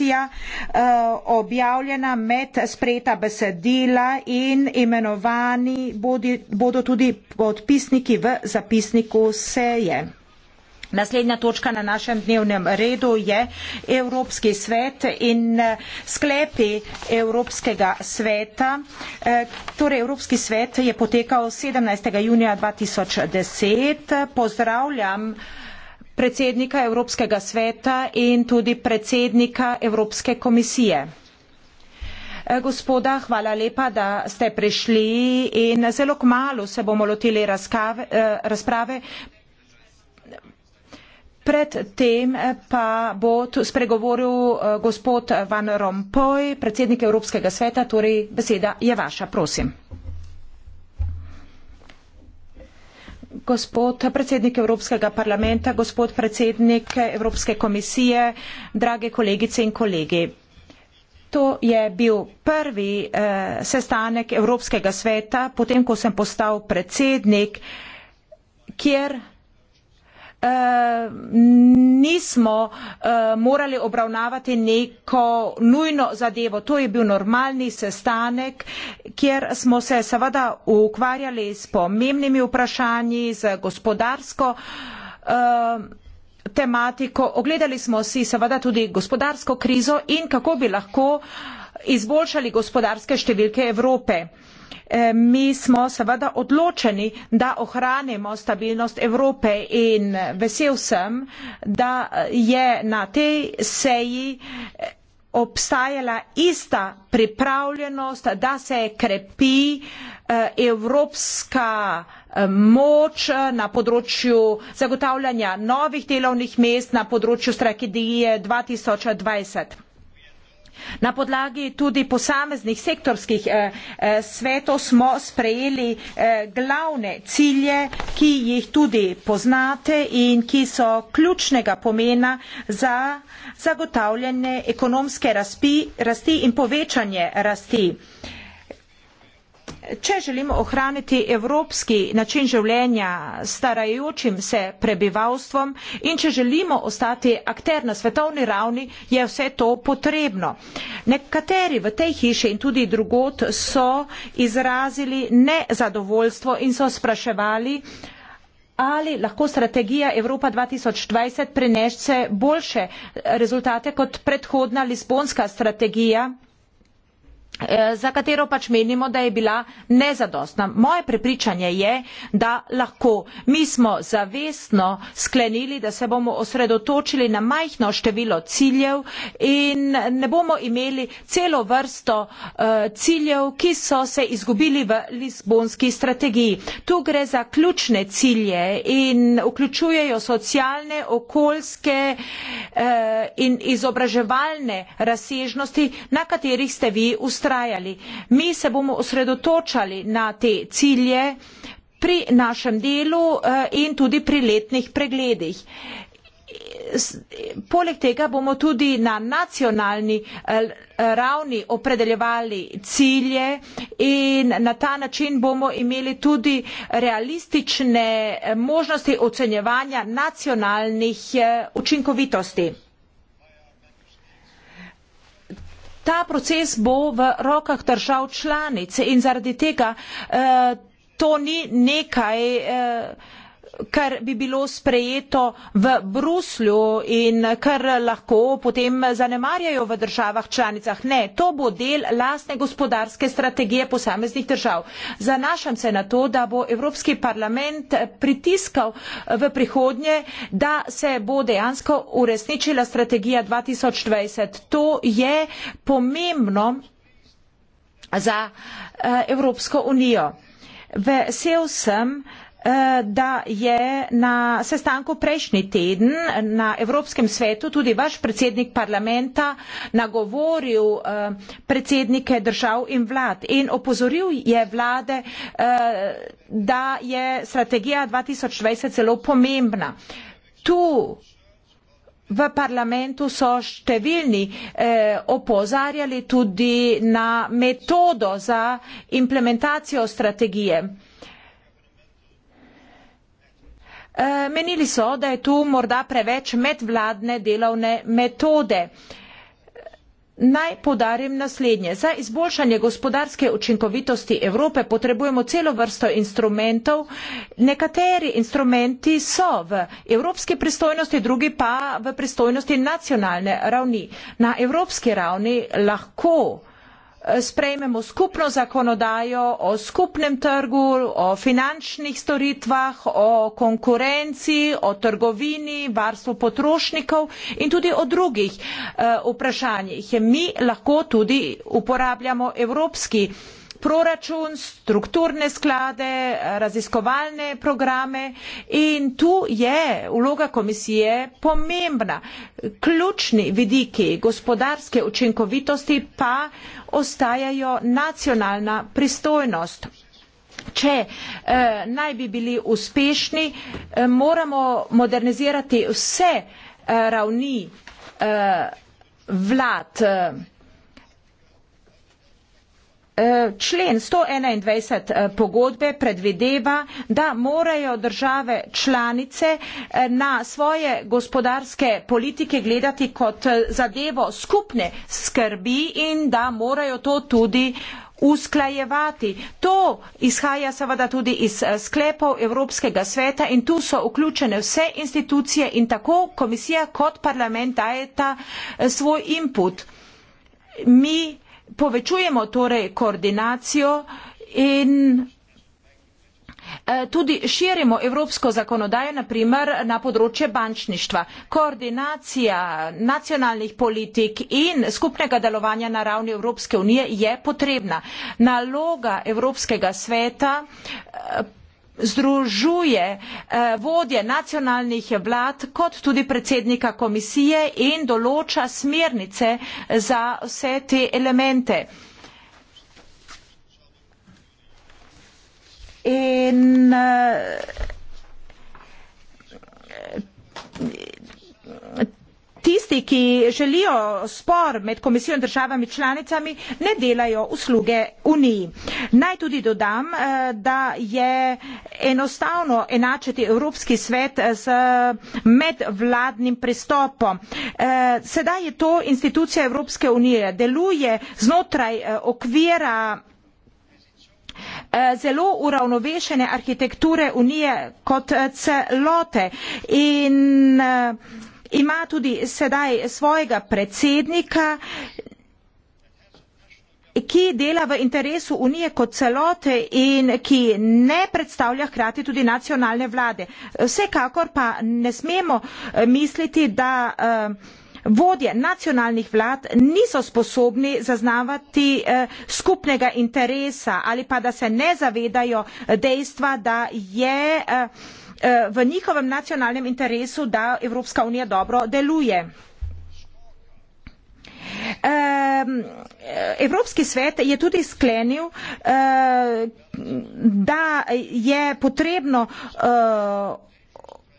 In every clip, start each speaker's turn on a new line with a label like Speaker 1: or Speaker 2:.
Speaker 1: komunikacija eh, objavljena med spreta besedila in imenovani bodi, bodo tudi podpisniki v zapisniku seje. Naslednja točka na našem dnevnem redu je Evropski svet in eh, sklepi Evropskega sveta. Eh, torej, Evropski svet je potekal 17. junija 2010. Pozdravljam predsednika Evropskega sveta in tudi predsednika Evropske komisije. Eh, gospoda, hvala lepa, da ste prišli in zelo kmalo se bomo lotili razkave, eh, razprave. Pred tem eh, pa bo spregovoril gospod Van Rompuy, predsednik Evropskega sveta, torej beseda je vaša, prosim. gospod predsednik Evropskega parlamenta, gospod predsednik Evropske komisije, drage kolegice in kolegi. To je bil prvi eh, sestanek Evropskega sveta, potem ko sem postal predsednik, kjer Eh, nismo eh, morali obravnavati neko nujno zadevo. To je bil normalni sestanek, kjer smo se seveda ukvarjali s pomembnimi vprašanji, z gospodarsko eh, tematiko. Ogledali smo si seveda tudi gospodarsko krizo in kako bi lahko izboljšali gospodarske številke Evrope. Eh, mi smo seveda odločeni, da ohranimo stabilnost Evrope in vesel sem, da je na tej seji eh, obstajala ista pripravljenost, da se krepi eh, evropska moč na področju zagotavljanja novih delovnih mest, na področju strategije 2020. Na podlagi tudi posameznih sektorskih eh, eh, svetov smo sprejeli eh, glavne cilje, ki jih tudi poznate in ki so ključnega pomena za zagotavljanje ekonomske raspi, rasti in povečanje rasti. Eh, če želimo ohraniti evropski način življenja starajočim se prebivalstvom in če želimo ostati akter na svetovni ravni, je vse to potrebno. Nekateri v tej hiši in tudi drugot so izrazili nezadovoljstvo in so spraševali, ali lahko strategija Evropa 2020 prinešce boljše rezultate kot predhodna Lisbonska strategija Eh, za katero pač menimo, da je bila nezadostna. Moje prepričanje je, da lahko mi smo zavestno sklenili, da se bomo osredotočili na majhno število ciljev in ne bomo imeli celo vrsto eh, ciljev, ki so se izgubili v Lizbonski strategiji. Tu gre za ključne cilje in vključujejo socialne, okoljske eh, in izobraževalne razsežnosti, na katerih ste vi ustrajali vztrajali. Mi se bomo osredotočali na te cilje pri našem delu eh, in tudi pri letnih pregledih. Poleg tega bomo tudi na nacionalni eh, ravni opredeljevali cilje in na ta način bomo imeli tudi realistične eh, možnosti ocenjevanja nacionalnih učinkovitosti. ta proces bo v rokah držav članic in zaradi tega eh, to ni nekaj. Eh, kar bi bilo sprejeto v Bruslju in kar lahko potem zanemarjajo v državah članicah. Ne, to bo del lastne gospodarske strategije posameznih držav. Zanašam se na to, da bo Evropski parlament pritiskal v prihodnje, da se bo dejansko uresničila strategija 2020. To je pomembno za eh, Evropsko unijo. Vesel sem, Eh, da je na sestanku prejšnji teden na Evropskem svetu tudi vaš predsednik parlamenta nagovoril eh, predsednike držav in vlad in opozoril je vlade, eh, da je strategija 2020 zelo pomembna. Tu v parlamentu so številni opozarjali tudi na metodo za implementacijo strategije. Eh, menili so, da je tu morda preveč medvladne delovne metode. Naj podarim naslednje. Za izboljšanje gospodarske učinkovitosti Evrope potrebujemo celo vrsto instrumentov. Nekateri instrumenti so v evropski pristojnosti, drugi pa v pristojnosti nacionalne ravni. Na evropski ravni lahko sprejmemo skupno zakonodajo o skupnem trgu, o finančnih storitvah, o konkurenci, o trgovini, varstvu potrošnikov in tudi o drugih uh, vprašanjih. Mi lahko tudi uporabljamo evropski uh, proračun, strukturne sklade, raziskovalne programe in tu je vloga komisije pomembna. Ključni vidiki gospodarske učinkovitosti pa ostajajo nacionalna pristojnost. Če eh, naj bi bili uspešni, eh, moramo modernizirati vse eh, ravni eh, vlad. Eh, Eh, člen 121 eh, pogodbe predvideva, da morajo države članice eh, na svoje gospodarske politike gledati kot zadevo skupne skrbi in da morajo to tudi usklajevati. To izhaja seveda tudi iz sklepov Evropskega sveta in tu so vključene vse institucije in tako komisija kot parlament dajeta svoj input. Mi povečujemo torej koordinacijo in eh, tudi širimo evropsko zakonodajo, naprimer na področje bančništva. Koordinacija nacionalnih politik in skupnega delovanja na ravni Evropske unije je potrebna. Naloga Evropskega sveta eh, združuje eh, vodje nacionalnih vlad kot tudi predsednika komisije in določa smernice za vse te elemente. In, eh, tisti, ki želijo spor med komisijo in državami članicami, ne delajo usluge Uniji. Naj tudi dodam, eh, da je enostavno enačiti Evropski svet eh, z medvladnim pristopom. Eh, sedaj je to institucija Evropske unije, deluje znotraj okvira zelo uravnovešene arhitekture Unije kot celote. In, uh ima tudi sedaj svojega predsednika, ki dela v interesu Unije kot celote in ki ne predstavlja hkrati tudi nacionalne vlade. Vsekakor pa ne smemo eh, misliti, da uh, vodje nacionalnih vlad niso sposobni zaznavati eh, skupnega interesa ali pa da se ne zavedajo dejstva, da je eh, eh, v njihovem nacionalnem interesu, da Evropska unija dobro deluje. Ehm, Evropski svet je tudi sklenil, da je potrebno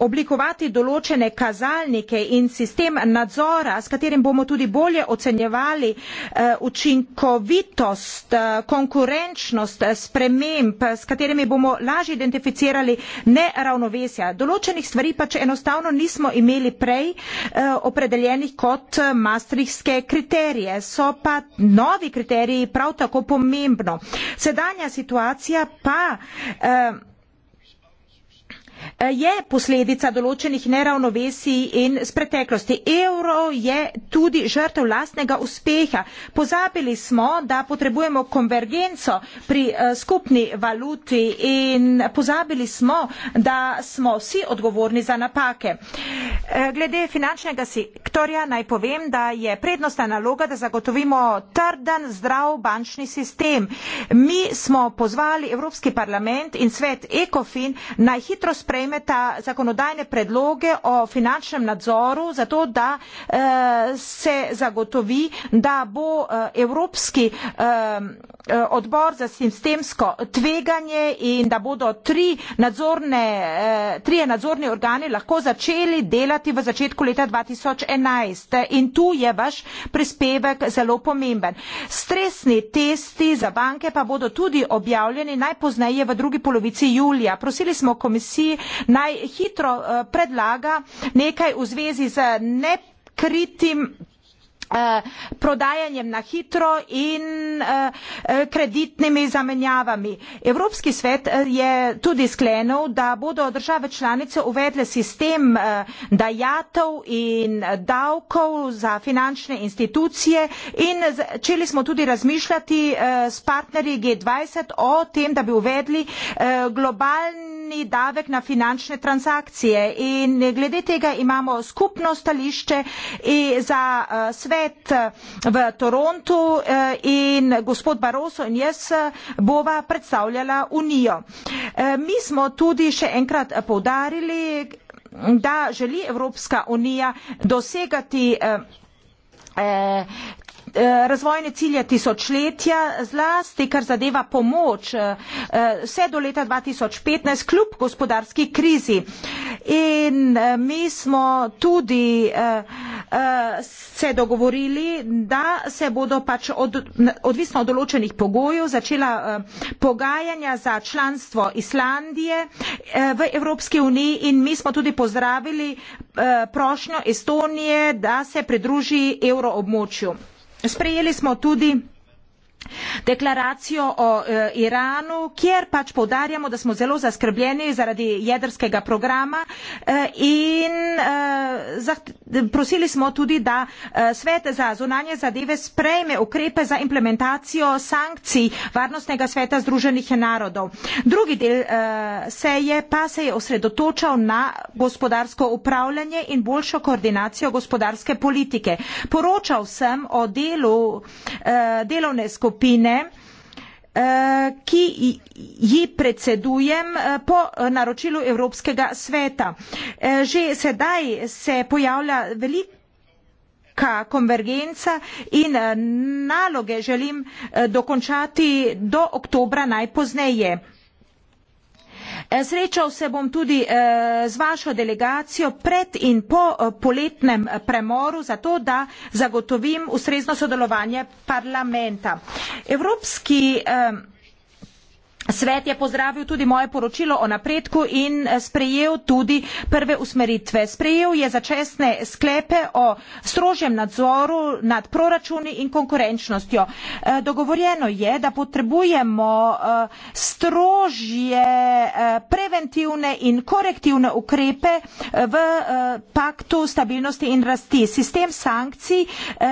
Speaker 1: oblikovati določene kazalnike in sistem nadzora, s katerim bomo tudi bolje ocenjevali eh, učinkovitost, eh, konkurenčnost eh, sprememb, s katerimi bomo lažje identificirali neravnovesja. Določenih stvari pač enostavno nismo imeli prej opredeljenih kot mastrihske kriterije. So pa novi kriteriji prav tako pomembno. Sedanja situacija pa eh, Eh, je posledica določenih neravnovesij in z preteklosti. Evro je tudi žrtev lastnega uspeha. Pozabili smo, da potrebujemo konvergenco pri eh, skupni valuti in pozabili smo, da smo vsi odgovorni za napake. Eh, glede finančnega sektorja naj povem, da je prednostna naloga, da zagotovimo trden, zdrav bančni sistem. Mi smo pozvali Evropski parlament in svet ECOFIN naj hitro spremljati sprejmeta zakonodajne predloge o finančnem nadzoru za to, da eh, se zagotovi, da bo eh, Evropski eh, odbor za sistemsko tveganje in da bodo tri nadzorne, trije nadzorni organi lahko začeli delati v začetku leta 2011. In tu je vaš prispevek zelo pomemben. Stresni testi za banke pa bodo tudi objavljeni najpoznaje v drugi polovici julija. Prosili smo komisiji, naj hitro eh, predlaga nekaj v zvezi z nekritim eh, prodajanjem na hitro in eh, kreditnimi zamenjavami. Evropski svet je tudi sklenil, da bodo države članice uvedle sistem dajatov in davkov za finančne institucije in začeli smo tudi razmišljati s partnerji G20 o tem, da bi uvedli globalni skupni davek na finančne transakcije in glede tega imamo skupno stališče za eh, svet v Torontu eh, in gospod Baroso in jaz eh, bova predstavljala unijo. Mi smo tudi še enkrat povdarili, da želi Evropska unija dosegati Eh, razvojne cilje tisočletja, zlasti kar zadeva pomoč eh, vse do leta 2015 kljub gospodarski krizi. In eh, mi smo tudi se dogovorili, da se bodo pač od, odvisno od določenih pogojev začela pogajanja za članstvo Islandije v Evropski uniji in mi smo tudi pozdravili prošnjo Estonije, da se pridruži evroobmočju. Sprejeli smo tudi deklaracijo o e, Iranu, kjer pač podarjamo, da smo zelo zaskrbljeni zaradi jedrskega programa e, in e, zaht, prosili smo tudi, da e, svet za zunanje zadeve sprejme ukrepe za implementacijo sankcij Varnostnega sveta Združenih narodov. Drugi del e, se je pa se je osredotočal na gospodarsko upravljanje in boljšo koordinacijo gospodarske politike. Poročal sem o delu e, delovne skupine skupine eh, ki ji predsedujem eh, po naročilu Evropskega sveta. Eh, že sedaj se pojavlja velika konvergenca in naloge želim dokončati do oktobra najpozneje. Eh, srečal se bom tudi eh, z vašo delegacijo pred in po eh, poletnem premoru, zato da zagotovim ustrezno sodelovanje parlamenta. Evropski eh, Svet je pozdravil tudi moje poročilo o napredku in eh, sprejel tudi prve usmeritve. Sprejel je začasne sklepe o strožjem nadzoru nad proračuni in konkurenčnostjo. Eh, dogovorjeno je, da potrebujemo eh, strožje preventivne in korektivne ukrepe v paktu stabilnosti in rasti. Sistem sankcij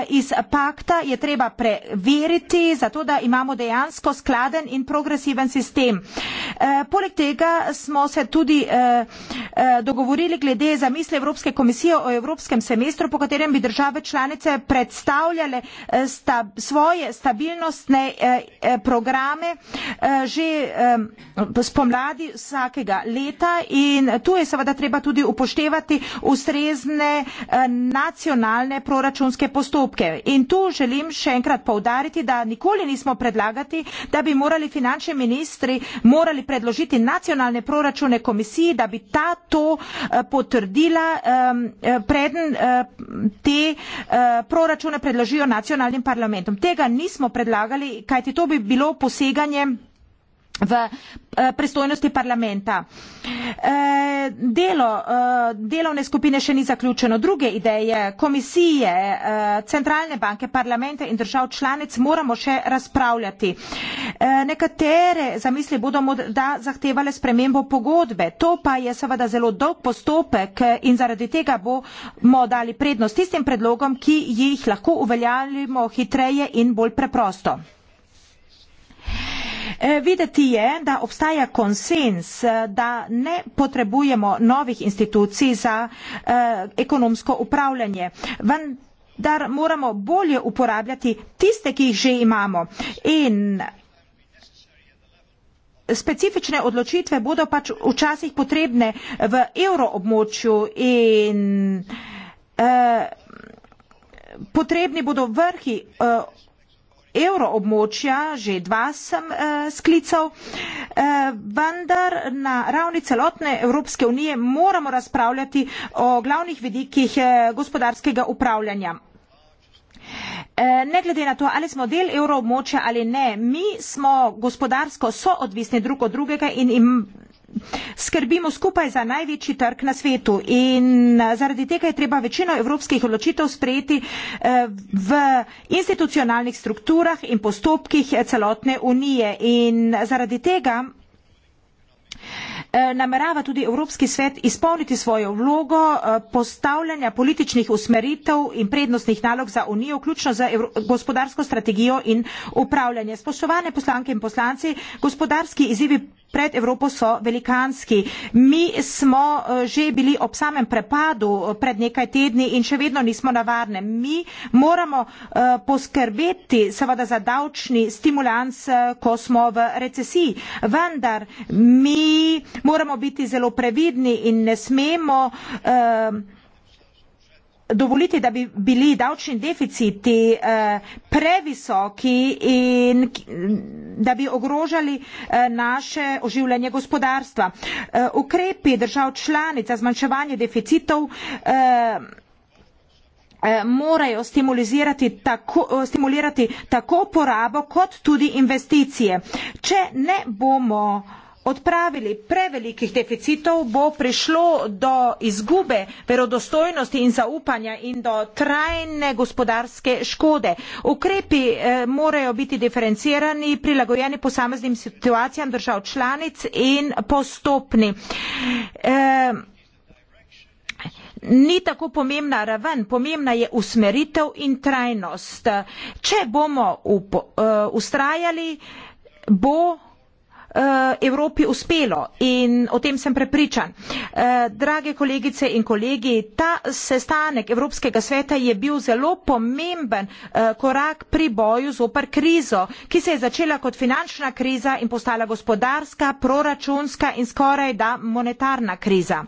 Speaker 1: iz pakta je treba preveriti, zato da imamo dejansko skladen in progresiven sistem sistem. Eh, poleg tega smo se tudi eh, eh, dogovorili glede zamisle Evropske komisije o Evropskem semestru, po katerem bi države članice predstavljale svoje stabilnostne programe že spomladi vsakega leta in tu je seveda treba tudi upoštevati ustrezne nacionalne proračunske postopke. In tu želim še enkrat povdariti, da nikoli nismo predlagati, da bi morali finančni minister Avstriji morali predložiti nacionalne proračune komisiji, da bi ta to eh, potrdila, eh, preden eh, te proračune predložijo nacionalnim parlamentom. Tega nismo predlagali, kajti to bi bilo poseganje v eh, pristojnosti parlamenta. Eh, delo, eh, delovne skupine še ni zaključeno. Druge ideje komisije, centralne banke, parlamente in držav članic moramo še razpravljati. Nekatere zamisli bodo da zahtevale spremembo pogodbe. To pa je seveda zelo dolg postopek in zaradi tega bomo dali prednost tistim predlogom, ki jih lahko uveljavljamo hitreje in bolj preprosto. E, videti je, da obstaja konsens, e, da ne potrebujemo novih institucij za e, ekonomsko upravljanje. Van da moramo bolje uporabljati tiste, ki jih že imamo. In specifične odločitve bodo pač včasih potrebne v evroobmočju in eh, potrebni bodo vrhi eh, evroobmočja, že dva sem eh, sklical, eh, vendar na ravni celotne Evropske unije moramo razpravljati o glavnih vidikih eh, gospodarskega upravljanja. Eh, ne glede na to, ali smo del evroobmočja ali ne, mi smo gospodarsko soodvisni drug od drugega in im, Skrbimo skupaj za največji trg na svetu in eh, zaradi tega je treba večino evropskih odločitev sprejeti eh, v institucionalnih strukturah in postopkih eh, celotne unije. In zaradi tega Eh, namerava tudi Evropski svet izpolniti svojo vlogo eh, postavljanja političnih usmeritev in prednostnih nalog za Unijo, vključno za gospodarsko strategijo in upravljanje. Spoštovane poslanke in poslanci, gospodarski izzivi pred Evropo so velikanski. Mi smo eh, že bili ob samem prepadu pred nekaj tedni in še vedno nismo na varnem. Mi moramo poskrbeti seveda za davčni stimulans, ko smo v recesiji. Vendar mi moramo biti zelo previdni in ne smemo eh, dovoliti, da bi bili davčni deficiti eh, previsoki in da bi ogrožali eh, naše oživljanje gospodarstva. Ukrepi držav članic za zmanjševanje deficitov morajo stimulirati tako, stimulirati tako porabo kot tudi investicije. Če ne bomo odpravili prevelikih deficitov, bo prišlo do izgube verodostojnosti in zaupanja in do trajne gospodarske škode. Ukrepi eh, morajo biti diferencirani, prilagojeni posameznim situacijam držav članic in postopni. Eh, Ni tako pomembna raven, pomembna je usmeritev in trajnost. Če bomo upo, uh, eh, ustrajali, bo Eh, Evropi uspelo in o tem sem prepričan. Eh, drage kolegice in kolegi, ta sestanek Evropskega sveta je bil zelo pomemben eh, korak pri boju zopr krizo, ki se je začela kot finančna kriza in postala gospodarska, proračunska in skoraj da monetarna kriza.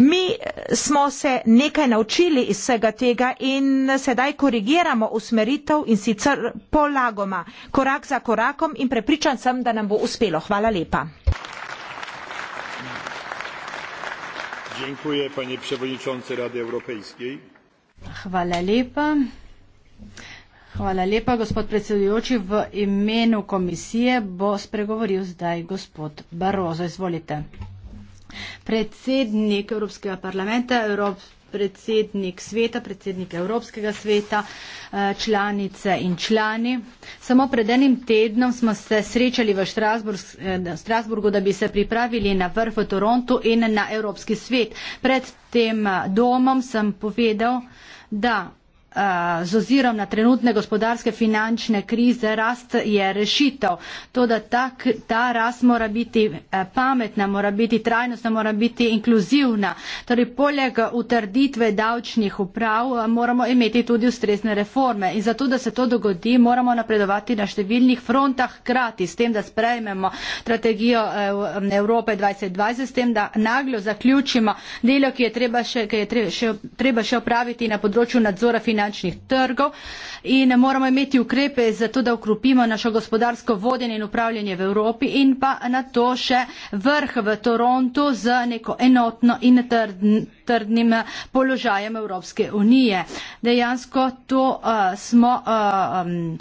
Speaker 1: Mi smo se nekaj naučili iz vsega tega in sedaj korigiramo usmeritev in sicer polagoma, korak za korakom in prepričan sem, da nam bo uspelo uspelo. Hvala lepa. Dziękuję, panie przewodniczący Rady Europejskiej.
Speaker 2: Hvala lepa. Hvala lepa, gospod predsedujoči. V imenu komisije bo spregovoril zdaj gospod Barozo. Izvolite. Predsednik Evropskega parlamenta, Evropska predsednik sveta, predsednik Evropskega sveta, eh, članice in člani. Samo pred enim tednom smo se srečali v eh, Strasburgu, da bi se pripravili na vrh v Torontu in na Evropski svet. Pred tem eh, domom sem povedal, da z ozirom na trenutne gospodarske finančne krize rast je rešitev. To, da ta, ta rast mora biti eh, pametna, mora biti trajnostna, mora biti inkluzivna. Torej, poleg utrditve davčnih uprav eh, moramo imeti tudi ustrezne reforme. In zato, da se to dogodi, moramo napredovati na številnih frontah krati, s tem, da sprejmemo strategijo eh, Evrope 2020, s tem, da naglo zaključimo delo, ki je treba še, ki je treba še, treba še opraviti na področju nadzora finančnih finančnih trgov in moramo imeti ukrepe za to, da okrupimo našo gospodarsko vodenje in upravljanje v Evropi in pa na to še vrh v Torontu z neko enotno in trdn, trdnim položajem Evropske unije. Dejansko to uh, smo uh, um,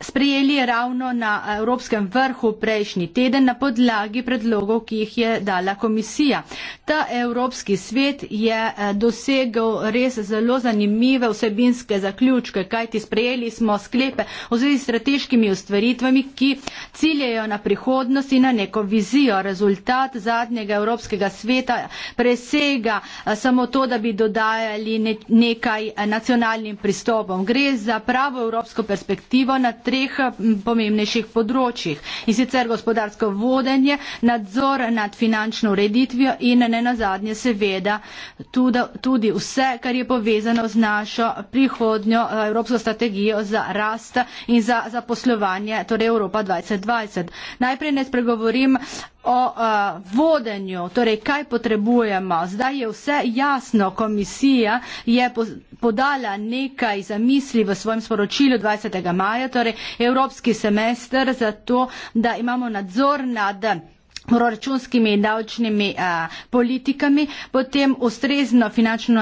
Speaker 2: sprejeli ravno na Evropskem vrhu prejšnji teden na podlagi predlogov, ki jih je dala komisija. Ta Evropski svet je eh, dosegel res zelo zanimive vsebinske zaključke, kajti sprejeli smo sklepe v zvezi s strateškimi ustvaritvami, ki ciljejo na prihodnost in na neko vizijo. Rezultat zadnjega Evropskega sveta presega eh, samo to, da bi dodajali nekaj eh, nacionalnim pristopom. Gre za pravo evropsko perspektivo na treh pomembnejših področjih. In sicer gospodarsko vodenje, nadzor nad finančno ureditvijo in ne nazadnje seveda tudi, tudi vse, kar je povezano z našo prihodnjo e, evropsko strategijo za rast in za zaposlovanje, torej Evropa 2020. Najprej ne spregovorim uh, o uh, vodenju, torej kaj potrebujemo. Zdaj je vse jasno, komisija je podala nekaj zamisli v svojem sporočilu 20. maja, torej evropski semester za to, da imamo nadzor nad proračunskimi in davčnimi uh, politikami, potem ustrezno finančno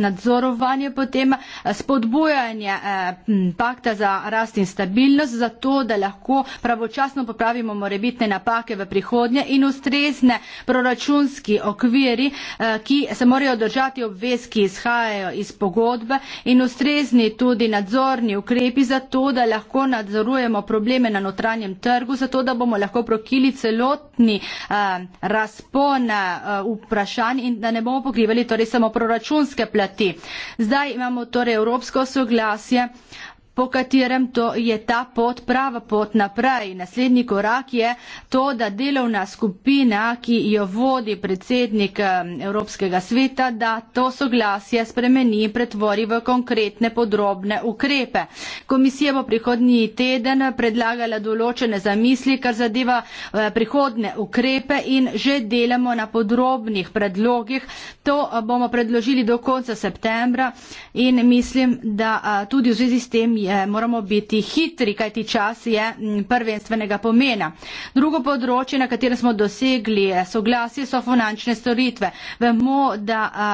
Speaker 2: nadzorovanje, potem eh, spodbujanje uh, pakta za rast in stabilnost, zato da lahko pravočasno popravimo morebitne napake v prihodnje in ustrezne proračunski okviri, uh, ki se morajo držati obvez, ki izhajajo iz pogodbe in ustrezni tudi nadzorni ukrepi, zato da lahko nadzorujemo probleme na notranjem trgu, zato da bomo lahko prokili celotno celotni uh, eh, razpon uh, vprašanj in da ne bomo pokrivali torej samo proračunske plati. Zdaj imamo torej evropsko soglasje. Uh, po katerem to je ta pot prava pot naprej. Naslednji korak je to, da delovna skupina, ki jo vodi predsednik Evropskega sveta, da to soglasje spremeni in pretvori v konkretne podrobne ukrepe. Komisija bo prihodnji teden predlagala določene zamisli, kar zadeva eh, prihodne ukrepe in že delamo na podrobnih predlogih. To eh, bomo predložili do konca septembra in mislim, da eh, tudi v zvezi s tem je, moramo biti hitri, kajti čas je prvenstvenega pomena. Drugo področje, na katerem smo dosegli eh, soglasje, so finančne storitve. Vemo, da a,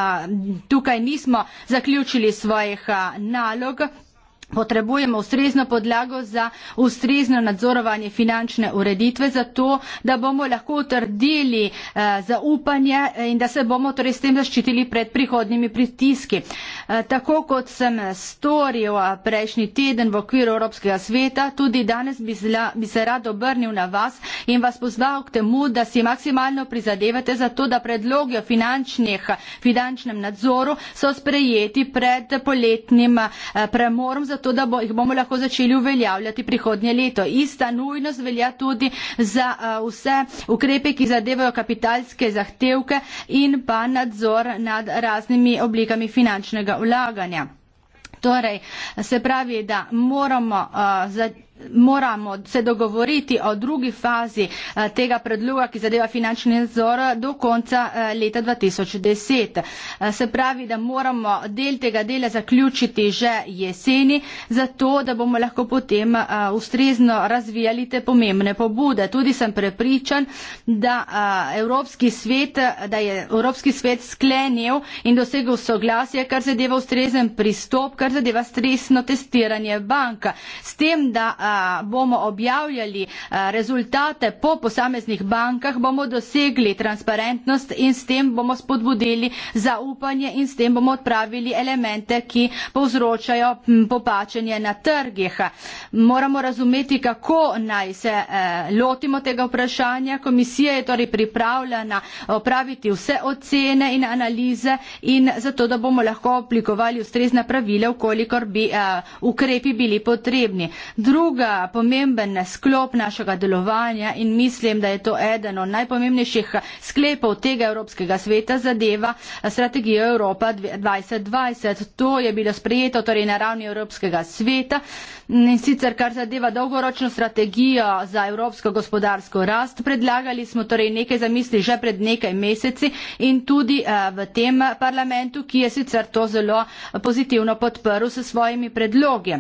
Speaker 2: tukaj nismo zaključili svojih a, nalog, Potrebujemo ustrezno podlago za ustrezno nadzorovanje finančne ureditve, zato da bomo lahko utrdili eh, zaupanje in da se bomo torej s tem zaščitili pred prihodnimi pritiski. Eh, tako kot sem storil eh, prejšnji teden v okviru Evropskega sveta, tudi danes bi, zla, bi se rad obrnil na vas in vas pozval k temu, da si maksimalno prizadevate za to, da predlogi o finančnem nadzoru so sprejeti pred poletnim premorom zato da bo, jih bomo lahko začeli uveljavljati prihodnje leto. Ista nujnost velja tudi za uh, vse ukrepe, ki zadevajo kapitalske zahtevke in pa nadzor nad raznimi oblikami finančnega vlaganja. Torej, se pravi, da moramo uh, eh, začeti moramo se dogovoriti o drugi fazi eh, tega predloga, ki zadeva finančni nadzor do konca eh, leta 2010. Eh, se pravi, da moramo del tega dela zaključiti že jeseni, zato da bomo lahko potem ustrezno razvijali te pomembne pobude. Tudi sem prepričan, da, Evropski svet, da je Evropski svet sklenil in dosegel soglasje, kar zadeva ustrezen pristop, kar zadeva stresno testiranje banka. S tem, da bomo objavljali rezultate po posameznih bankah, bomo dosegli transparentnost in s tem bomo spodbudili zaupanje in s tem bomo odpravili elemente, ki povzročajo popačenje na trgih. Moramo razumeti, kako naj se e, lotimo tega vprašanja. Komisija je torej pripravljena opraviti vse ocene in analize in zato, da bomo lahko oblikovali ustrezna pravila, ukolikor bi e, ukrepi bili potrebni. Drugo druga pomemben sklop našega delovanja in mislim, da je to eden od najpomembnejših sklepov tega Evropskega sveta zadeva strategijo Evropa 2020. To je bilo sprejeto torej na ravni Evropskega sveta in sicer kar zadeva dolgoročno strategijo za evropsko gospodarsko rast. Predlagali smo torej nekaj zamisli že pred nekaj meseci in tudi eh, v tem parlamentu, ki je sicer to zelo pozitivno podprl s svojimi predlogi.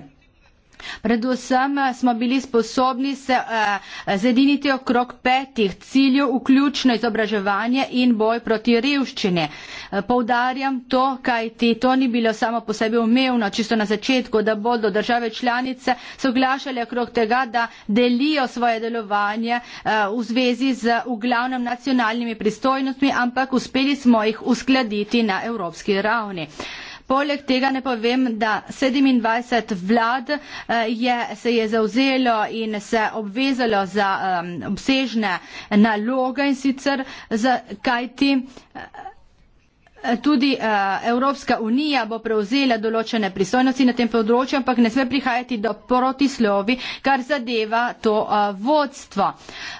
Speaker 2: Predvsem eh, smo bili sposobni se uh, zediniti okrog petih ciljev, vključno izobraževanje in boj proti revščini. Uh, poudarjam to, kaj ti to ni bilo samo po sebi umevno, čisto na začetku, da bodo države članice soglašale okrog tega, da delijo svoje delovanje uh, v zvezi z uglavnom nacionalnimi pristojnostmi, ampak uspeli smo jih uskladiti na evropski ravni. Uh, Poleg tega ne povem, da 27 vlad eh, je, se je zauzelo in se obvezalo za um, obsežne naloge in sicer za kajti. Uh, tudi uh, Evropska unija bo prevzela določene pristojnosti na tem področju, ampak ne sme prihajati do protislovi, kar zadeva to uh, vodstvo.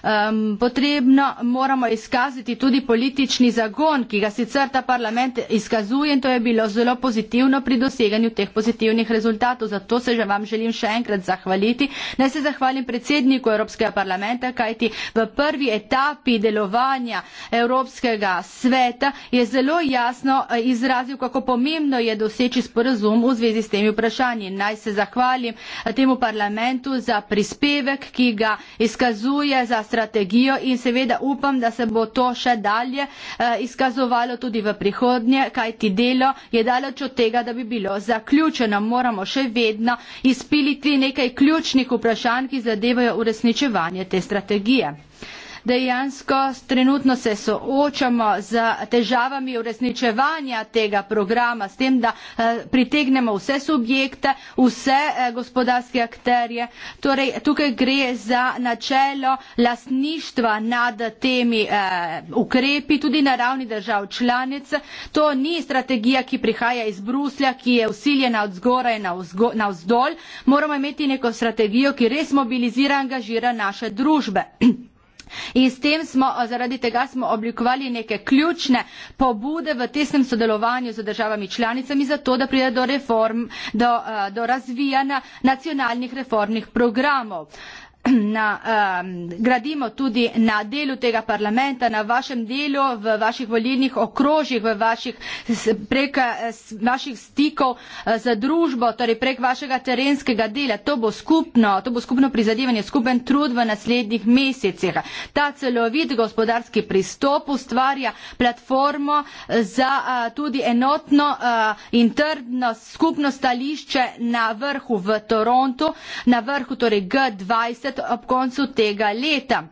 Speaker 2: Um, potrebno moramo izkazati tudi politični zagon, ki ga sicer ta parlament izkazuje in to je bilo zelo pozitivno pri doseganju teh pozitivnih rezultatov. Zato se že vam želim še enkrat zahvaliti. Naj se zahvalim predsedniku Evropskega parlamenta, kajti v prvi etapi delovanja Evropskega sveta je zelo jasno, jasno eh, izrazil, kako pomembno je doseči sporazum v zvezi s temi vprašanji. Naj se zahvalim eh, temu parlamentu za prispevek, ki ga izkazuje za strategijo in seveda upam, da se bo to še dalje eh, izkazovalo tudi v prihodnje, kajti delo je daleč od tega, da bi bilo zaključeno. Moramo še vedno izpiliti nekaj ključnih vprašanj, ki zadevajo uresničevanje te strategije dejansko trenutno se soočamo z težavami uresničevanja tega programa, s tem, da eh, pritegnemo vse subjekte, vse eh, gospodarske akterje. Torej, tukaj gre za načelo lastništva nad temi eh, ukrepi, tudi na ravni držav članic. To ni strategija, ki prihaja iz Bruslja, ki je usiljena od zgoraj na vzdolj. Moramo imeti neko strategijo, ki res mobilizira in angažira naše družbe. In s tem smo, zaradi tega smo oblikovali neke ključne pobude v tesnem sodelovanju z državami članicami za to, da pride do, reform, do, do razvijanja nacionalnih reformnih programov na, um, gradimo tudi na delu tega parlamenta, na vašem delu, v vaših volilnih okrožjih, vaših, prek vaših stikov eh, za družbo, torej prek vašega terenskega dela. To bo skupno, to bo skupno prizadevanje, skupen trud v naslednjih mesecih. Ta celovit gospodarski pristop ustvarja platformo za uh, tudi enotno uh, in trdno skupno stališče na vrhu v Torontu, na vrhu torej G20 ob koncu tega leta.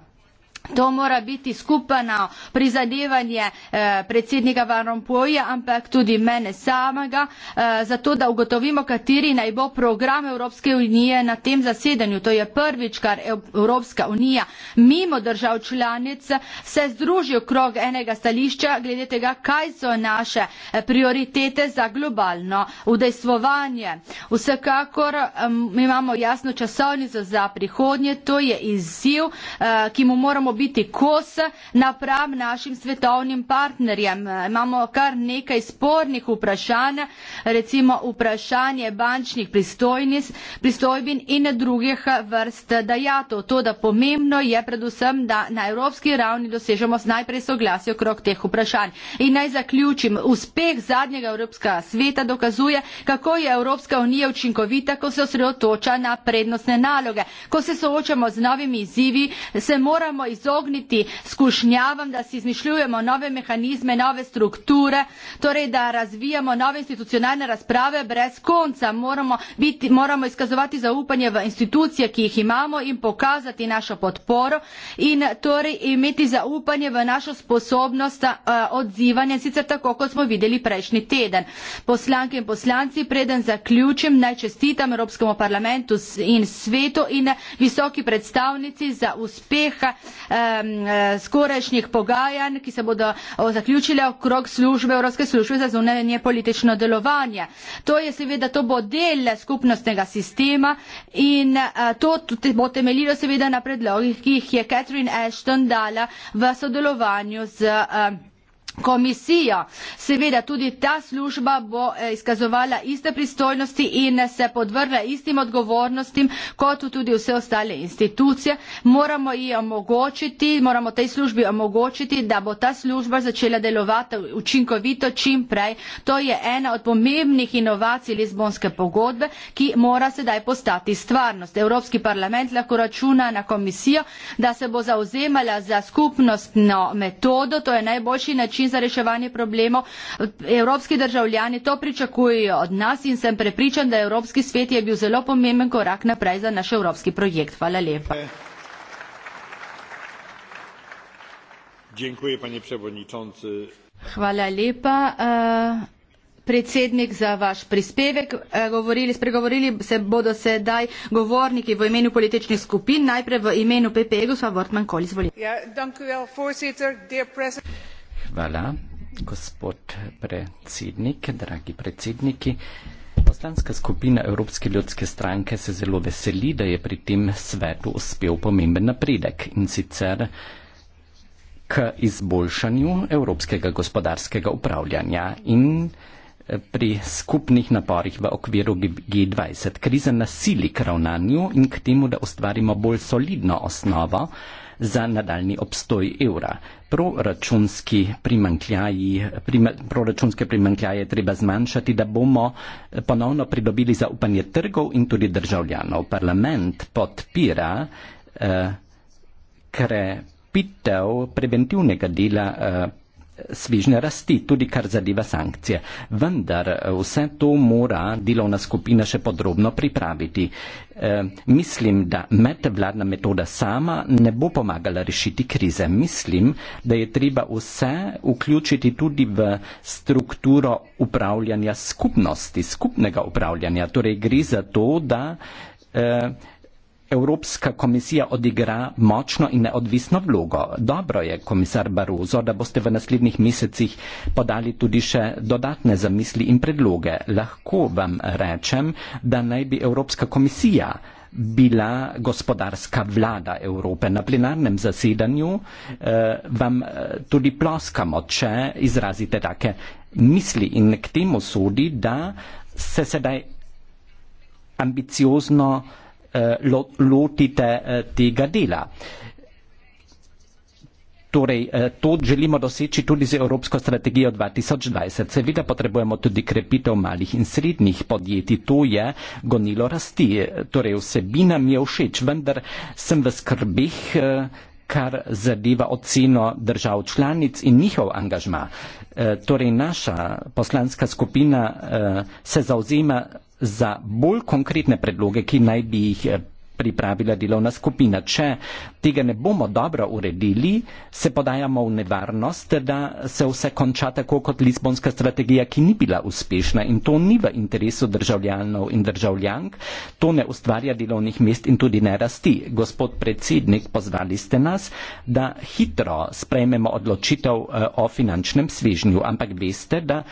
Speaker 2: To mora biti skupano prizadevanje eh, predsednika Van Rompuyja, ampak tudi mene samega, eh, zato da ugotovimo, kateri naj bo program Evropske unije na tem zasedanju. To je prvič, kar Evropska unija mimo držav članic se združi okrog enega stališča, glede tega, kaj so naše eh, prioritete za globalno udejstvovanje. Vsekakor eh, imamo jasno časovnico za prihodnje, to je izziv, eh, ki mu moramo biti kos napram našim svetovnim partnerjem. Imamo kar nekaj spornih vprašanj, recimo vprašanje bančnih pristojnic, pristojbin in drugih vrst dajatov. To, da pomembno je predvsem, da na evropski ravni dosežemo najprej soglasje okrog teh vprašanj. In naj zaključim, uspeh zadnjega evropskega sveta dokazuje, kako je Evropska unija učinkovita, ko se osredotoča na prednostne naloge. Ko se soočamo z novimi izzivi, se moramo iz izogniti skušnjavam, da si izmišljujemo nove mehanizme, nove strukture, torej da razvijamo nove institucionalne razprave brez konca. Moramo, biti, moramo izkazovati zaupanje v institucije, ki jih imamo in pokazati našo podporo in torej imeti zaupanje v našo sposobnost eh, odzivanja, sicer tako, kot smo videli prejšnji teden. Poslanke in poslanci, preden zaključim, naj čestitam Evropskemu parlamentu in svetu in visoki predstavnici za uspeh eh, E, skorajšnjih pogajanj, ki se bodo zaključile okrog službe, Evropske službe za zunanje politično delovanje. To je seveda, to bo del skupnostnega sistema in e, to bo temeljilo seveda na predlogih, ki jih je Catherine Ashton dala v sodelovanju z. Uh, komisijo. Seveda tudi ta služba bo eh, izkazovala iste pristojnosti in se podvrla istim odgovornostim kot tudi vse ostale institucije. Moramo ji omogočiti, moramo tej službi omogočiti, da bo ta služba začela delovati učinkovito čim prej. To je ena od pomembnih inovacij Lizbonske pogodbe, ki mora sedaj postati stvarnost. Evropski parlament lahko računa na komisijo, da se bo zauzemala za skupnostno metodo, to je najboljši način način za reševanje problemov. Evropski državljani to pričakujejo od nas in sem prepričan, da Evropski svet je bil zelo pomemben korak naprej za naš evropski projekt. Hvala lepa.
Speaker 3: Dziękuję, panie przewodniczący.
Speaker 2: Hvala lepa. E, predsednik za vaš prispevek. E, govorili, spregovorili se bodo sedaj govorniki v imenu političnih skupin, najprej v imenu PPE, gospod Vortman Kolis. Ja, dankujem, predsednik.
Speaker 3: Hvala, gospod predsednik, dragi predsedniki. Poslanska skupina Evropske ljudske stranke se zelo veseli, da je pri tem svetu uspel pomemben napredek in sicer k izboljšanju evropskega gospodarskega upravljanja in eh, pri skupnih naporih v okviru G20. Kriza nasili k ravnanju in k temu, da ustvarimo bolj solidno osnovo za nadaljni obstoj evra proračunski primankljaji, prim, proračunske primankljaje treba zmanjšati, da bomo ponovno pridobili zaupanje trgov in tudi državljanov. Parlament podpira eh, krepitev preventivnega dela. Eh, svižne rasti, tudi kar zadeva sankcije. Vendar eh, vse to mora delovna skupina še podrobno pripraviti. E, mislim, da medvladna metoda sama ne bo pomagala rešiti krize. Mislim, da je treba vse vključiti tudi v strukturo upravljanja skupnosti, skupnega upravljanja. Torej gre za to, da e, Evropska komisija odigra močno in neodvisno vlogo. Dobro je, komisar Barozo, da boste v naslednjih mesecih podali tudi še dodatne zamisli in predloge. Lahko vam rečem, da naj bi Evropska komisija bila gospodarska vlada Evrope. Na plenarnem zasedanju eh, vam eh, tudi ploskamo, če izrazite take misli in k temu sodi, da se sedaj ambiciozno Eh, lo, lotite eh, tega dela. Torej, eh, to želimo doseči tudi z Evropsko strategijo 2020. Seveda potrebujemo tudi krepitev malih in srednjih podjetij. To je gonilo rasti. Torej, vsebina mi je všeč, vendar sem v skrbih, kar zadeva oceno držav članic in njihov angažma. Torej, naša poslanska skupina se zauzema za bolj konkretne predloge, ki naj bi jih eh, pripravila delovna skupina. Če tega ne bomo dobro uredili, se podajamo v nevarnost, da se vse konča tako kot Lizbonska strategija, ki ni bila uspešna in to ni v interesu državljanov in državljank, to ne ustvarja delovnih mest in tudi ne rasti. Gospod predsednik, pozvali ste nas, da hitro sprejmemo odločitev eh, o finančnem svežnju, ampak veste, da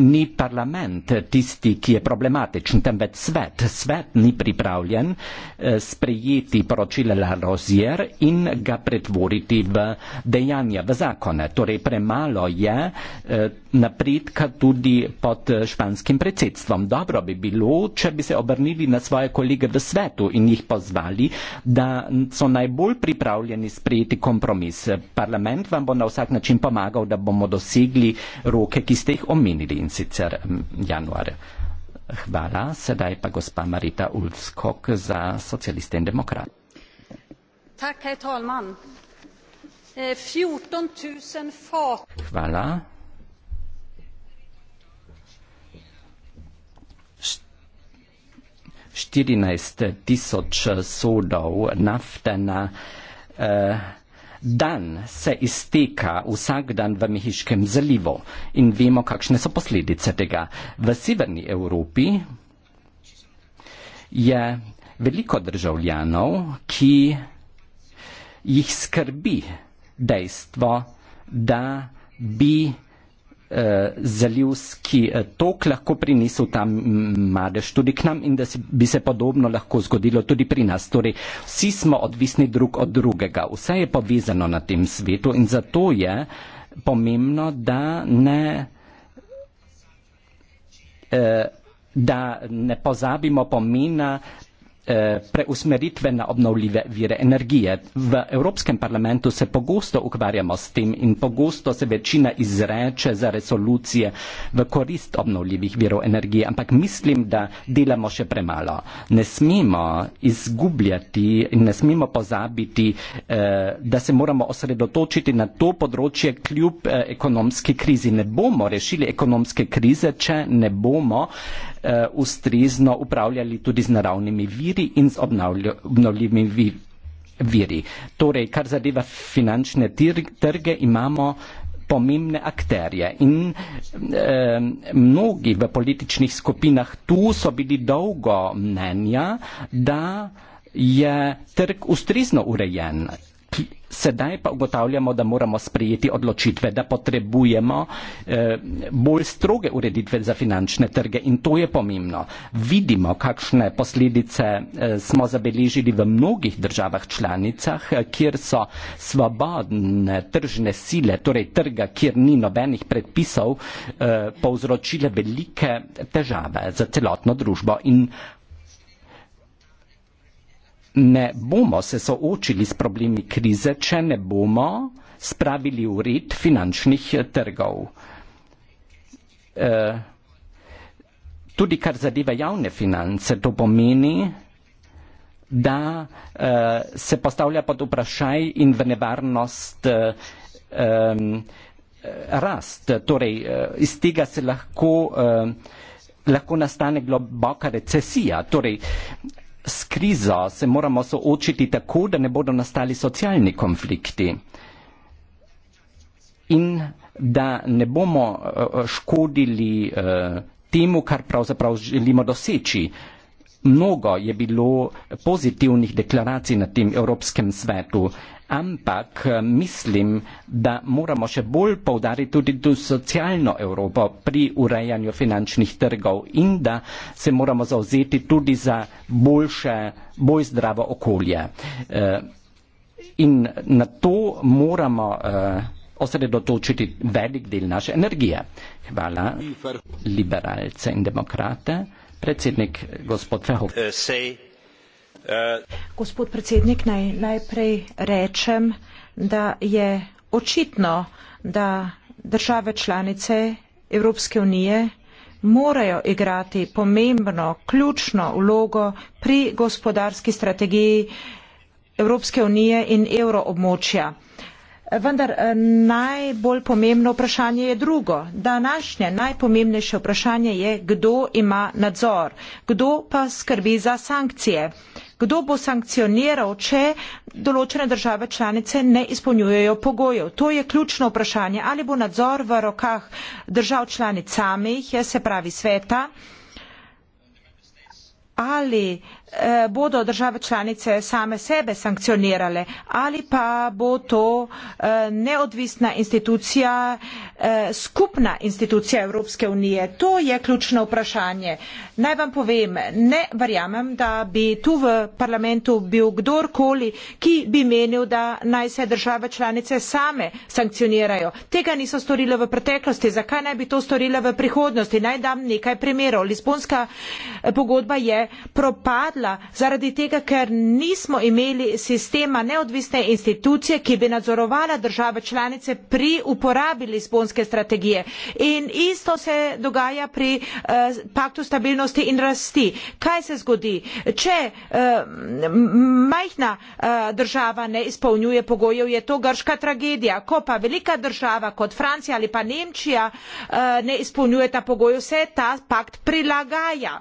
Speaker 3: ni parlament tisti, ki je problematičen, temveč svet. Svet ni pripravljen eh, sprejeti poročila La Rozier in ga pretvoriti v dejanja, v zakone. Torej, premalo je eh, napredka tudi pod eh, španskim predsedstvom. Dobro bi bilo, če bi se obrnili na svoje kolege v svetu in jih pozvali, da so najbolj pripravljeni sprejeti kompromis. Parlament vam bo na vsak način pomagal, da bomo dosegli roke, ki ste jih omenili omenili in sicer januar. Hvala, sedaj pa gospa Marita Ulfskog za socialiste in demokrate.
Speaker 1: Tak, hej, talman. Eh,
Speaker 3: Hvala. 14 tisoč sodov nafte na eh, Dan se izteka vsak dan v Mehiškem zalivu in vemo, kakšne so posledice tega. V severni Evropi je veliko državljanov, ki jih skrbi dejstvo, da bi eh, zalivski eh, tok lahko prinesel ta mm, madež tudi k nam in da si, bi se podobno lahko zgodilo tudi pri nas. Torej, vsi smo odvisni drug od drugega, vse je povezano na tem svetu in zato je pomembno, da ne. Eh, da ne pozabimo pomena Eh, preusmeritve na obnovljive vire energije. V Evropskem parlamentu se pogosto ukvarjamo s tem in pogosto se večina izreče za resolucije v korist obnovljivih virov energije, ampak mislim, da delamo še premalo. Ne smemo izgubljati in ne smemo pozabiti, eh, da se moramo osredotočiti na to področje kljub eh, ekonomski krizi. Ne bomo rešili ekonomske krize, če ne bomo uh, ustrezno upravljali tudi z naravnimi viri in z obnovljivimi viri. Torej, kar zadeva finančne trge, imamo pomembne akterje in eh, mnogi v političnih skupinah tu so bili dolgo mnenja, da je trg ustrezno urejen Sedaj pa ugotavljamo, da moramo sprejeti odločitve, da potrebujemo eh, bolj stroge ureditve za finančne trge in to je pomembno. Vidimo, kakšne posledice eh, smo zabeležili v mnogih državah članicah, eh, kjer so svobodne tržne sile, torej trga, kjer ni nobenih predpisov, eh, povzročile velike težave za celotno družbo. In ne bomo se soočili s problemi krize, če ne bomo spravili ured finančnih eh, trgov. E, tudi kar zadeva javne finance, to pomeni, da e, se postavlja pod vprašaj in v nevarnost e, e, rast. Torej, e, iz tega se lahko, e, lahko nastane globoka recesija. Torej, S krizo se moramo soočiti tako, da ne bodo nastali socialni konflikti in da ne bomo eh, škodili eh, temu, kar pravzaprav želimo doseči. Mnogo je bilo pozitivnih deklaracij na tem Evropskem svetu, ampak eh, mislim, da moramo še bolj povdariti tudi tu socialno Evropo pri urejanju finančnih trgov in da se moramo zauzeti tudi za boljše, bolj zdravo okolje. Eh, in na to moramo eh, osredotočiti velik del naše energije. Hvala liberalce in demokrate. Predsednik gospod Fehov.
Speaker 1: Gospod predsednik, naj najprej rečem, da je očitno, da države članice Evropske unije morajo igrati pomembno, ključno vlogo pri gospodarski strategiji Evropske unije in evroobmočja. Vendar eh, najbolj pomembno vprašanje je drugo. Današnje najpomembnejše vprašanje je, kdo ima nadzor, kdo pa skrbi za sankcije, kdo bo sankcioniral, če določene države članice ne izpolnjujejo pogojev. To je ključno vprašanje. Ali bo nadzor v rokah držav članic samih, se pravi sveta, ali uh, Eh, bodo države članice same sebe sankcionirale ali pa bo to eh, neodvisna institucija, eh, skupna institucija Evropske unije. To je ključno vprašanje. Naj vam povem, ne verjamem, da bi tu v parlamentu bil kdorkoli, ki bi menil, da naj se države članice same sankcionirajo. Tega niso storile v preteklosti. Zakaj naj bi to storile v prihodnosti? Naj dam nekaj primerov. Lisbonska pogodba je propadla padla zaradi tega, ker nismo imeli sistema neodvisne institucije, ki bi nadzorovala države članice pri uporabi Lisbonske strategije. In isto se dogaja pri uh, paktu stabilnosti in rasti. Kaj se zgodi? Če uh, majhna uh, država ne izpolnjuje pogojev, je to grška tragedija. Ko pa velika država kot Francija ali pa Nemčija uh, ne izpolnjuje ta pogojev, se ta pakt prilagaja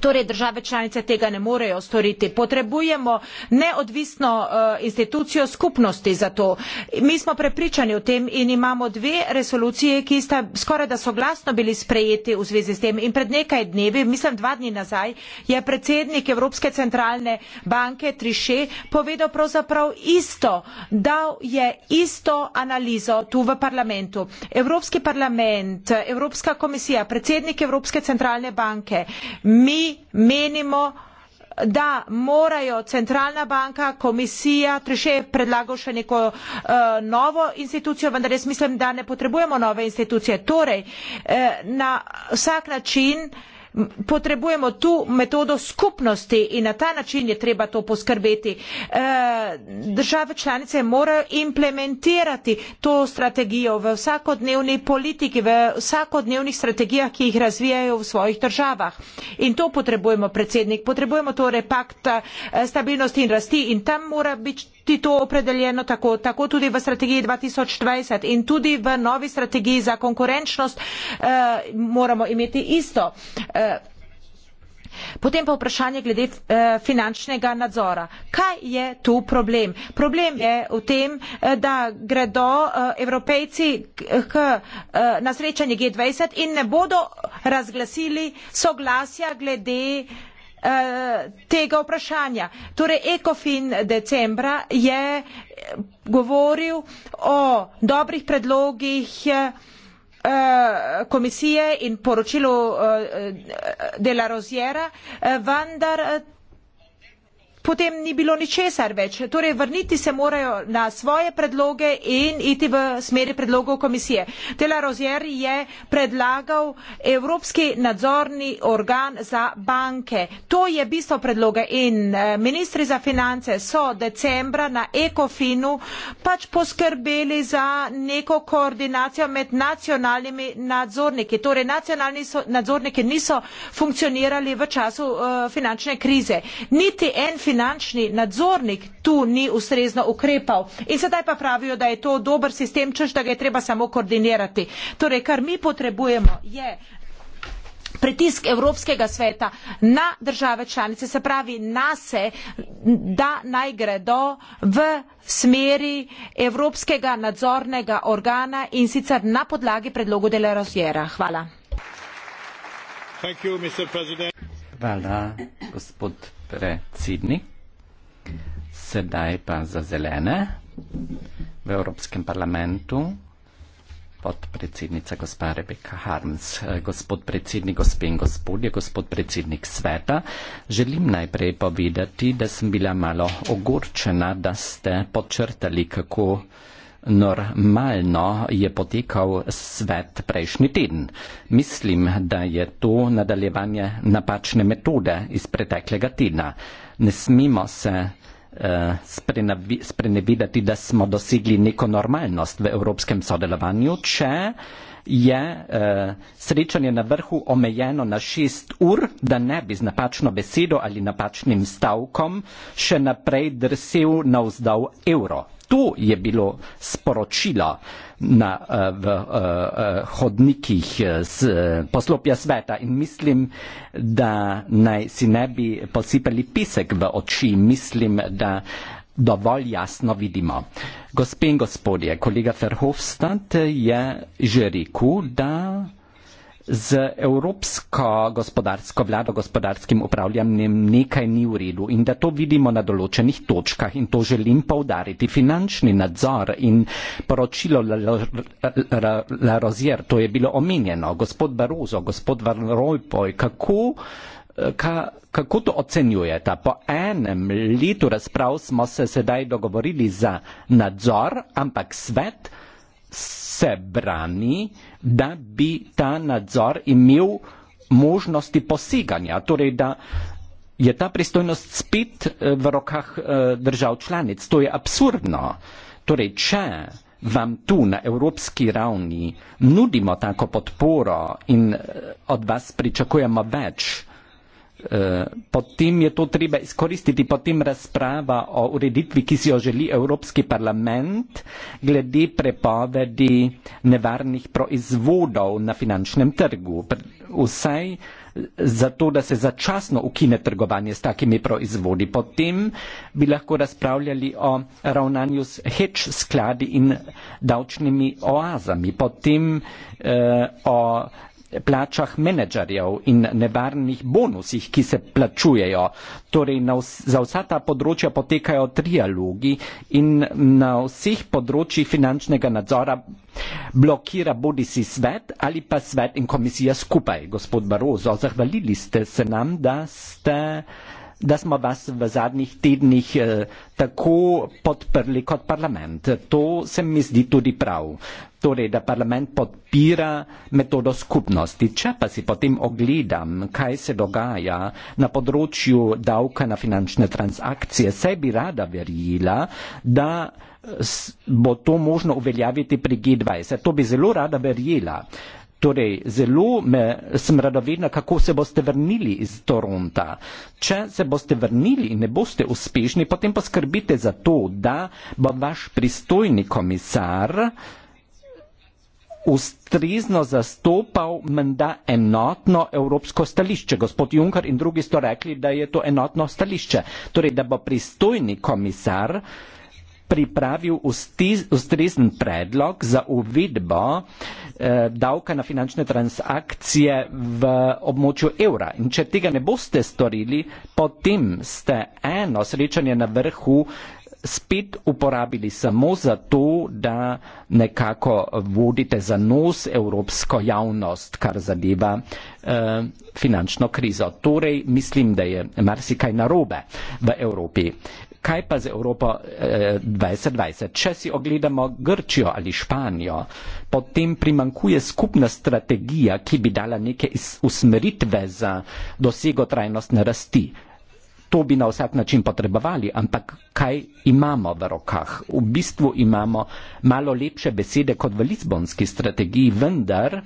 Speaker 1: torej države članice tega ne morejo storiti. Potrebujemo neodvisno eh, institucijo skupnosti za to. Mi smo prepričani o tem in imamo dve resolucije, ki sta skoraj da soglasno bili sprejeti v zvezi s tem. In pred nekaj dnevi, mislim dva dni nazaj, je predsednik Evropske centralne banke Triše povedal pravzaprav isto, dal je isto analizo tu v parlamentu. Evropski parlament, Evropska komisija, predsednik Evropske centralne banke, mi menimo, da morajo centralna banka, komisija, Triše je predlagal še neko uh, novo institucijo, vendar jaz mislim, da ne potrebujemo nove institucije. Torej, uh, na vsak način uh, potrebujemo tu metodo skupnosti in na ta način je treba to poskrbeti. E, države članice morajo implementirati to strategijo v vsakodnevni politiki, v vsakodnevnih strategijah, ki jih razvijajo v svojih državah. In to potrebujemo, predsednik, potrebujemo torej pakt e, stabilnosti in rasti in tam mora biti biti to opredeljeno tako, tako tudi v strategiji 2020 in tudi v novi strategiji za konkurenčnost eh, moramo imeti isto. Eh, Potem pa vprašanje glede eh, finančnega nadzora. Kaj je tu problem? Problem je v tem, eh, da gredo eh, evropejci k nasrečanju G20 in ne bodo razglasili soglasja glede Eh, tega vprašanja. Torej, ECOFIN decembra je govoril o dobrih predlogih eh, komisije in poročilu eh, dela Rozjera, vendar potem ni bilo ničesar več. Torej, vrniti se morajo na svoje predloge in iti v smeri predlogov komisije. Tela Rozier je predlagal Evropski nadzorni organ za banke. To je bistvo predloga in eh, ministri za finance so decembra na ECOFINu pač poskrbeli za neko koordinacijo med nacionalnimi nadzorniki. Torej, nacionalni so, nadzorniki niso funkcionirali v času uh, finančne krize. Niti en finančni finančni nadzornik tu ni ustrezno ukrepal. In sedaj pa pravijo, da je to dober sistem, čež da ga je treba samo koordinirati. Torej, kar mi potrebujemo je pritisk Evropskega sveta na države članice, se pravi nase, da naj gredo v smeri Evropskega nadzornega organa in sicer na podlagi predlogu dela razjera. Hvala.
Speaker 3: Hvala, gospod predsednik. Sedaj pa za zelene v Evropskem parlamentu podpredsednica gospa Rebeka Harms. Gospod predsednik, gospe in gospodje, gospod predsednik sveta, želim najprej povedati, da sem bila malo ogorčena, da ste počrtali, kako normalno je potekal svet prejšnji teden. Mislim, da je to nadaljevanje napačne metode iz preteklega tedna. Ne smemo se eh, sprenevedati, da smo dosegli neko normalnost v evropskem sodelovanju, če je eh, srečanje na vrhu omejeno na šest ur, da ne bi z napačno besedo ali napačnim stavkom še naprej drsel na vzdal evro. To je bilo sporočilo na, eh, v, v eh, eh, hodnikih z poslopja sveta in mislim, da naj si ne bi posipali pisek v oči. Mislim, da dovolj jasno vidimo. Gospe in gospodje, kolega Ferhofstadt je že rekel, da z evropsko gospodarsko vlado, gospodarskim upravljanjem nekaj ni v redu in da to vidimo na določenih točkah in to želim povdariti. Finančni nadzor in poročilo Larozier, to je bilo omenjeno, gospod Barozo, gospod Van Rojpoj, kako Ka, kako to ocenjujete? Po enem letu razprav smo se sedaj dogovorili za nadzor, ampak svet se brani, da bi ta nadzor imel možnosti poseganja, torej da je ta pristojnost spet eh, v rokah eh, držav članic. To je absurdno. Torej, če vam tu na evropski ravni nudimo tako podporo in eh, od vas pričakujemo več, Eh, potem je to treba izkoristiti, potem razprava o ureditvi, ki si jo želi Evropski parlament, glede prepovedi nevarnih proizvodov na finančnem trgu. Vsaj eh, zato, da se začasno ukine trgovanje s takimi proizvodi. Potem bi lahko razpravljali o ravnanju s hedge skladi in davčnimi oazami. Potem eh, o plačah menedžerjev in nevarnih bonusih, ki se plačujejo. Torej, vs za vsa ta področja potekajo trialogi in na vseh področjih finančnega nadzora blokira bodi si svet ali pa svet in komisija skupaj. Gospod Barozo, zahvalili ste se nam, da ste da smo vas v zadnjih tednih eh, tako podprli kot parlament. To se mi zdi tudi prav. Torej, da parlament podpira metodo skupnosti. Če pa si potem ogledam, kaj se dogaja na področju davka na finančne transakcije, se bi rada verjela, da eh, bo to možno uveljaviti pri G20. To bi zelo rada verjela. Torej, zelo me, sem radovedna, kako se boste vrnili iz Toronta. Če se boste vrnili in ne boste uspešni, potem poskrbite za to, da bo vaš pristojni komisar ustrezno zastopal menda enotno evropsko stališče. Gospod Juncker in drugi so rekli, da je to enotno stališče. Torej, da bo pristojni komisar pripravil ustrezen predlog za uvedbo eh, davka na finančne transakcije v območju evra. In če tega ne boste storili, potem ste eno srečanje na vrhu spet uporabili samo za to, da nekako vodite za nos evropsko javnost, kar zadeva eh, finančno krizo. Torej, mislim, da je marsikaj narobe v Evropi kaj pa z Evropo eh, 2020. Če si ogledamo Grčijo ali Španijo, potem primankuje skupna strategija, ki bi dala neke usmeritve za dosego trajnostne rasti. To bi na vsak način potrebovali, ampak kaj imamo v rokah? V bistvu imamo malo lepše besede kot v Lizbonski strategiji, vendar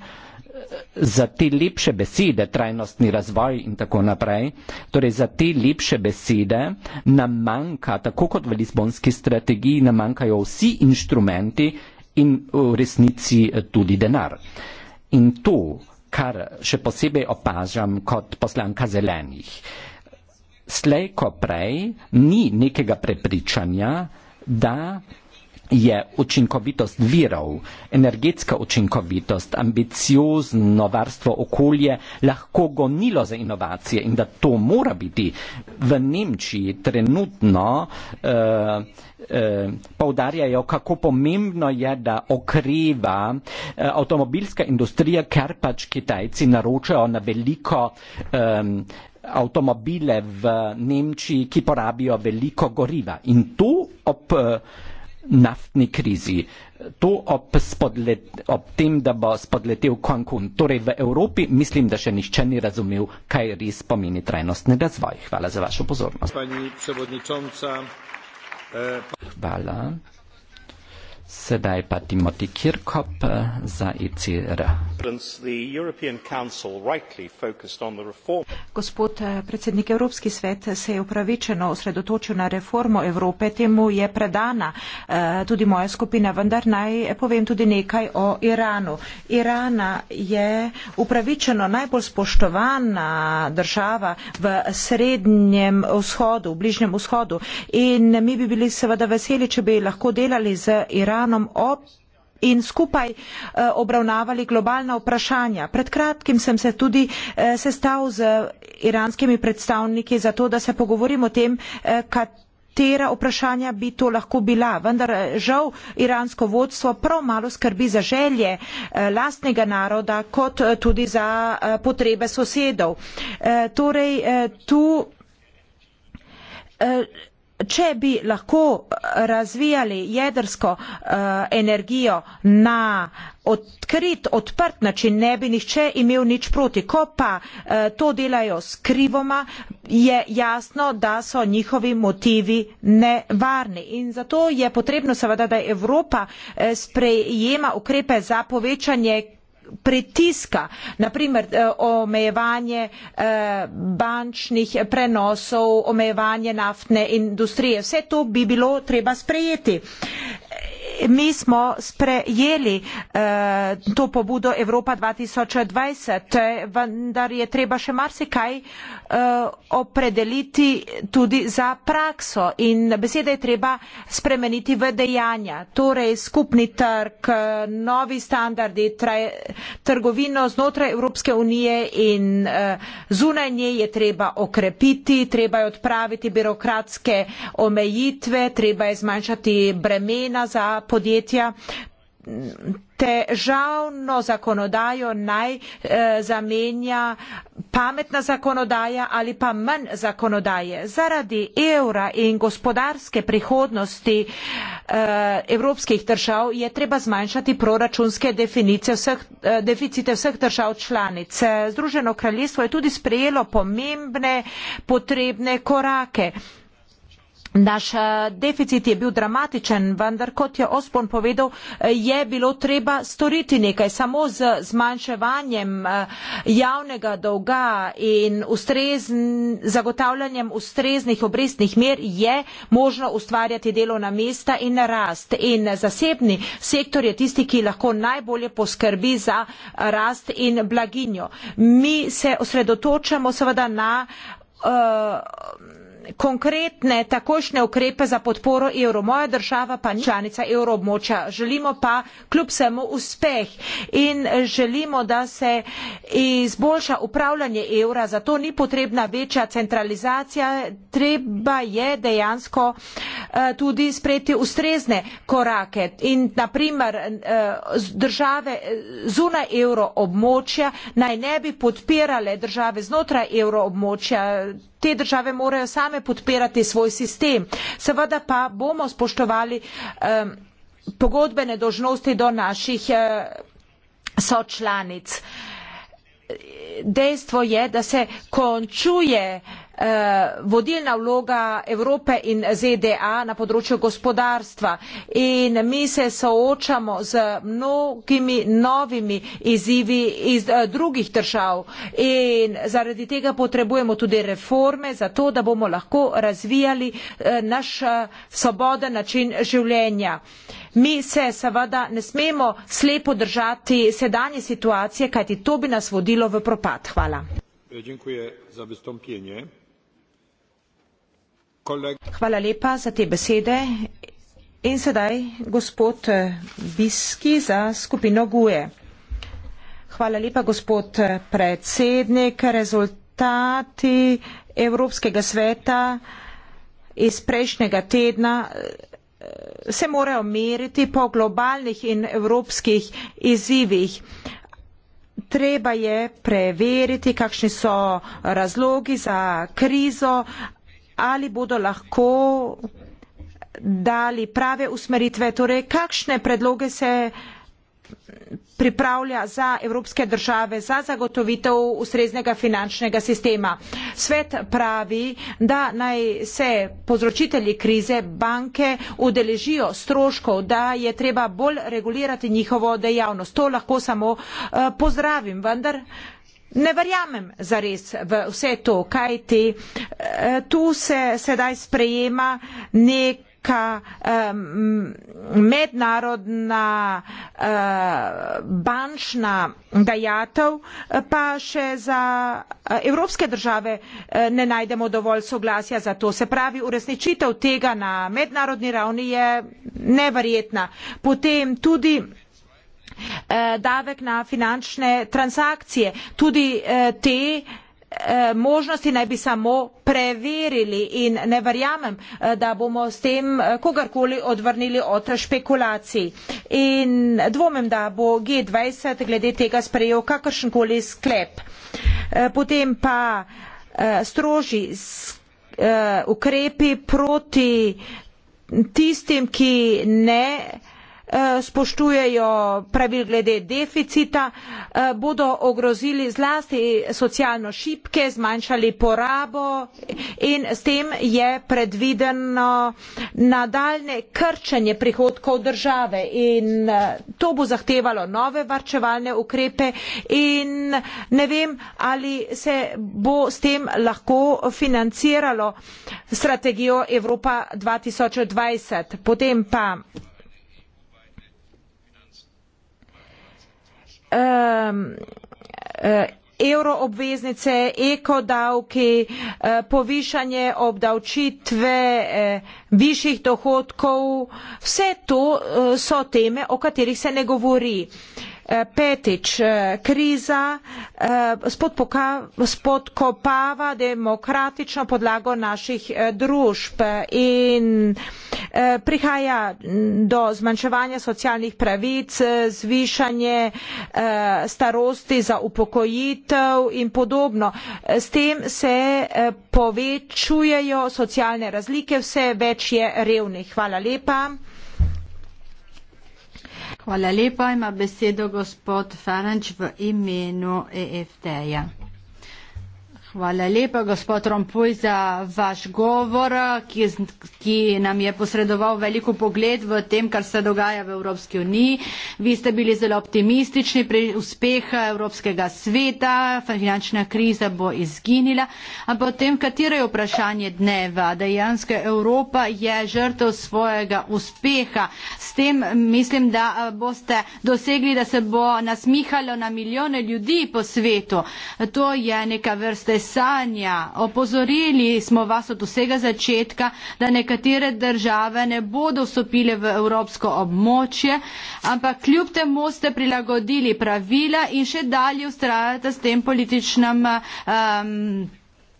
Speaker 3: za te lepše besede, trajnostni razvoj in tako naprej, torej za te lepše besede nam manjka, tako kot v Lizbonski strategiji, nam manjkajo vsi inštrumenti in v resnici eh, tudi denar. In to, kar še posebej opažam kot poslanka zelenih, slej ko prej ni nekega prepričanja, da je učinkovitost virov, energetska učinkovitost, ambiciozno varstvo okolje lahko gonilo za inovacije in da to mora biti v Nemčiji trenutno uh, uh, poudarjajo, kako pomembno je, da okreva uh, avtomobilska industrija, ker pač Kitajci naročajo na veliko um, avtomobile v Nemčiji, ki porabijo veliko goriva. In tu ob uh, naftni krizi. To ob, spodlet, ob tem, da bo spodletel Cancun. Torej v Evropi mislim, da še nišče ni razumel, kaj res pomeni trajnostni razvoj. Hvala za vašo pozornost. E, Hvala. Sedaj pa Timoti Kirkop eh, za ICR. E
Speaker 1: Gospod eh, predsednik Evropski svet se je upravičeno osredotočil na reformo Evrope, temu je predana eh, tudi moja skupina, vendar naj povem tudi nekaj o Iranu. Irana je upravičeno najbolj spoštovana država v srednjem vzhodu, v bližnjem vzhodu in mi bi bili seveda veseli, če bi lahko delali z Iranom Iranom ob in skupaj eh, obravnavali globalna vprašanja. Pred kratkim sem se tudi eh, sestal z iranskimi predstavniki za to, da se pogovorim o tem, eh, katera vprašanja bi to lahko bila. Vendar žal iransko vodstvo prav malo skrbi za želje lastnega naroda kot tudi za potrebe sosedov. Torej, tu Če bi lahko eh, razvijali jedrsko uh, energijo na odkrit, odprt način, ne bi nihče imel nič proti. Ko pa uh, to delajo skrivoma, je jasno, da so njihovi motivi nevarni. In zato je potrebno seveda, da Evropa sprejema ukrepe za povečanje pritiska, naprimer eh, omejevanje eh, bančnih prenosov, omejevanje naftne industrije. Vse to bi bilo treba sprejeti mi smo sprejeli eh, to pobudo Evropa 2020, eh, vendar je treba še marsikaj eh, opredeliti tudi za prakso in besede je treba spremeniti v dejanja. Torej skupni trg, novi standardi, trgovino znotraj Evropske unije in zunaj nje je treba okrepiti, treba je odpraviti birokratske omejitve, treba je zmanjšati bremena za podjetja težavno zakonodajo naj e, zamenja pametna zakonodaja ali pa manj zakonodaje. Zaradi evra in gospodarske prihodnosti e, evropskih držav je treba zmanjšati proračunske vseh, e, deficite vseh držav članic. Združeno kraljestvo je tudi sprejelo pomembne potrebne korake. Naš eh, deficit je bil dramatičen, vendar kot je Ospon povedal, eh, je bilo treba storiti nekaj. Samo z zmanjševanjem eh, javnega dolga in ustrezn, zagotavljanjem ustreznih obrestnih mer je možno ustvarjati delovna mesta in rast. In zasebni sektor je tisti, ki lahko najbolje poskrbi za rast in blaginjo. Mi se osredotočamo seveda na. Uh, konkretne takošne ukrepe za podporo evro. Moja država pa ni članica evroobmoča. Želimo pa kljub vsemu uspeh in želimo, da se izboljša upravljanje evra. Zato ni potrebna večja centralizacija. Treba je dejansko eh, tudi sprejeti ustrezne korake. In naprimer eh, države eh, zunaj evroobmoča naj ne bi podpirale države znotraj evroobmoča te države morajo same podpirati svoj sistem. Seveda pa bomo spoštovali um, pogodbene dožnosti do naših uh, sočlanic. Dejstvo je, da se končuje uh, Eh, vodilna vloga Evrope in ZDA na področju gospodarstva in mi se soočamo z mnogimi novimi izzivi iz eh, drugih držav in zaradi tega potrebujemo tudi reforme, zato da bomo lahko razvijali eh, naš svoboden način življenja. Mi se seveda ne smemo slepo držati sedanje situacije, kajti to bi nas vodilo v propad. Hvala. Dziękuję za wystąpienie. Hvala lepa za te besede. In sedaj gospod Biski za skupino Guje. Hvala lepa, gospod predsednik. Rezultati Evropskega sveta iz prejšnjega tedna eh, se morajo meriti po globalnih in evropskih izzivih. Treba je preveriti, kakšni so razlogi za krizo, ali bodo lahko dali prave usmeritve, torej kakšne predloge se pripravlja za evropske države za zagotovitev ustreznega finančnega sistema. Svet pravi, da naj se povzročitelji krize banke udeležijo stroškov, da je treba bolj regulirati njihovo dejavnost. To lahko samo eh, pozdravim, vendar Ne verjamem zares v vse to, kaj ti. Eh, tu se sedaj sprejema neka um, mednarodna uh, bančna dajatev, eh, pa še za evropske države ne najdemo dovolj soglasja za to. Se pravi, uresničitev tega na mednarodni ravni je neverjetna. Potem tudi Eh, davek na finančne transakcije. Tudi eh, te eh, možnosti naj bi samo preverili in ne verjamem, da bomo s tem kogarkoli odvrnili od špekulacij. In dvomem, da bo G20 glede tega sprejel kakršenkoli sklep. Potem pa stroži ukrepi proti tistim, ki ne Eh, spoštujejo pravil glede deficita, eh, bodo ogrozili zlasti socialno šipke, zmanjšali porabo in s tem je predvideno nadaljne krčenje prihodkov države in eh, to bo zahtevalo nove varčevalne ukrepe in ne vem, ali se bo s tem lahko financiralo strategijo Evropa 2020. Potem pa Um, uh, evro obveznice, ekodavki, uh, povišanje obdavčitve, uh, višjih dohodkov, vse to so teme, o katerih se ne govori. Eh, petič, eh, kriza eh, spodkopava demokratično podlago naših družb in prihaja do zmanjševanja socialnih pravic, zvišanje starosti za upokojitev in podobno. S tem se povečujejo socialne razlike, vse več je revnih. Hvala lepa.
Speaker 2: Hvala lepa. Ima besedo gospod Faranč v imenu EFT-ja. Hvala lepa, gospod Rompuj, za vaš govor, ki, ki nam je posredoval veliko pogled v tem, kar se dogaja v Evropski uniji. Vi ste bili zelo optimistični pri uspehu Evropskega sveta, finančna kriza bo izginila, ampak potem, katero je vprašanje dneva, dejansko Evropa je žrtev svojega uspeha. S tem mislim, da eh, boste dosegli, da se bo nasmihalo na milijone ljudi po svetu. To je neka vrsta Sanja, opozorili smo vas od vsega začetka, da nekatere države ne bodo vstopile v evropsko območje, ampak kljub temu ste prilagodili pravila in še dalje ustrajate s tem političnim. Um,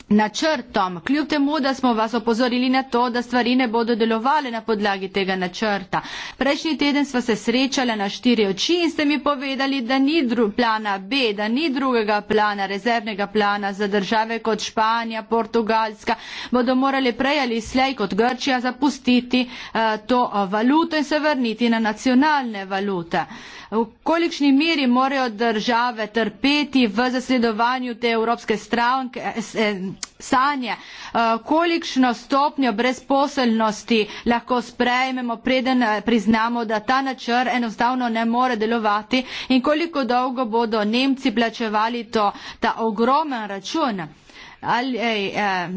Speaker 2: načrtom, kljub temu, da smo vas opozorili na to, da stvari ne bodo delovale na podlagi tega načrta. Prejšnji teden smo se srečali na štiri oči in ste mi povedali, da ni plana B, da ni drugega plana, rezervnega plana za države kot Španija, Portugalska, bodo morali prej ali slej kot Grčija zapustiti uh, to eh, valuto in se vrniti na nacionalne valute. V kolikšni meri morajo države trpeti v zasledovanju te evropske stranke, eh, sanje, eh, kolikšno stopnjo brezposelnosti lahko sprejmemo, preden eh, priznamo, da ta načrt enostavno ne more delovati in koliko dolgo bodo Nemci plačevali to, ta ogromen račun. Ali, ej, eh,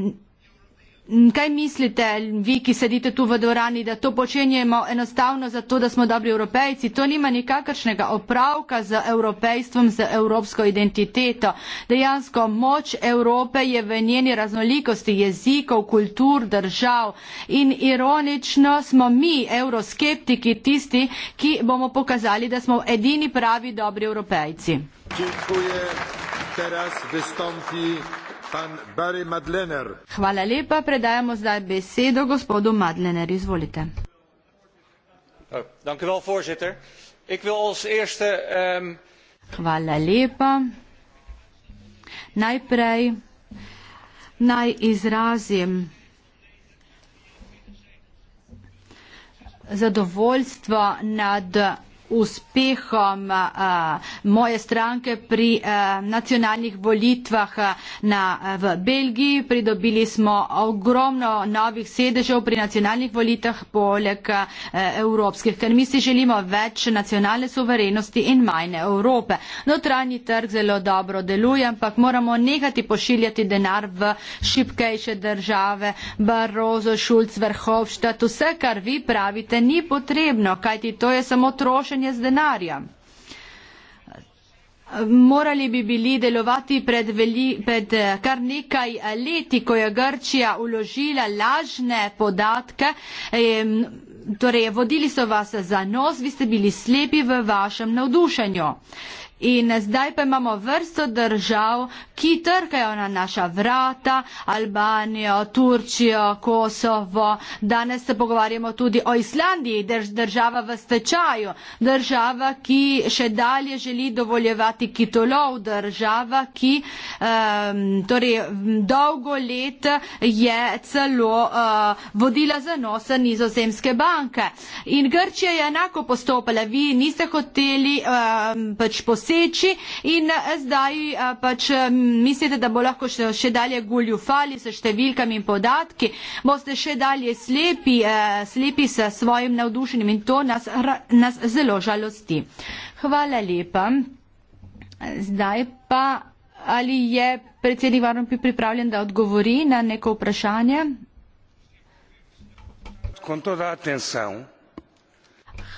Speaker 2: Mm, kaj mislite vi, ki sedite tu v dvorani, da to počenjamo enostavno zato, da smo dobri evropejci? To nima nikakršnega opravka z evropejstvom, z evropsko identiteto. Dejansko moč Evrope je v njeni raznolikosti jezikov, kultur, držav in ironično smo mi, euroskeptiki, tisti, ki bomo pokazali, da smo edini pravi dobri evropejci. Dziękuję. Teraz
Speaker 3: wystąpi...
Speaker 2: Hvala lepa, predajamo zdaj besedo gospodu Madlener, izvolite.
Speaker 3: Oh, ehm,
Speaker 2: Hvala lepa. Najprej naj izrazim zadovoljstvo nad uspehom eh, moje stranke pri eh, nacionalnih volitvah eh, na, v Belgiji. Pridobili smo ogromno novih sedežev pri nacionalnih volitvah poleg evropskih, ker mi si želimo več nacionalne suverenosti in manj Evrope. Notranji trg zelo dobro deluje, ampak moramo nehati pošiljati denar v šipkejše države. Barroso, Schulz, Verhofstadt, vse, kar vi pravite, ni potrebno, kajti to je samo trošen trošenje z denarja. Morali bi bili delovati pred, veli, pred kar nekaj eh, leti, ko je Grčija uložila lažne podatke. Torej, vodili so vas za nos, vi ste bili slepi v vašem navdušenju. In zdaj pa imamo vrsto držav, ki trkajo na naša vrata, Albanijo, Turčijo, Kosovo. Danes se pogovarjamo tudi o Islandiji, drž država v stečaju, država, ki še dalje želi dovoljevati kitolov, država, ki um, torej, dolgo let je celo uh, vodila za nosa nizozemske banke. In Grčija je enako postopala, vi niste hoteli um, pač posebej doseči in eh, zdaj eh, pač eh, mislite, da bo lahko še, še dalje guljufali s številkami in podatki, boste še dalje slepi, slepi s svojim navdušenjem in to nas, nas zelo žalosti. Hvala lepa. Zdaj pa ali je predsednik varno pripravljen, da odgovori na neko vprašanje?
Speaker 3: Con toda atenção.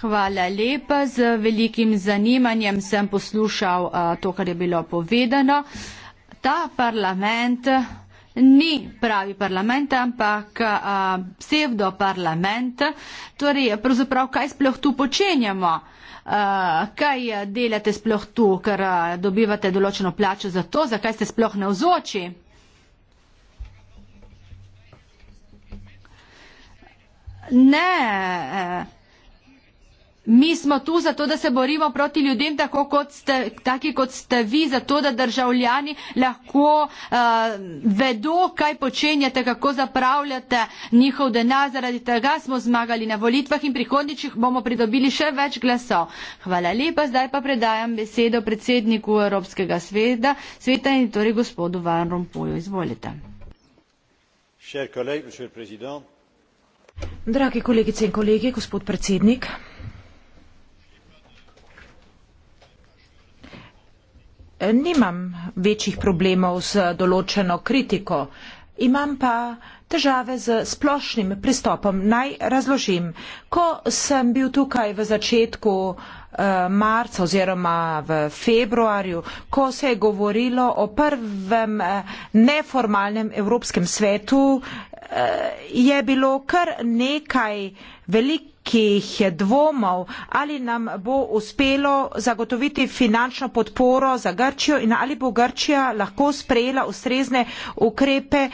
Speaker 2: Hvala lepa. Z velikim zanimanjem sem poslušal uh, to, kar je bilo povedano. Ta parlament ni pravi parlament, ampak uh, eh, sevdo parlament. Torej, pravzaprav, kaj sploh tu počenjamo? Uh, kaj delate sploh tu, ker uh, dobivate določeno plačo za to, zakaj ste sploh na vzoči? Ne. Uh, Mi smo tu zato, da se borimo proti ljudem, tako kot ste, taki kot ste vi, zato, da državljani lahko uh, vedo, kaj počenjate, kako zapravljate njihov denar. Zaradi tega smo zmagali na volitvah in prihodnjič bomo pridobili še več glasov. Hvala lepa. Zdaj pa predajam besedo predsedniku Evropskega sveta, sveta in torej
Speaker 1: gospodu Van Rompuju. Izvolite. Dragi kolegice in kolegi, gospod predsednik. nimam večjih problemov z določeno kritiko, imam pa težave z splošnim pristopom. Naj razložim. Ko sem bil tukaj v začetku eh, marca oziroma v februarju, ko se je govorilo o prvem eh, neformalnem Evropskem svetu, eh, je bilo kar nekaj velikih ki jih je dvomov, ali nam bo uspelo zagotoviti finančno podporo za Grčijo in ali bo Grčija lahko sprejela ustrezne ukrepe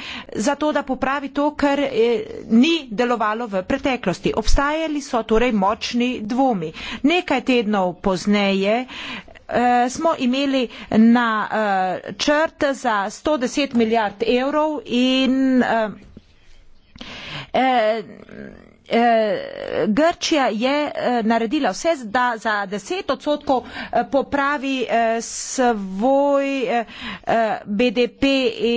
Speaker 1: za to, da popravi to, kar eh, ni delovalo v preteklosti. Obstajali so torej močni dvomi. Nekaj tednov pozneje eh, smo imeli na eh, črt za 110 milijard evrov in eh, Grčija je eh, naredila vse, da za deset odstotkov eh, popravi eh, svoj eh, eh BDP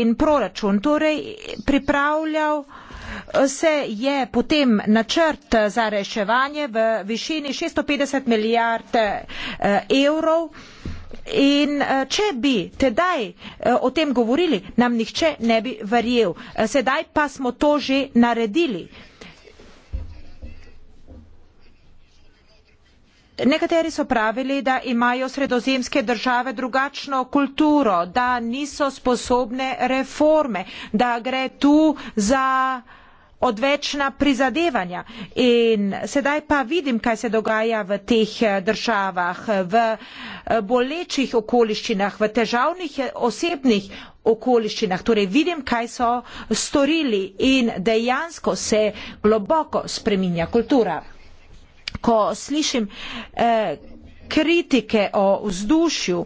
Speaker 1: in proračun. Torej, pripravljal eh, se je potem načrt za reševanje v višini 650 milijard eh, evrov. In če bi tedaj o tem govorili, nam nihče ne bi verjel. Sedaj pa smo to že naredili. Nekateri so pravili, da imajo sredozemske države drugačno kulturo, da niso sposobne reforme, da gre tu za odvečna prizadevanja. In sedaj pa vidim, kaj se dogaja v teh eh, državah, v eh, bolečih okoliščinah, v težavnih eh, osebnih okoliščinah. Torej vidim, kaj so storili in dejansko se globoko spreminja kultura ko slišim eh, kritike o vzdušju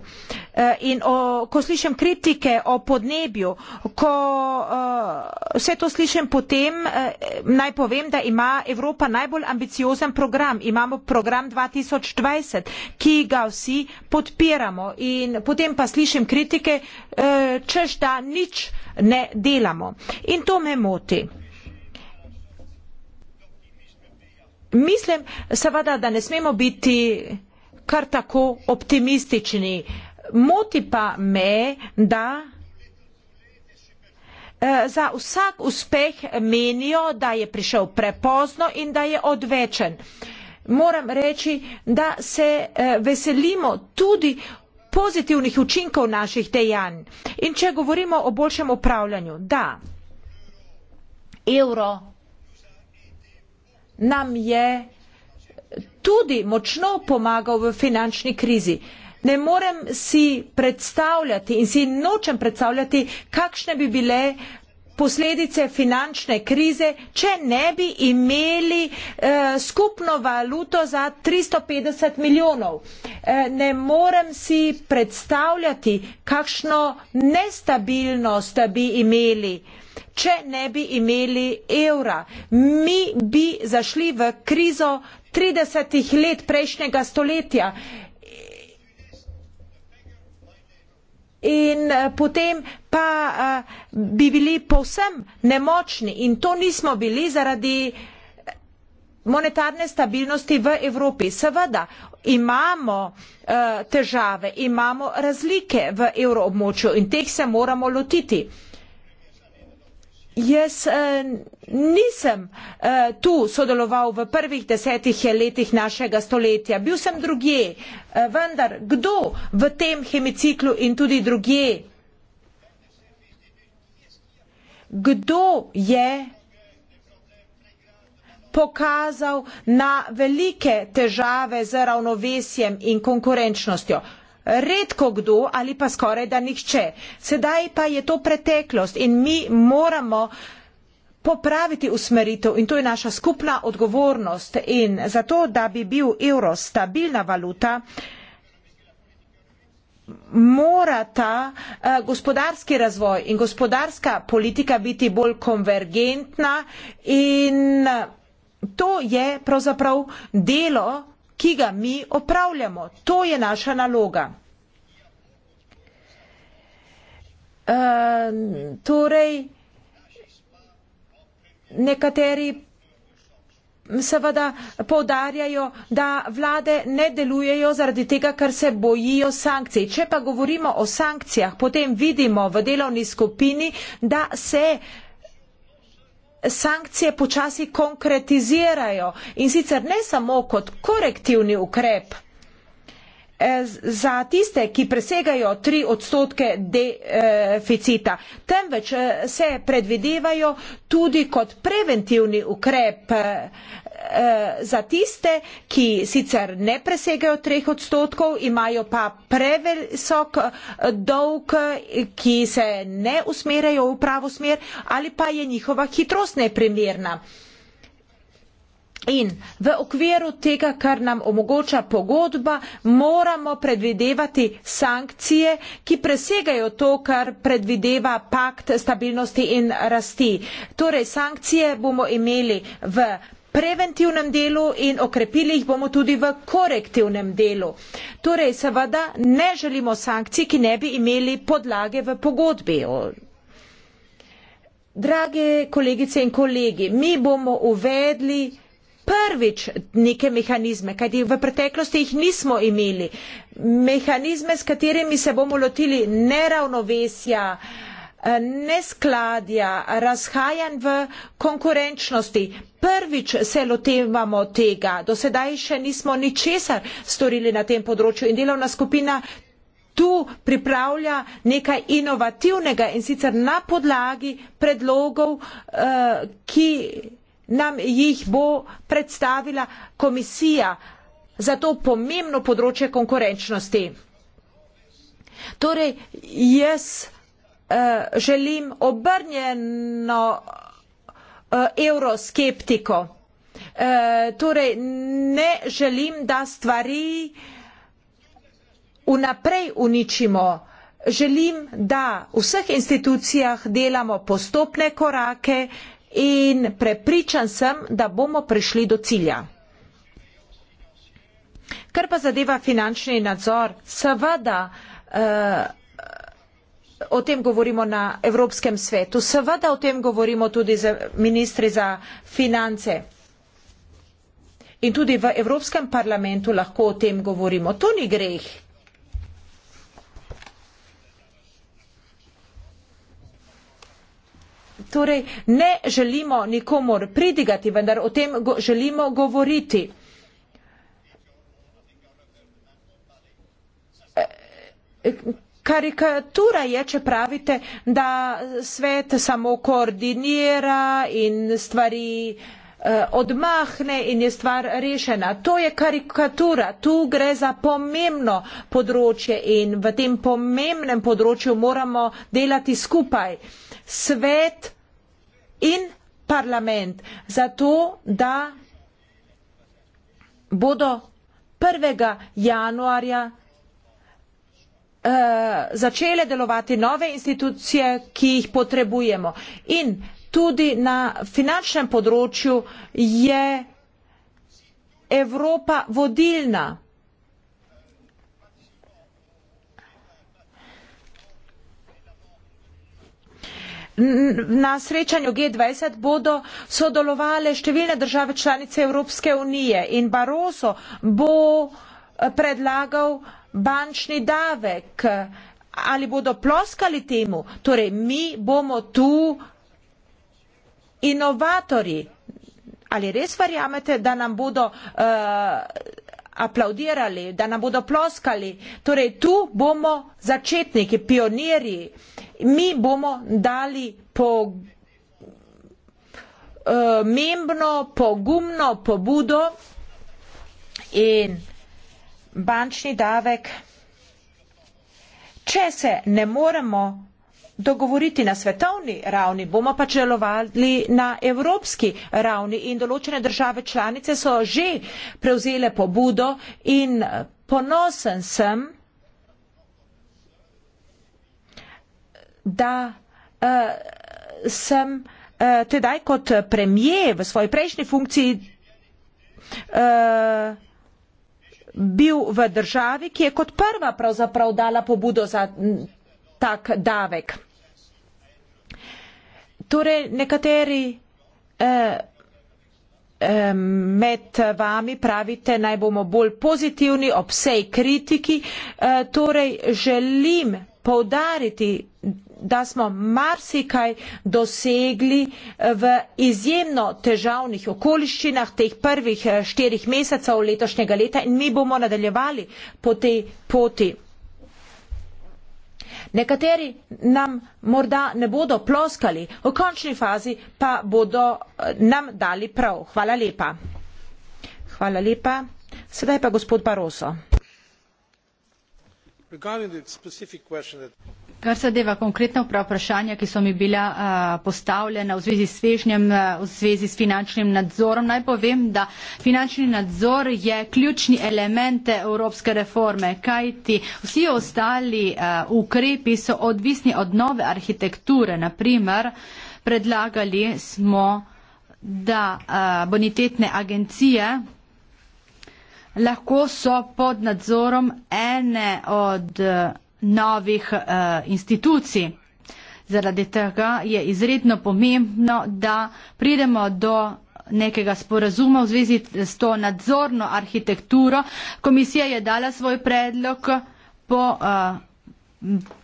Speaker 1: eh, in o, ko slišim kritike o podnebju, ko uh, vse to slišim potem, uh, naj povem, da ima Evropa najbolj ambiciozen program. Imamo program 2020, ki ga vsi podpiramo in potem pa slišim kritike, uh, čež da nič ne delamo. In to me moti. mislim seveda, da ne smemo biti kar tako optimistični. Moti pa me, da eh, za vsak uspeh menijo, da je prišel prepozno in da je odvečen. Moram reči, da se eh, veselimo tudi pozitivnih učinkov naših dejanj. In če govorimo o boljšem upravljanju, da evro nam je tudi močno pomagal v finančni krizi. Ne morem si predstavljati in si nočem predstavljati, kakšne bi bile posledice finančne krize, če ne bi imeli eh, skupno valuto za 350 milijonov. Eh, ne morem si predstavljati, kakšno nestabilnost bi imeli. Eh, če ne bi imeli evra. Mi bi zašli v krizo 30 let prejšnjega stoletja. In eh, potem pa eh, bi bili povsem nemočni in to nismo bili zaradi monetarne stabilnosti v Evropi. Seveda imamo eh, težave, imamo razlike v evroobmočju in teh se moramo lotiti. Jaz uh, nisem uh, tu sodeloval v prvih desetih letih našega stoletja. Bil sem drugje, uh, vendar kdo v tem hemiciklu in tudi drugje? Kdo je pokazal na velike težave z ravnovesjem in konkurenčnostjo? Uh, redko kdo ali pa skoraj da nihče. Sedaj pa je to preteklost in mi moramo popraviti usmeritev in to je naša skupna odgovornost in zato, da bi bil evro stabilna valuta, mora ta eh, gospodarski razvoj in gospodarska politika biti bolj konvergentna in eh, to je pravzaprav delo ki ga mi opravljamo. To je naša naloga. E, torej, nekateri seveda povdarjajo, da vlade ne delujejo zaradi tega, ker se bojijo sankcij. Če pa govorimo o sankcijah, potem vidimo v delovni skupini, da se sankcije počasi konkretizirajo in sicer ne samo kot korektivni ukrep eh, za tiste, ki presegajo tri odstotke deficita, temveč eh, se predvidevajo tudi kot preventivni ukrep eh, Eh, za tiste, ki sicer ne presegajo treh odstotkov, imajo pa previsok eh, dolg, ki se ne usmerjajo v pravo smer ali pa je njihova hitrost neprimerna. In v okviru tega, kar nam omogoča pogodba, moramo predvidevati sankcije, ki presegajo to, kar predvideva pakt stabilnosti in rasti. Torej, sankcije bomo imeli v preventivnem delu in okrepili jih bomo tudi v korektivnem delu. Torej, seveda ne želimo sankcij, ki ne bi imeli podlage v pogodbi. Drage kolegice in kolegi, mi bomo uvedli prvič neke mehanizme, kajti v preteklosti jih nismo imeli. Mehanizme, s katerimi se bomo lotili neravnovesja, eh, neskladja, razhajanj v konkurenčnosti, prvič se lotevamo tega. Do sedaj še nismo ničesar storili na tem področju in delovna skupina tu pripravlja nekaj inovativnega in sicer na podlagi predlogov, eh, ki nam jih bo predstavila komisija za to pomembno področje konkurenčnosti. Torej, jaz uh, želim obrnjeno Eh, evroskeptiko. Eh, torej, ne želim, da stvari vnaprej uničimo. Želim, da v vseh institucijah delamo postopne korake in prepričan sem, da bomo prišli do cilja. Kar pa zadeva finančni nadzor, seveda. Uh, o tem govorimo na Evropskem svetu. Seveda o tem govorimo tudi z ministri za finance. In tudi v Evropskem parlamentu lahko o tem govorimo. To ni greh. Torej, ne želimo nikomor pridigati, vendar o tem go želimo govoriti. E karikatura je, če pravite, da svet samo koordinira in stvari eh, odmahne in je stvar rešena. To je karikatura. Tu gre za pomembno področje in v tem pomembnem področju moramo delati skupaj. Svet in parlament. Zato, da bodo 1. januarja Eh, začele delovati nove institucije, ki jih potrebujemo. In tudi na finančnem področju je Evropa vodilna. Na srečanju G20 bodo sodelovali številne države članice Evropske unije in Barroso bo eh, predlagal uh, bančni davek. Ali bodo ploskali temu? Torej, mi bomo tu inovatori. Ali res verjamete, da nam bodo uh, aplaudirali, da nam bodo ploskali? Torej, tu bomo začetniki, pionirji. Mi bomo dali po, uh, membno, pogumno pobudo in bančni davek, če se ne moremo dogovoriti na svetovni ravni, bomo pač delovali na evropski ravni in določene države članice so že prevzele pobudo in ponosen sem, da uh, sem uh, tedaj kot premije v svoji prejšnji funkciji uh, bil v državi, ki je kot prva pravzaprav dala pobudo za tak davek. Torej, nekateri eh, eh, med vami pravite, naj bomo bolj pozitivni ob vsej kritiki. Eh, torej, želim povdariti, da smo marsikaj dosegli eh, v izjemno težavnih okoliščinah teh prvih eh, štirih mesecev letošnjega leta in mi bomo nadaljevali po tej poti. Nekateri nam morda ne bodo ploskali, v končni fazi pa bodo eh, nam dali prav. Hvala lepa. Hvala lepa. Sedaj pa gospod Baroso. Kar zadeva konkretna
Speaker 2: vprašanja, ki so mi bila postavljena v zvezi s svežnjem, v zvezi s finančnim nadzorom, naj povem, da finančni nadzor je ključni element evropske reforme, kajti vsi ostali ukrepi so odvisni od nove arhitekture. Naprimer, predlagali smo, da bonitetne agencije lahko so pod nadzorom ene od novih eh, institucij. Zaradi tega je izredno pomembno, da pridemo do nekega sporazuma v zvezi s to nadzorno arhitekturo. Komisija je dala svoj predlog po uh,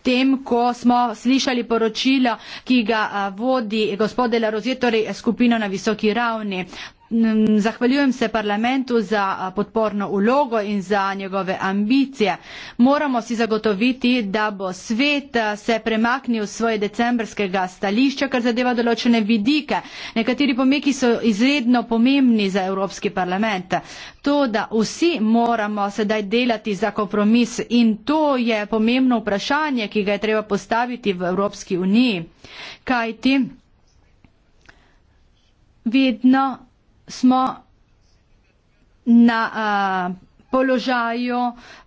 Speaker 2: tem, ko smo slišali poročilo, ki ga uh, vodi gospod Delarozje, torej skupino na visoki ravni. Zahvaljujem se parlamentu za podporno ulogo in za njegove ambicije. Moramo si zagotoviti, da bo svet se premaknil svoje decembrskega stališča, kar zadeva določene vidike. Nekateri pomeki so izredno pomembni za Evropski parlament. To, da vsi moramo sedaj delati za kompromis in to je pomembno vprašanje, ki ga je treba postaviti v Evropski uniji. Kajti, vedno smo na uh, položaju,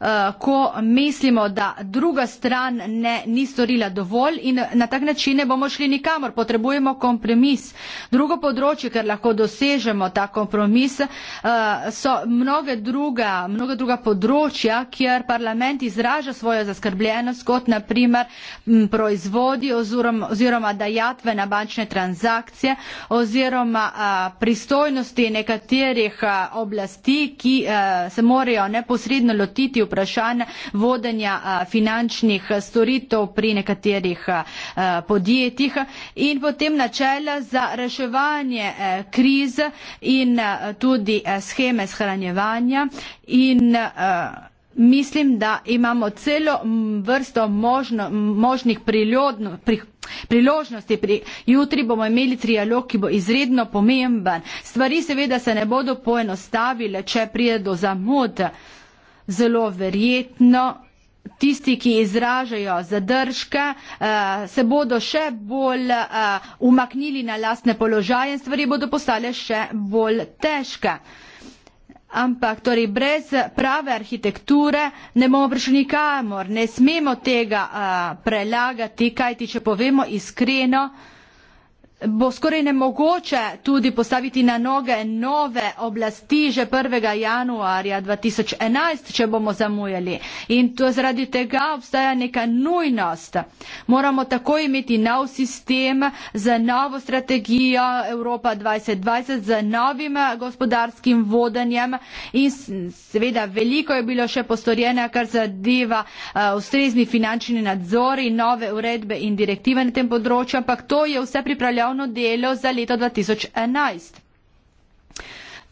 Speaker 2: eh, ko mislimo, da druga stran ne, ni storila dovolj in na tak način ne bomo šli nikamor. Potrebujemo kompromis. Drugo področje, ker lahko dosežemo ta kompromis, eh, so mnoge druga, mnoga druga področja, kjer parlament izraža svojo zaskrbljenost, kot naprimer proizvodi oziroma dajatve na bančne transakcije oziroma eh, pristojnosti nekaterih oblasti, ki se morajo morejo neposredno lotiti vprašanj vodenja finančnih storitev pri nekaterih podjetjih in potem načela za reševanje kriz in tudi scheme shranjevanja in mislim, da imamo celo vrsto možno, možnih priljodno, pri, priložnosti. Pri, jutri bomo imeli trialog, ki bo izredno pomemben. Stvari seveda se ne bodo poenostavile, če prije do zamud. Zelo verjetno tisti, ki izražajo zadržke, eh, se bodo še bolj eh, umaknili na lastne položaje in stvari bodo postale še bolj težke ampak torej brez prave arhitekture ne bomo prišli nikamor, ne smemo tega a, eh, prelagati, kajti če povemo iskreno, bo skoraj nemogoče tudi postaviti na noge nove oblasti že 1. januarja 2011, če bomo zamujali. In to zaradi tega obstaja neka nujnost. Moramo tako imeti nov sistem za novo strategijo Evropa 2020, za novim eh, gospodarskim vodenjem in seveda veliko je bilo še postorjena, kar zadeva eh, ustrezni finančni nadzori, nove uredbe in direktive na tem področju, ampak to je vse pripravljalo javno delo za leto 2011.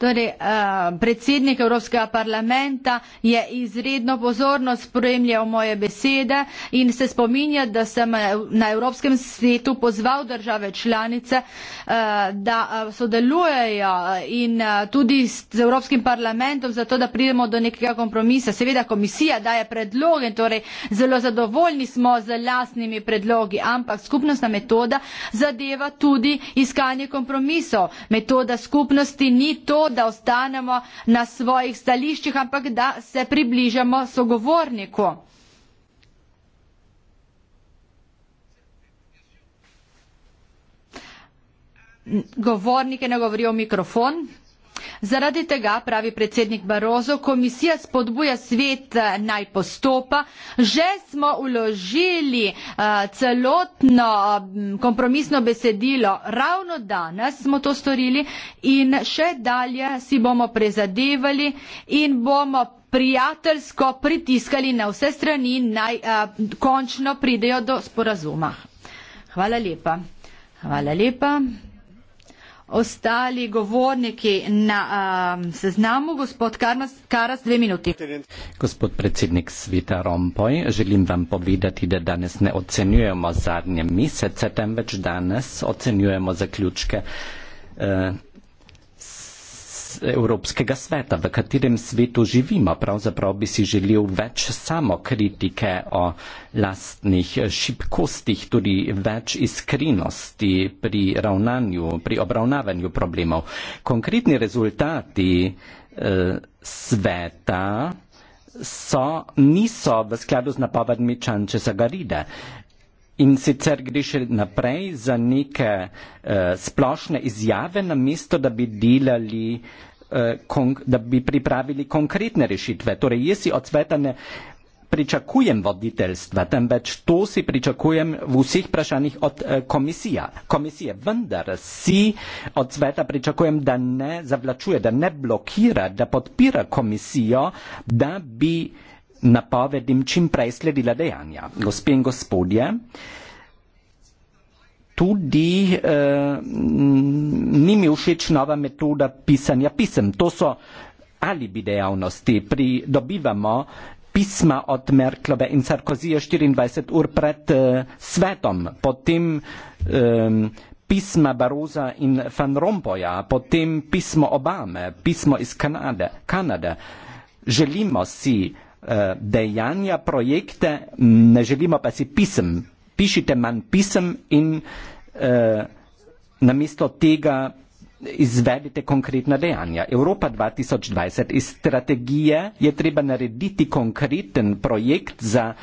Speaker 2: Torej, eh, predsednik Evropskega parlamenta je izredno pozorno spremljal moje besede in se spominja, da sem eh, na Evropskem svetu pozval države članice, eh, da sodelujejo in tudi z Evropskim parlamentom, zato da pridemo do nekega kompromisa. Seveda komisija daje predloge, torej zelo zadovoljni smo z lastnimi predlogi, ampak skupnostna metoda zadeva tudi iskanje kompromisov. Metoda skupnosti ni to, da ostanemo na svojih stališčih, ampak da se približamo sogovorniku. Govornike ne govorijo v mikrofon. Zaradi tega, pravi predsednik Barozo, komisija spodbuja svet eh, naj postopa. Že smo uložili eh, celotno eh, kompromisno besedilo, ravno danes smo to storili in še dalje si bomo prezadevali in bomo prijateljsko pritiskali na vse strani, naj a, končno pridejo do sporazuma. Hvala lepa. Hvala lepa ostali govorniki na um, seznamu. Gospod Karnas, Karas, dve minuti.
Speaker 3: Gospod predsednik Svita Rompoj, želim vam povedati, da danes ne ocenjujemo zadnje mesece, temveč danes ocenjujemo zaključke. Uh, Evropskega sveta, v katerem svetu živimo. Pravzaprav bi si želel več samokritike o lastnih šibkostih, tudi več iskrenosti pri ravnanju, pri obravnavanju problemov. Konkretni rezultati eh, sveta so, niso v skladu z napovedmi Čanče Zagaride. In sicer gre še naprej za neke uh, splošne izjave, namesto da bi delali uh, Eh, da bi pripravili konkretne rešitve. Torej, jaz si od sveta ne pričakujem voditeljstva, temveč to si pričakujem v vseh vprašanjih od eh, komisija. komisije. Vendar si od sveta pričakujem, da ne zavlačuje, da ne blokira, da podpira komisijo, da bi napovedim čim prej sledila dejanja. Gospe in gospodje, tudi eh, ni mi všeč nova metoda pisanja pisem. To so alibi dejavnosti. Pri, dobivamo pisma od Merklove in Sarkozije 24 ur pred eh, svetom, potem eh, pisma Baroza in Van Rompoja, potem pismo Obame, pismo iz Kanade. Kanade. Želimo si eh, dejanja, projekte, ne želimo pa si pisem, pišite manj pisem in uh, namesto tega izvedite konkretna dejanja. Evropa 2020 iz strategije je treba narediti konkreten projekt za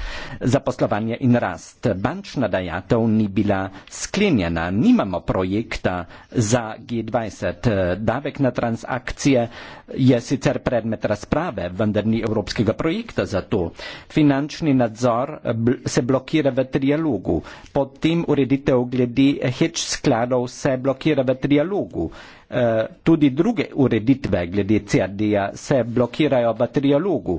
Speaker 3: zaposlovanje in rast. Bančna dajatev ni bila sklenjena, nimamo projekta za G20. Davek na transakcije uh, je sicer predmet razprave, vendar ni evropskega projekta za to. Finančni nadzor eh, bl se blokira v trialogu, potem ureditev glede eh, heč skladov se blokira v trialogu. E, tudi druge ureditve glede CRD-ja se blokirajo v trialogu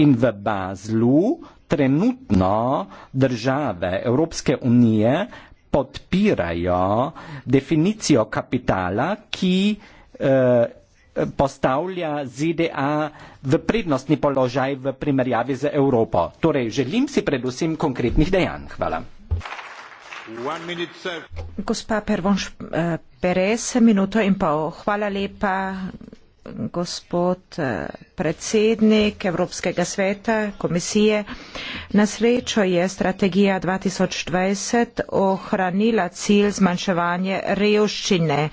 Speaker 3: in v Bazlu trenutno države Evropske unije podpirajo definicijo kapitala, ki e, postavlja ZDA v prednostni položaj v primerjavi z Evropo. Torej, želim si predvsem konkretnih dejanj. Hvala.
Speaker 1: Gospa Pervonš eh, Perez, minuto in pol. Hvala lepa gospod eh, predsednik Evropskega sveta, komisije. Na srečo je strategija 2020 ohranila cilj zmanjševanje revščine.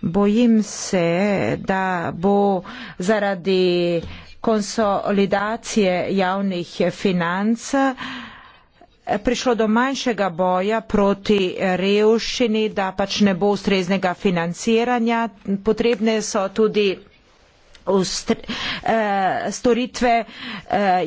Speaker 1: Bojim se, da bo zaradi konsolidacije javnih financ eh, prišlo do manjšega boja proti revščini, da pač ne bo ustreznega financiranja. Potrebne so tudi ostre, eh, storitve eh,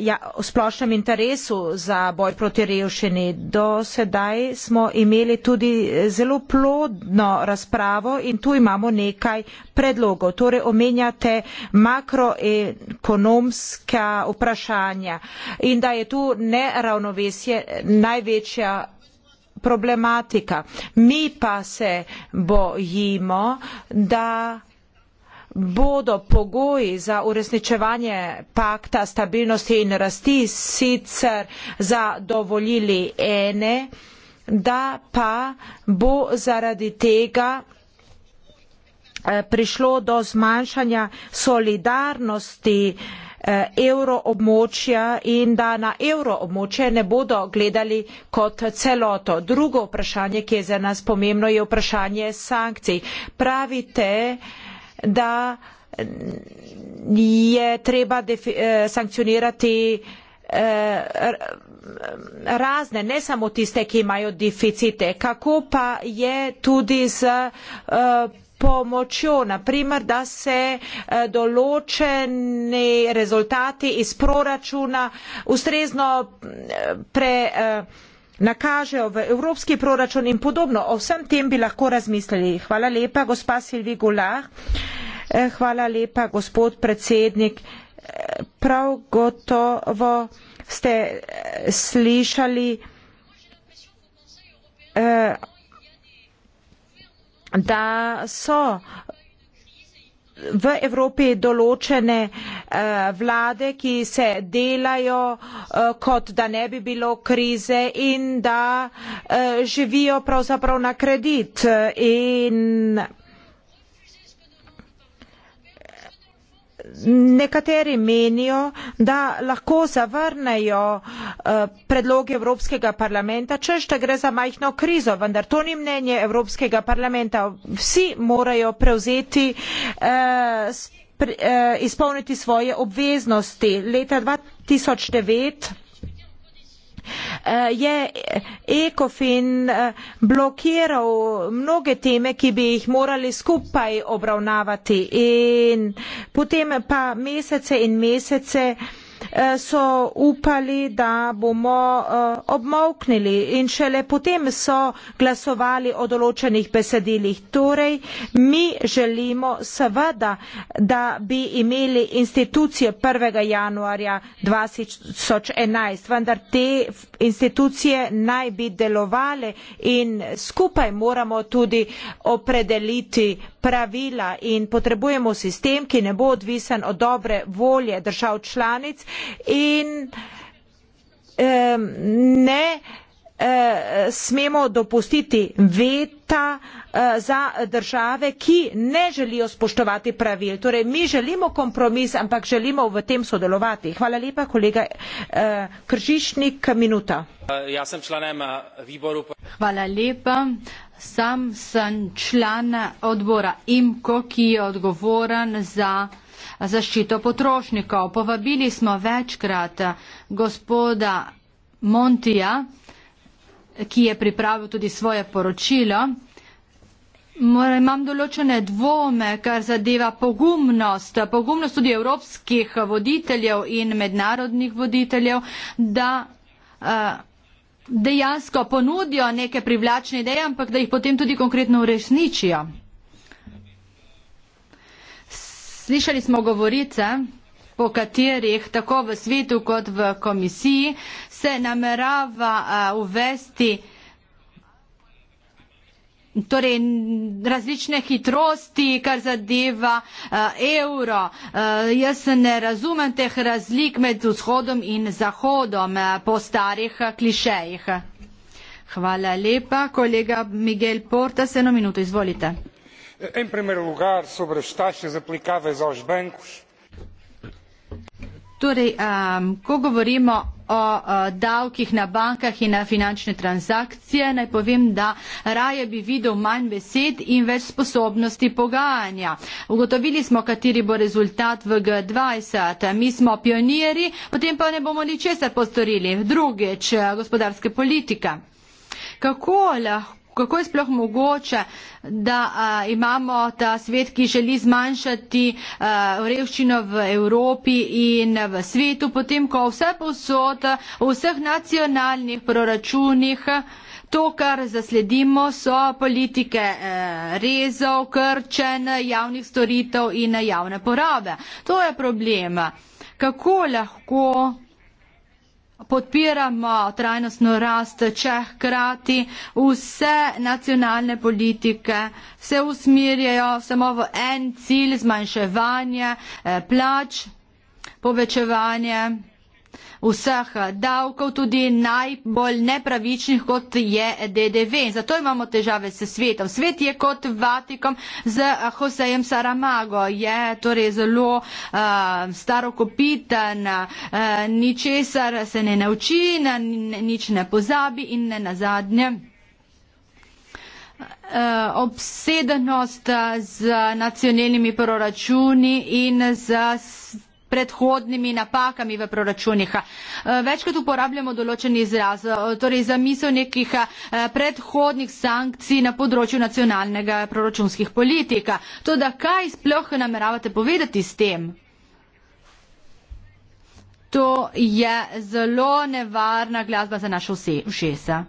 Speaker 1: ja, v splošnem interesu za boj proti revšini. Do sedaj smo imeli tudi zelo plodno razpravo in tu imamo nekaj predlogov. Torej omenjate makroekonomska vprašanja in da je tu neravnovesje največja problematika. Mi pa se bojimo, da bodo pogoji za uresničevanje pakta stabilnosti in rasti sicer zadovoljili ene, da pa bo zaradi tega eh, prišlo do zmanjšanja solidarnosti eh, evroobmočja in da na evroobmočje ne bodo gledali kot celoto. Drugo vprašanje, ki je za nas pomembno, je vprašanje sankcij. Pravite, da je treba defi, eh, sankcionirati eh, razne, ne samo tiste, ki imajo deficite, kako pa je tudi z eh, pomočjo, naprimer, da se eh, določeni rezultati iz proračuna ustrezno eh, pre. Eh, nakažejo v evropski proračun in podobno. O vsem tem bi lahko razmislili. Hvala lepa, gospa Silvi Gulah. Eh, hvala lepa, gospod predsednik. Eh, prav gotovo ste eh, slišali, da so v Evropi določene eh, vlade, ki se delajo, eh, kot da ne bi bilo krize in da eh, živijo pravzaprav na kredit. In Nekateri menijo, da lahko zavrnejo eh, predloge Evropskega parlamenta, čež da gre za majhno krizo, vendar to ni mnenje Evropskega parlamenta. Vsi morajo prevzeti, eh, eh, izpolniti svoje obveznosti. Leta 2009 Eh, je ECOFIN eh, blokiral mnoge teme, ki bi jih morali skupaj obravnavati in potem pa mesece in mesece uh, Eh, so upali, da bomo eh, obmoknili in šele potem so glasovali o določenih besedilih. Torej, mi želimo seveda, da bi imeli institucije 1. januarja 2011, vendar te institucije naj bi delovali in skupaj moramo tudi opredeliti pravila in potrebujemo sistem, ki ne bo odvisen od dobre volje držav članic in ne eh, smemo dopustiti veta eh, za države, ki ne želijo spoštovati pravil. Torej, mi želimo kompromis, ampak želimo v tem sodelovati. Hvala lepa, kolega eh, Kržišnik, minuta.
Speaker 3: Ja sem članem eh, výboru.
Speaker 1: Hvala lepa.
Speaker 2: Sam sem član odbora IMKO, ki je odgovoren za zaščito potrošnikov. Povabili smo večkrat gospoda Montija ki je pripravil tudi svoje poročilo. Moram, imam določene dvome, kar zadeva pogumnost, pogumnost tudi evropskih voditeljev in mednarodnih voditeljev, da uh, dejansko ponudijo neke privlačne ideje, ampak da jih potem tudi konkretno uresničijo. Slišali smo govorice po katerih tako v svetu kot v komisiji se namerava uvesti torej različne hitrosti, kar zadeva uh, evro. Uh, jaz ne razumem teh razlik med vzhodom in zahodom uh, po starih klišejih. Hvala lepa. Kolega Miguel Porta, se eno minuto, izvolite.
Speaker 3: En primer lugar sobre as taxas aplicáveis aos bancos
Speaker 2: Torej, um, ko govorimo o, o davkih na bankah in na finančne transakcije, naj povem, da raje bi videl manj besed in več sposobnosti pogajanja. Ugotovili smo, kateri bo rezultat v G20. Mi smo pionirji, potem pa ne bomo ničesar postorili. Drugič, gospodarska politika. Kako lahko? kako je sploh mogoče, da a, imamo ta svet, ki želi zmanjšati a, revščino v Evropi in v svetu, potem ko vse posod v vseh nacionalnih proračunih. To, kar zasledimo, so politike eh, rezov, krčen javnih storitev in javne porabe. To je problem. Kako lahko podpiramo trajnostno rast, če hkrati vse nacionalne politike se usmirjajo samo v en cilj zmanjševanje eh, plač, povečevanje vseh davkov, tudi najbolj nepravičnih, kot je DDV. Zato imamo težave s svetom. Svet je kot Vatikom z Hosejem eh, Saramago, je torej zelo uh, eh, starokopitan, uh, eh, ničesar se ne nauči, na, nič ne pozabi in ne nazadnje. Obsedenost z nacionalnimi proračuni in z predhodnimi napakami v proračunih. Eh, večkrat uporabljamo določen izraz, eh, torej za misel nekih eh, predhodnih sankcij na področju nacionalnega proračunskih politika. To, da kaj sploh nameravate povedati s tem? To je zelo nevarna glasba za našo všesa.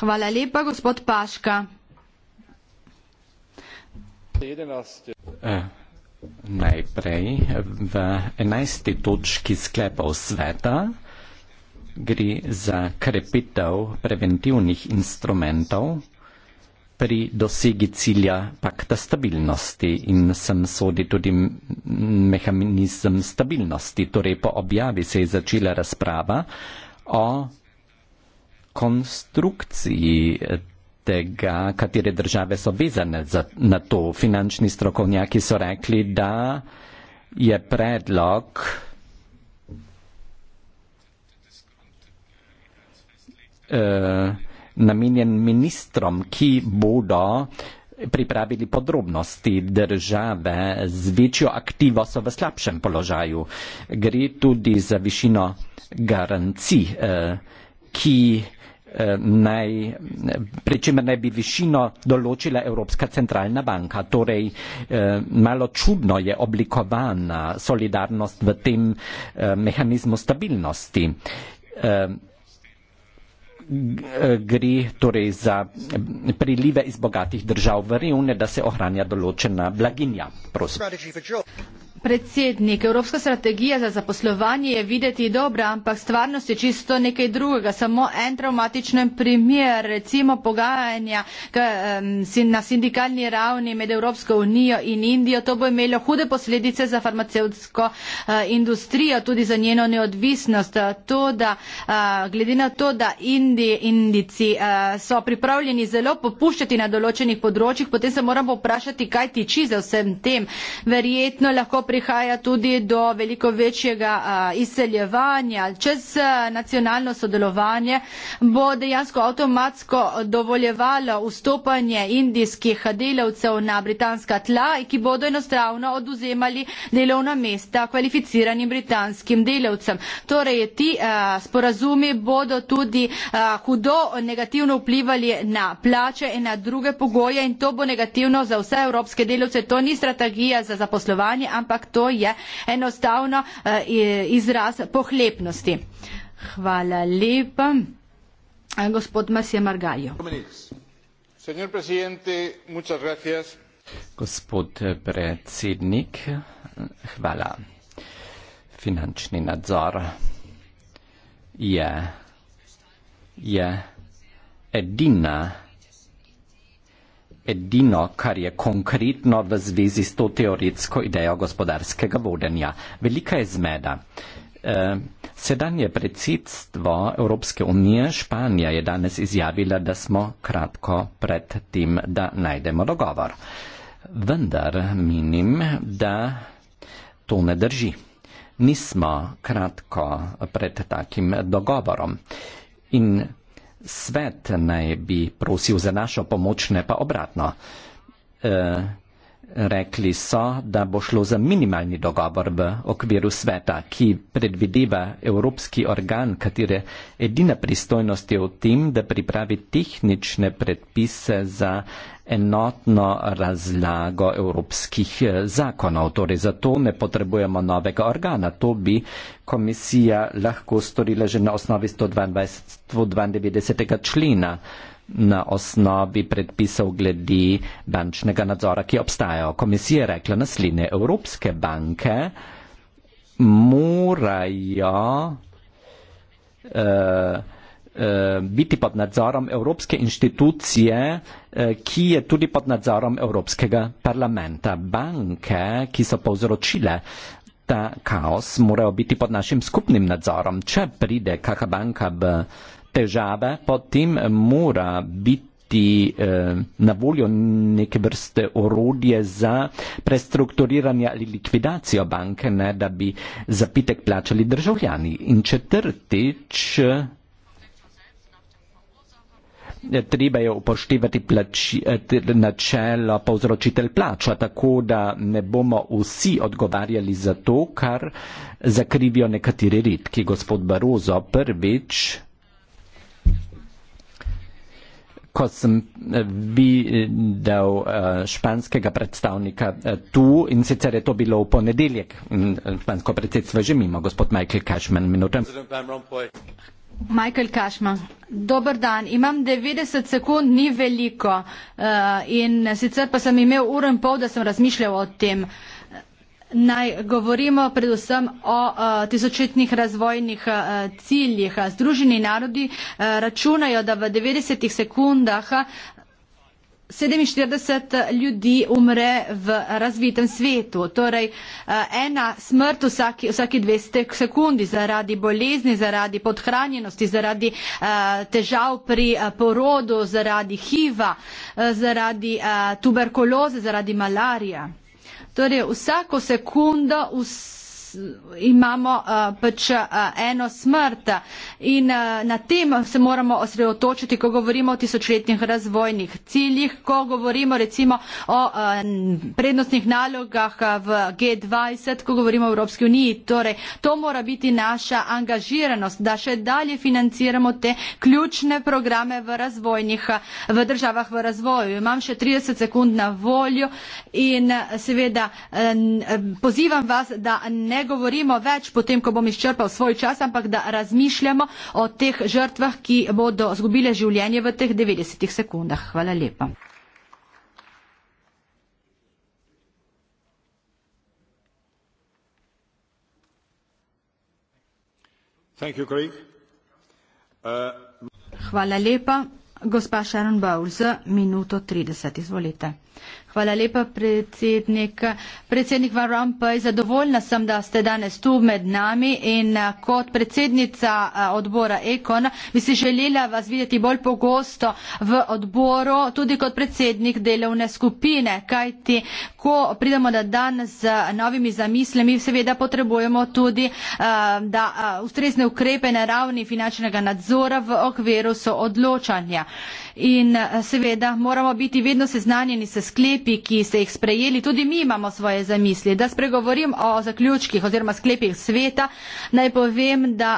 Speaker 2: Hvala lepa, gospod Paška.
Speaker 3: 17. Eh. Najprej v 11. točki sklepov sveta gre za krepitev preventivnih instrumentov pri dosegi cilja pakta stabilnosti in sem sodi tudi mehanizem stabilnosti. Torej po objavi se je začela razprava o konstrukciji tega, katere države so vezane za, na to. Finančni strokovnjaki so rekli, da je predlog eh, namenjen ministrom, ki bodo pripravili podrobnosti države z večjo aktivo so v slabšem položaju. Gre tudi za višino garancij, eh, ki Eh, naj, pri čemer naj bi višino določila Evropska centralna banka. Torej, eh, malo čudno je oblikovana solidarnost v tem eh, mehanizmu stabilnosti. Gre torej za prilive iz bogatih držav v revne, da se ohranja določena blaginja. Prosim.
Speaker 2: Predsednik, evropska strategija za zaposlovanje je videti dobra, ampak stvarnost je čisto nekaj drugega. Samo en traumatičen primer, recimo pogajanja k, um, sin, na sindikalni ravni med Evropsko unijo in Indijo, to bo imelo hude posledice za farmacevtsko uh, industrijo, tudi za njeno neodvisnost. To, da, uh, glede na to, da Indi, Indici uh, so pripravljeni zelo popuščati na določenih področjih, potem se moramo vprašati, kaj tiči za vsem tem. Verjetno lahko prihaja tudi do veliko večjega izseljevanja. Čez nacionalno sodelovanje bo dejansko avtomatsko dovoljevalo vstopanje indijskih delavcev na britanska tla, ki bodo enostavno oduzemali delovna mesta kvalificiranim britanskim delavcem. Torej, ti sporazumi bodo tudi hudo negativno vplivali na plače in na druge pogoje in to bo negativno za vse evropske delavce. To ni strategija za zaposlovanje, ampak ampak to je enostavno eh, izraz pohlepnosti. Hvala lepa. Eh, gospod Masija Margajo.
Speaker 3: Gospod eh, predsednik, hvala. Finančni nadzor je, je edina edino, kar je konkretno v zvezi s to teoretsko idejo gospodarskega vodenja. Velika je zmeda. Eh, sedanje predsedstvo Evropske unije Španija je danes izjavila, da smo kratko pred tem, da najdemo dogovor. Vendar menim, da to ne drži. Nismo kratko pred takim dogovorom. In svet naj bi prosil za našo pomoč, ne pa obratno. E, rekli so, da bo šlo za minimalni dogovor v okviru sveta, ki predvideva evropski organ, katere edina pristojnost je v tem, da pripravi tehnične predpise za enotno razlago evropskih eh, zakonov. Torej, zato ne potrebujemo novega organa. To bi komisija lahko storila že na osnovi 122. 92. člena na osnovi predpisov glede bančnega nadzora, ki obstajajo. Komisija je rekla naslednje. Evropske banke morajo uh, Eh, biti pod nadzorom evropske institucije, eh, ki je tudi pod nadzorom Evropskega parlamenta. Banke, ki so povzročile ta kaos, morajo biti pod našim skupnim nadzorom. Če pride kakšna banka v težave, potem mora biti eh, na voljo neke vrste orodje za prestrukturiranje ali likvidacijo banke, ne da bi zapitek plačali državljani. In četrtič, Eh, treba je upoštevati eh, načelo povzročitelj plača, tako da ne bomo vsi odgovarjali za to, kar zakrivijo nekateri redki. Gospod Barozo, prvič, ko sem eh, videl španskega predstavnika tu in sicer je to bilo v ponedeljek, mm, špansko predsedstvo že mimo, gospod Michael Cashman, minuto.
Speaker 2: Michael Kašman. Dober dan, imam 90 sekund, ni veliko uh, in sicer pa sem imel uro in pol, da sem razmišljal o tem. Naj govorimo predvsem o uh, eh, tisočetnih razvojnih uh, ciljih. Združeni narodi uh, računajo, da v 90 sekundah uh, 47 eh, ljudi umre v razvitem svetu, torej eh, ena smrt vsaki, vsaki 200 sekundi zaradi bolezni, zaradi podhranjenosti, zaradi eh, težav pri porodu, zaradi HIV-a, zaradi tuberkuloze, zaradi malarije. Torej vsako sekundo vse imamo uh, pač uh, eno smrt in uh, na tem se moramo osredotočiti, ko govorimo o tisočletnih razvojnih ciljih, ko govorimo recimo o uh, prednostnih nalogah v G20, ko govorimo o Evropski uniji. Torej, to mora biti naša angažiranost, da še dalje financiramo te ključne programe v, razvojnih, v državah v razvoju. Imam še 30 sekund na voljo in seveda um, pozivam vas, da ne ne govorimo več potem, ko bom izčrpal svoj čas, ampak da razmišljamo o teh žrtvah, ki bodo zgubile življenje v teh 90 sekundah. Hvala lepa. You, uh, Hvala lepa. Gospa Sharon Bowles, minuto 30, izvolite. Hvala lepa, predsednik. Predsednik Van Rompuy, zadovoljna sem, da ste danes tu med nami in eh, kot predsednica eh, odbora Ekon bi si želela vas videti bolj pogosto v odboru, tudi kot predsednik delovne skupine, kajti ko pridemo na dan z eh, novimi zamislimi, seveda potrebujemo tudi, da ustrezne ukrepe na ravni finančnega nadzora v okviru so odločanja. In seveda moramo biti vedno seznanjeni se sklepi, sklepi, ki ste jih sprejeli, tudi mi imamo svoje zamisli. Da spregovorim o zaključkih oziroma sklepih sveta, naj povem, da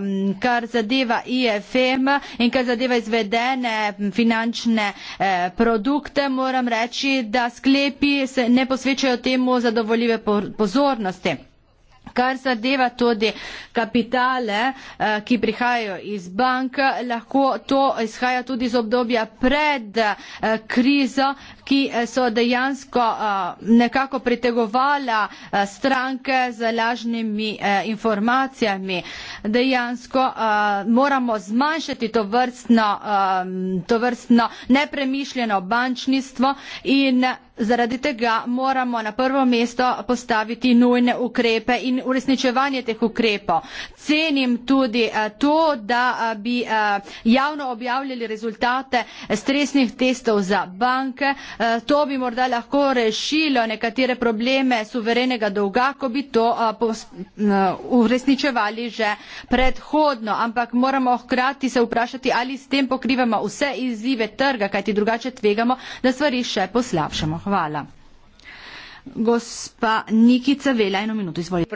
Speaker 2: um, kar zadeva IFM in kar zadeva izvedene finančne eh, produkte, moram reči, da sklepi se ne posvečajo temu zadovoljive pozornosti. Kar zadeva tudi kapitale, eh, ki prihajajo iz bank, lahko to izhaja tudi iz obdobja pred eh, krizo, ki eh, so dejansko nekako pritegovala stranke z lažnimi informacijami. Dejansko moramo zmanjšati to vrstno, to vrstno nepremišljeno bančnistvo in Zaradi tega moramo na prvo mesto postaviti nujne ukrepe in uresničevanje teh ukrepov. Cenim tudi eh, to, da eh, bi eh, javno objavljali rezultate stresnih testov za banke. To bi morda lahko rešilo nekatere probleme suverenega dolga, ko bi to uresničevali že predhodno. Ampak moramo hkrati se vprašati, ali s tem pokrivamo vse izzive trga, kajti drugače tvegamo, da stvari še poslabšamo. Hvala. Hvala. Gospa Nikica Vela, eno minuto, izvolite.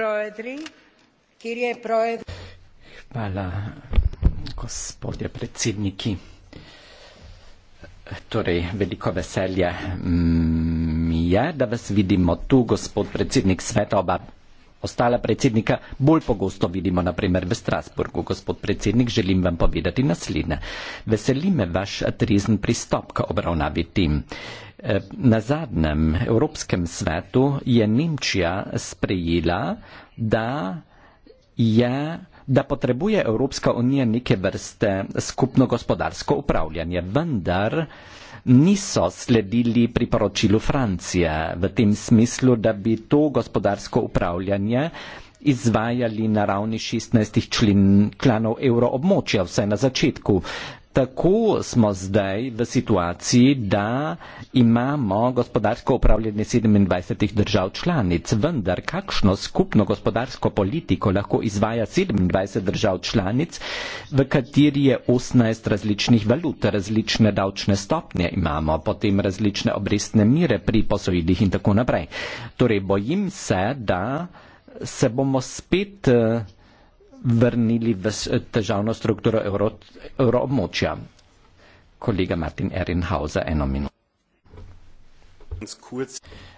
Speaker 1: Hvala,
Speaker 3: gospodje predsedniki. Torej, veliko veselje mm, mi je, da vas vidimo tu, gospod predsednik sveta, oba ostala predsednika bolj pogosto vidimo, naprimer v Strasburgu. Gospod predsednik, želim vam povedati naslednje. Veseli me vaš trezen pristop k obravnavi tem. Uh, Eh, na zadnjem Evropskem svetu je Nemčija sprejela, da, je, da potrebuje Evropska unija neke vrste skupno gospodarsko upravljanje, vendar niso sledili priporočilu Francije v tem smislu, da bi to gospodarsko upravljanje izvajali na ravni 16 člen klanov evroobmočja, vse na začetku. Tako smo zdaj v situaciji, da imamo gospodarsko upravljanje 27 držav članic, vendar kakšno skupno gospodarsko politiko lahko izvaja 27 držav članic, v kateri je 18 različnih valut, različne davčne stopnje imamo, potem različne obrestne mire pri posojilih in tako naprej. Torej bojim se, da se bomo spet. Uh, vrnili v težavno strukturo evroobmočja. Euro Kolega Martin Erinhauser, eno minuto.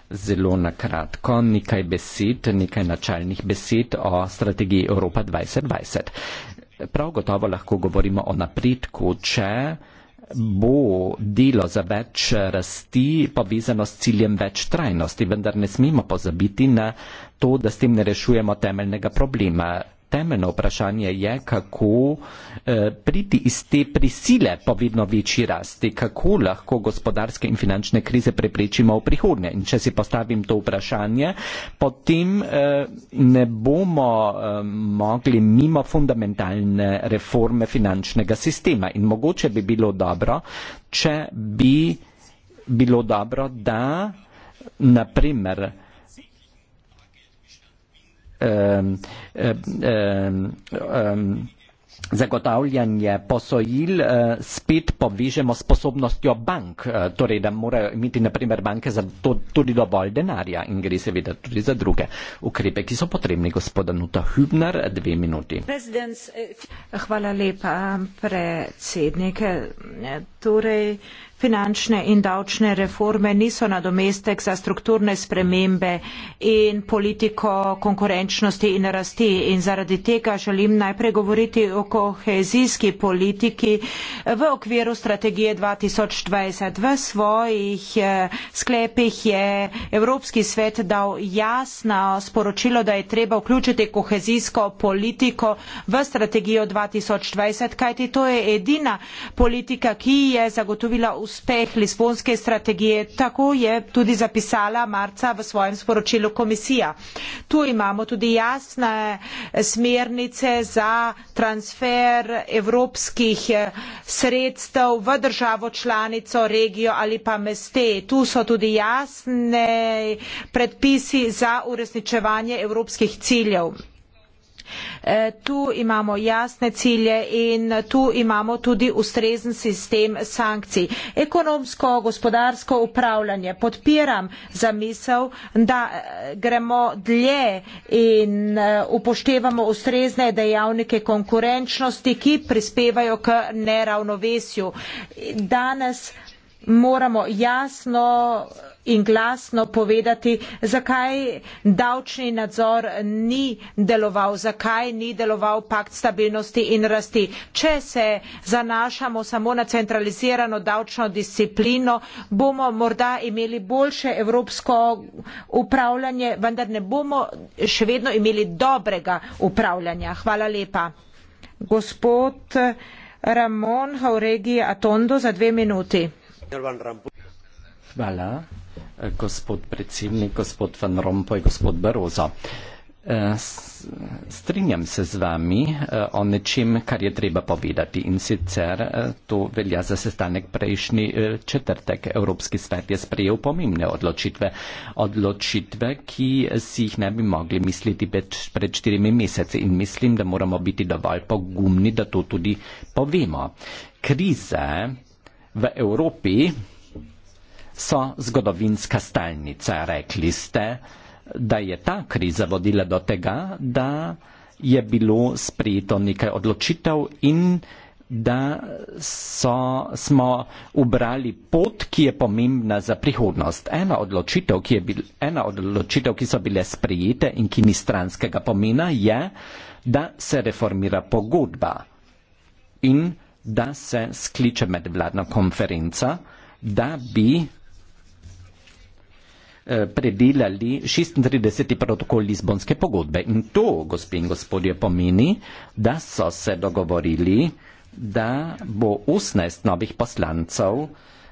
Speaker 3: Zelo na kratko, nekaj besed, nekaj načalnih besed o strategiji Evropa 2020. Prav gotovo lahko govorimo o napredku, če bo delo za več rasti povezano s ciljem več trajnosti, vendar ne smemo pozabiti na to, da s tem ne rešujemo temeljnega problema temeljno vprašanje je, kako e, priti iz te prisile po vedno večji rasti, kako lahko gospodarske in finančne krize preprečimo v prihodnje. In če si postavim to vprašanje, potem e, ne bomo e, mogli mimo fundamentalne reforme finančnega sistema. In mogoče bi bilo dobro, če bi bilo dobro, da naprimer zagotavljanje posojil eh, spet povežemo s sposobnostjo bank, eh, torej da morajo imeti naprimer banke za to tudi dovolj denarja in gre seveda tudi za druge ukrepe, ki so potrebni. Gospoda Nuta Hübner, dve minuti.
Speaker 1: Eh, Hvala lepa, predsednik. Torej, finančne in davčne reforme niso nadomestek za strukturne spremembe in politiko konkurenčnosti in rasti. In zaradi tega želim najprej govoriti o kohezijski politiki v okviru strategije 2020. V svojih eh, sklepih je Evropski svet dal jasno sporočilo, da je treba vključiti kohezijsko politiko v strategijo 2020, kajti to je edina politika, ki je zagotovila uspeh lisbonske strategije, tako je tudi zapisala marca v svojem sporočilu komisija. Tu imamo tudi jasne smernice za transfer evropskih eh, sredstev v državo članico, regijo ali pa meste. Tu so tudi jasne predpisi za uresničevanje evropskih ciljev. E, tu imamo jasne cilje in tu imamo tudi ustrezen sistem sankcij. Ekonomsko, gospodarsko upravljanje podpiram za misel, da e, gremo dlje in e, upoštevamo ustrezne dejavnike konkurenčnosti, ki prispevajo k neravnovesju. Danes moramo jasno in glasno povedati, zakaj davčni nadzor ni deloval, zakaj ni deloval pakt stabilnosti in rasti. Če se zanašamo samo na centralizirano davčno disciplino, bomo morda imeli boljše evropsko upravljanje, vendar ne bomo še vedno imeli dobrega upravljanja. Hvala lepa. Gospod Ramon Hauregi Atondo za dve minuti.
Speaker 3: Hvala gospod predsednik, gospod Van Rompuy, gospod Barozo. Eh, strinjam se z vami eh, o nečem, kar je treba povedati in sicer eh, to velja za sestanek prejšnji četrtek. Evropski svet je sprejel pomembne odločitve, odločitve, ki si jih ne bi mogli misliti pred štirimi meseci in mislim, da moramo biti dovolj pogumni, da to tudi povemo. Krize v Evropi so zgodovinska stalnica. Rekli ste, da je ta kriza vodila do tega, da je bilo sprejeto nekaj odločitev in da so, smo ubrali pot, ki je pomembna za prihodnost. Ena odločitev, ki, bil, ena odločitev, ki so bile sprejete in ki ni stranskega pomena, je, da se reformira pogodba in da se skliče medvladna konferenca, da bi Eh, predelali 36. protokol Lizbonske pogodbe. In to, gospe in gospodje, pomeni, da so se dogovorili, da bo 18 novih poslancev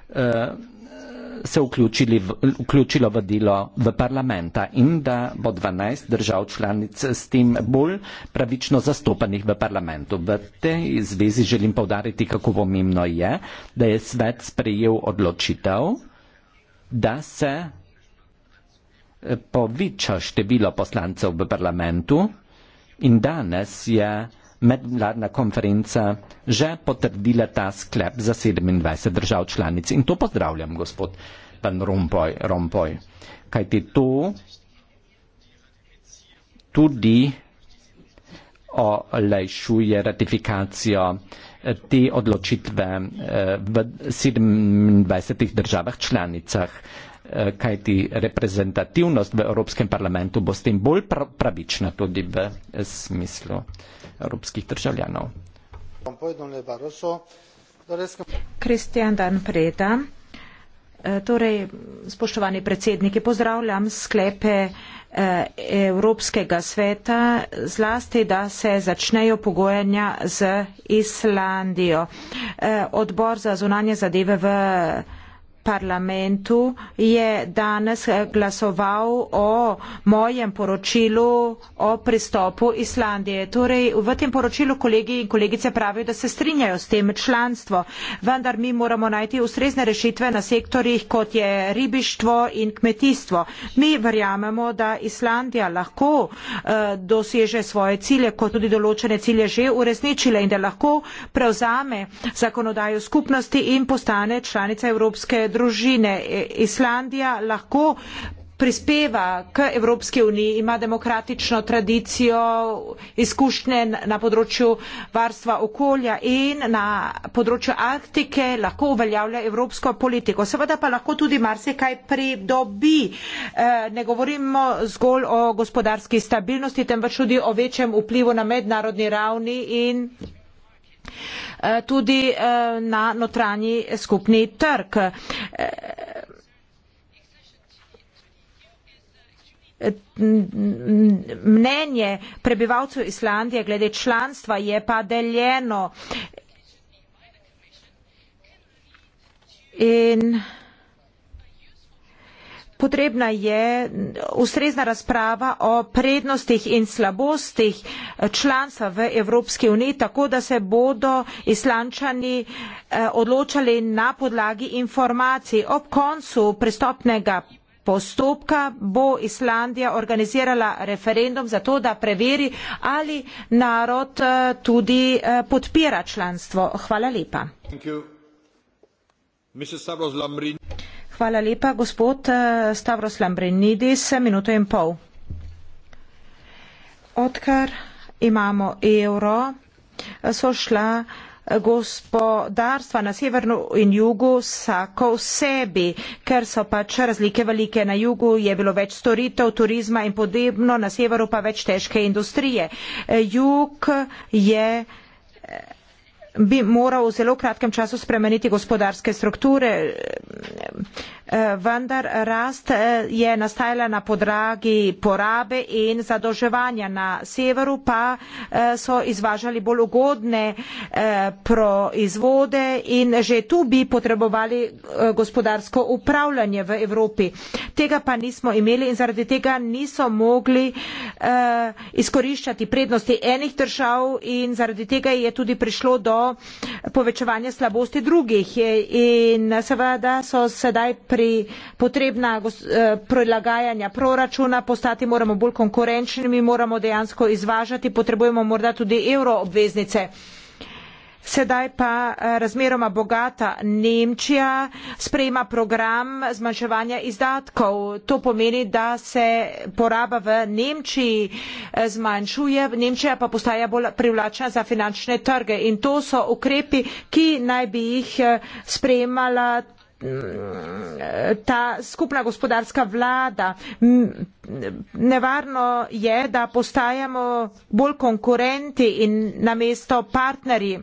Speaker 3: eh, se vključili, vključilo v delo v parlamenta in da bo 12 držav članic s tem bolj pravično zastopanih v parlamentu. V tej zvezi želim povdariti, kako pomembno je, da je svet sprejel odločitev, da se poveča število poslancev v parlamentu in danes je medvladna konferenca že potrdila ta sklep za 27 držav članic. In to pozdravljam, gospod Van Rompoj, Rompoj. kajti to tudi olajšuje ratifikacijo eh, te odločitve eh, v 27 državah članicah. Eh, kajti reprezentativnost v Evropskem parlamentu bo s tem bolj pravična tudi v eh, smislu evropskih državljanov.
Speaker 1: Kristjan Dan Preda. Eh, torej, spoštovani predsedniki, pozdravljam sklepe Evropskega sveta, zlasti, da se začnejo pogojanja z Islandijo. Odbor za zunanje zadeve v parlamentu je danes glasoval o mojem poročilu o pristopu Islandije. Torej, v tem poročilu kolegi in kolegice pravijo, da se strinjajo s tem članstvo, vendar mi moramo najti ustrezne rešitve na sektorjih, kot je ribištvo in kmetijstvo. Mi verjamemo, da Islandija lahko eh, doseže svoje cilje, kot tudi določene cilje že uresničile in da lahko prevzame zakonodajo skupnosti in postane članica Evropske družine. Islandija lahko prispeva k Evropski uniji, ima demokratično tradicijo, izkušnje na področju varstva okolja in na področju Arktike lahko uveljavlja evropsko politiko. Seveda pa lahko tudi marsikaj pridobi. Eh, ne govorimo zgolj o gospodarski stabilnosti, temveč tudi o večjem vplivu na mednarodni ravni in Eh, tudi eh, na notranji skupni trg. Eh, mnenje prebivalcev Islandije glede članstva je pa deljeno. In potrebna je ustrezna razprava o prednostih in slabostih članstva v Evropski uniji, tako da se bodo islančani eh, odločali na podlagi informacij. Ob koncu prestopnega postopka bo Islandija organizirala referendum za to, da preveri, ali narod eh, tudi eh, podpira članstvo. Hvala lepa. Hvala lepa, gospod eh, Stavros Lambrinidis, minuto in pol. Odkar imamo evro, eh, so šla eh, gospodarstva na severnu in jugu vsako v sebi, ker so pač razlike velike. Na jugu je bilo več storitev, turizma in podobno, na severu pa več težke industrije. Jug je bi moral v zelo kratkem času spremeniti gospodarske strukture, e, vendar rast e, je nastajala na podragi porabe in zadolževanja. Na severu pa e, so izvažali bolj ugodne proizvode in že tu bi potrebovali gospodarsko upravljanje v Evropi. Tega pa nismo imeli in zaradi tega niso mogli izkoriščati prednosti enih držav in zaradi tega je tudi prišlo do povečevanje slabosti drugih. In seveda so sedaj pri potrebna eh, prilagajanja proračuna, postati moramo bolj konkurenčni, mi moramo dejansko izvažati, potrebujemo morda tudi evroobveznice. Sedaj pa eh, razmeroma bogata Nemčija sprejema program zmanjševanja izdatkov. To pomeni, da se poraba v Nemčiji eh, zmanjšuje, Nemčija pa postaja bolj privlačna za finančne trge. In to so ukrepi, ki naj bi jih eh, sprejemala mm, ta skupna gospodarska vlada. Nevarno je, da postajamo bolj konkurenti in namesto partnerji.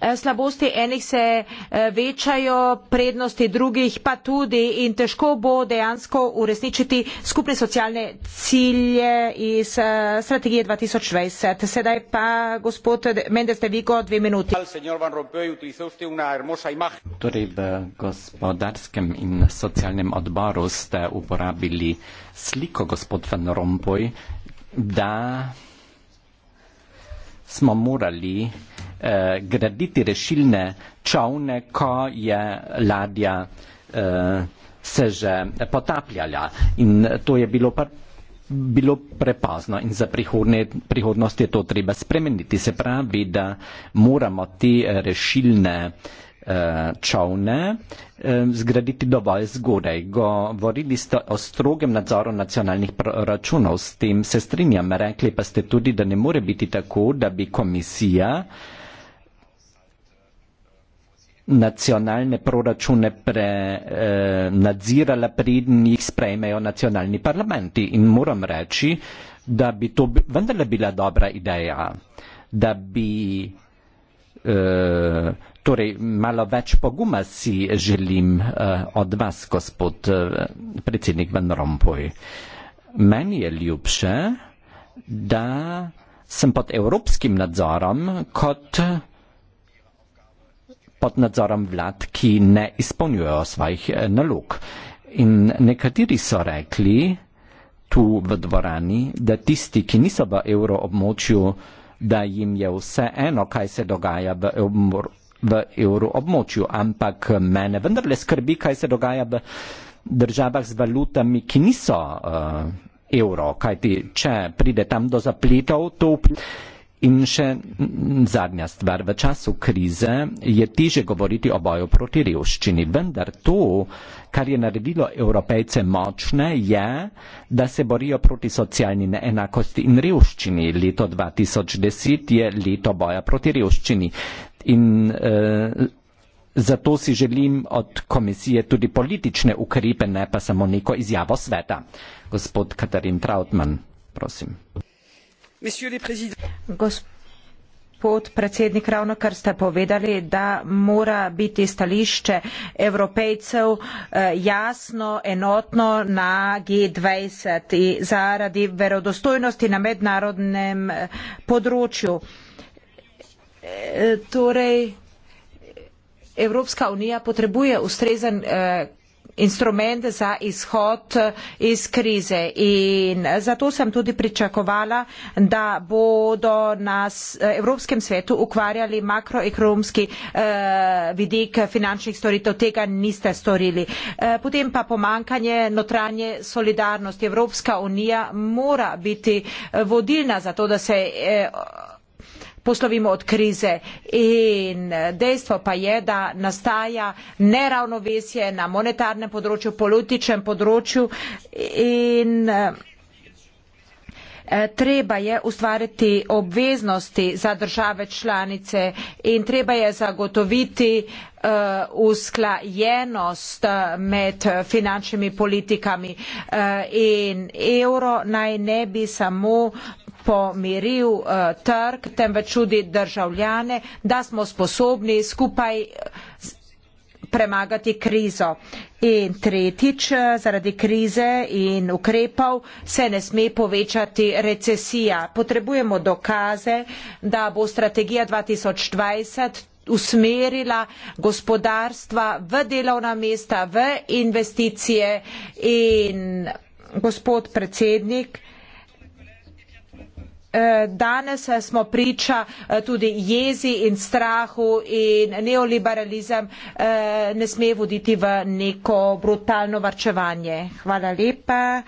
Speaker 1: Eh, slabosti enih se eh, večajo, prednosti drugih pa tudi in težko bo dejansko uresničiti skupne socialne cilje iz eh, strategije 2020. Sedaj pa gospod Mendes de Vigo dve minuti.
Speaker 3: Torej v gospodarskem in socialnem odboru ste uporabili sliko gospod Van Rompuy, da smo morali eh, graditi rešilne čovne, ko je ladja eh, se že potapljala. In to je bilo, pr bilo prepozno in za prihodnost je to treba spremeniti. Se pravi, da moramo te rešilne eh, Eh, čovne, eh, zgraditi dovolj zgodaj. Govorili ste o strogem nadzoru nacionalnih proračunov, s tem se strinjam, rekli pa ste tudi, da ne more biti tako, da bi komisija nacionalne proračune prenadzirala eh, preden jih sprejmejo nacionalni parlamenti. In moram reči, da bi to vendarle bila dobra ideja, da bi Eh, torej malo več poguma si želim eh, od vas, gospod eh, predsednik Van Rompuy. Meni je ljubše, da sem pod evropskim nadzorom kot pod nadzorom vlad, ki ne izpolnjujejo svojih nalog. In nekateri so rekli tu v dvorani, da tisti, ki niso v evroobmočju, da jim je vse eno, kaj se dogaja v območju v evroobmočju, ampak mene vendarle skrbi, kaj se dogaja v državah z valutami, ki niso uh, evro, kajti če pride tam do zaplitev, to vpliva. In še zadnja stvar, v času krize je težje govoriti o boju proti revščini, vendar to, kar je naredilo evropejce močne, je, da se borijo proti socialni neenakosti in revščini. Leto 2010 je leto boja proti revščini. In eh, zato si želim od komisije tudi politične ukrepe, ne pa samo neko izjavo sveta. Gospod Katarin Trautmann, prosim.
Speaker 1: Gospod predsednik, ravno kar ste povedali, da mora biti stališče evropejcev eh, jasno, enotno na G20 zaradi verodostojnosti na mednarodnem eh, področju. Eh, torej, Evropska unija potrebuje ustrezen eh, instrument za izhod eh, iz krize. In zato sem tudi pričakovala, da bodo na eh, Evropskem svetu ukvarjali makroekonomski eh, vidik finančnih storitev. Tega niste storili. Eh, potem pa pomankanje notranje solidarnosti. Evropska unija mora biti eh, vodilna za to, da se. Eh, poslovimo od krize. In dejstvo pa je, da nastaja neravnovesje na monetarnem področju, političnem področju in Eh, treba je ustvariti obveznosti za države članice in treba je zagotoviti eh, usklajenost eh, med finančnimi politikami in evro naj ne bi samo pomiril trg, temveč tudi državljane, da smo sposobni skupaj premagati krizo. In tretjič, zaradi krize in ukrepov se ne sme povečati recesija. Potrebujemo dokaze, da bo strategija 2020 usmerila gospodarstva v delovna mesta, v investicije in gospod predsednik. Eh, danes eh, smo priča eh, tudi jezi in strahu in neoliberalizem ne sme voditi v neko brutalno varčevanje. Hvala lepa.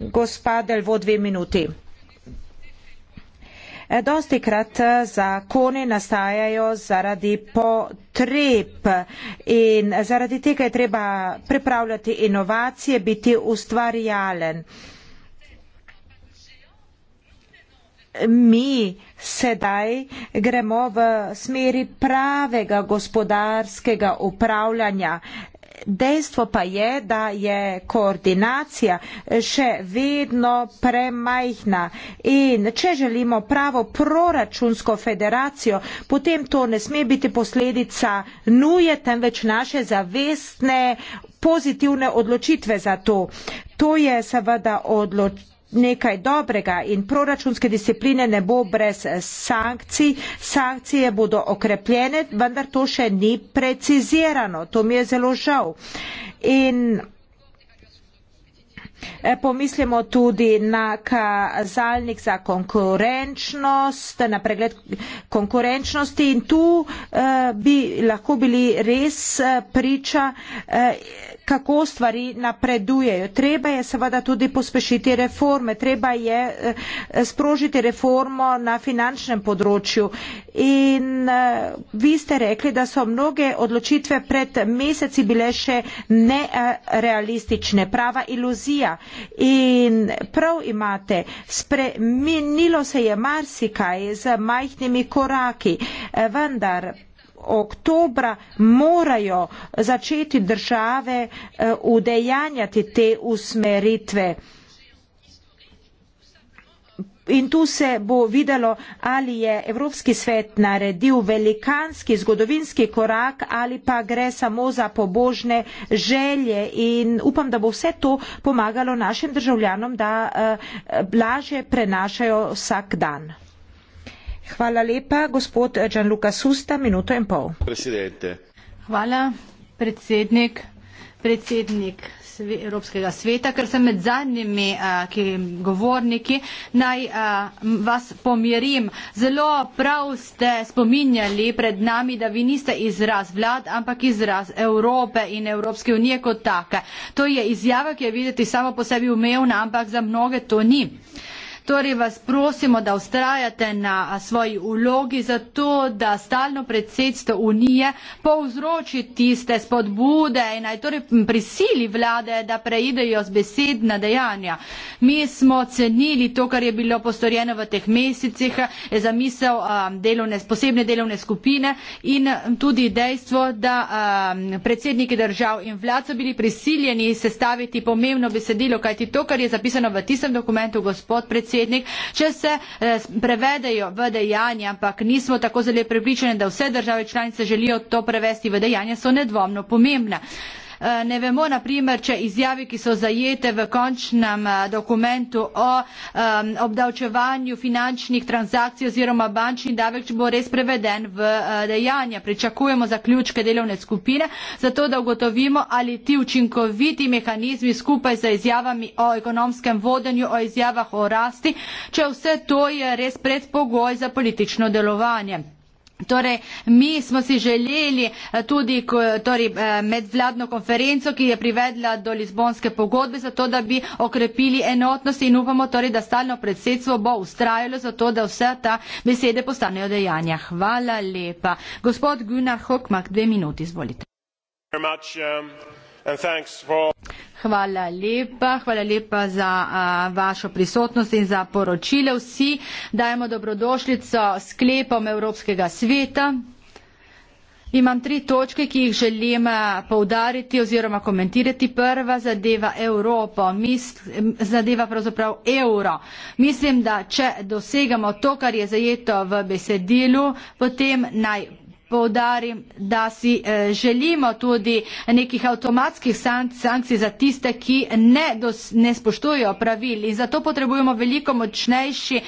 Speaker 1: Gospa Delvo, dve minuti. Dosti krat zakoni nastajajo zaradi potreb in zaradi tega je treba pripravljati inovacije, biti ustvarjalen. mi sedaj gremo v smeri pravega gospodarskega upravljanja. Dejstvo pa je, da je koordinacija še vedno premajhna in če želimo pravo proračunsko federacijo, potem to ne sme biti posledica nuje, temveč naše zavestne pozitivne odločitve za to. To je seveda odločitev nekaj dobrega in proračunske discipline ne bo brez sankcij. Sankcije bodo okrepljene, vendar to še ni precizirano. To mi je zelo žal. In eh, Pomislimo tudi na kazalnik za konkurenčnost, na pregled konkurenčnosti in tu uh, bi lahko bili res eh, priča uh, kako stvari napredujejo. Treba je seveda tudi pospešiti reforme, treba je eh, sprožiti reformo na finančnem področju. In eh, vi ste rekli, da so mnoge odločitve pred meseci bile še nerealistične, prava iluzija. In prav imate, spreminilo se je marsikaj z majhnimi koraki, eh, vendar oktobra morajo začeti države eh, udejanjati te usmeritve. In tu se bo videlo, ali je Evropski svet naredil velikanski zgodovinski korak ali pa gre samo za pobožne želje. In upam, da bo vse to pomagalo našim državljanom, da uh, lažje prenašajo vsak dan. Hvala lepa, gospod Gianluca Susta, minuto in pol. Presidente. Hvala, predsednik,
Speaker 2: predsednik sve, Evropskega sveta, ker sem med zadnjimi a, ki, govorniki. Naj a, vas pomirim. Zelo prav ste spominjali pred nami, da vi niste izraz vlad, ampak izraz Evrope in Evropske unije kot take. To je izjava, ki je videti samo po sebi umevna, ampak za mnoge to ni. Torej vas prosimo, da ustrajate na svoji ulogi za to, da stalno predsedstvo Unije povzroči tiste spodbude in naj torej prisili vlade, da preidejo z besed na dejanja. Mi smo cenili to, kar je bilo postorjeno v teh mesecih, zamisel um, delovne, posebne delovne skupine in tudi dejstvo, da um, predsedniki držav in vlad so bili prisiljeni sestaviti pomembno besedilo, kajti to, kar je zapisano v tistem dokumentu, gospod predsednik, predsednik, če se eh, prevedejo v dejanje, ampak nismo tako zelo pripričani, da vse države članice želijo to prevesti v dejanje, so nedvomno pomembna. Eh, ne vemo na primer, če izjavi, ki so zajete v končnem eh, dokumentu o um, obdavčevanju finančnih transakcij oziroma bančni davek, če bo res preveden v uh, dejanja. Pričakujemo zaključke delovne skupine, zato da ugotovimo, ali ti učinkoviti mehanizmi skupaj z izjavami o ekonomskem vodenju, o izjavah o rasti, če vse to je res predpogoj za politično delovanje. Torej, mi smo si želeli eh, tudi torej, eh, medvladno konferenco, ki je privedla do Lizbonske pogodbe, zato da bi okrepili enotnost in upamo, torej, da stalno predsedstvo bo ustrajalo za to, da vse ta besede postanejo dejanja. Hvala lepa. Gospod Gunnar Hokmak, dve minuti, izvolite. Much, um, Hvala lepa, hvala lepa za a, vašo prisotnost in za poročile. Vsi dajemo dobrodošljico sklepom Evropskega sveta. Imam tri točke, ki jih želim poudariti oziroma komentirati. Prva zadeva Evropo, misl, zadeva pravzaprav evro. Mislim, da če dosegamo to, kar je zajeto v besedilu, potem naj Poudarim, da si eh, želimo tudi nekih avtomatskih sankcij za tiste, ki ne, dos, ne spoštujo pravil in zato potrebujemo veliko močnejši eh,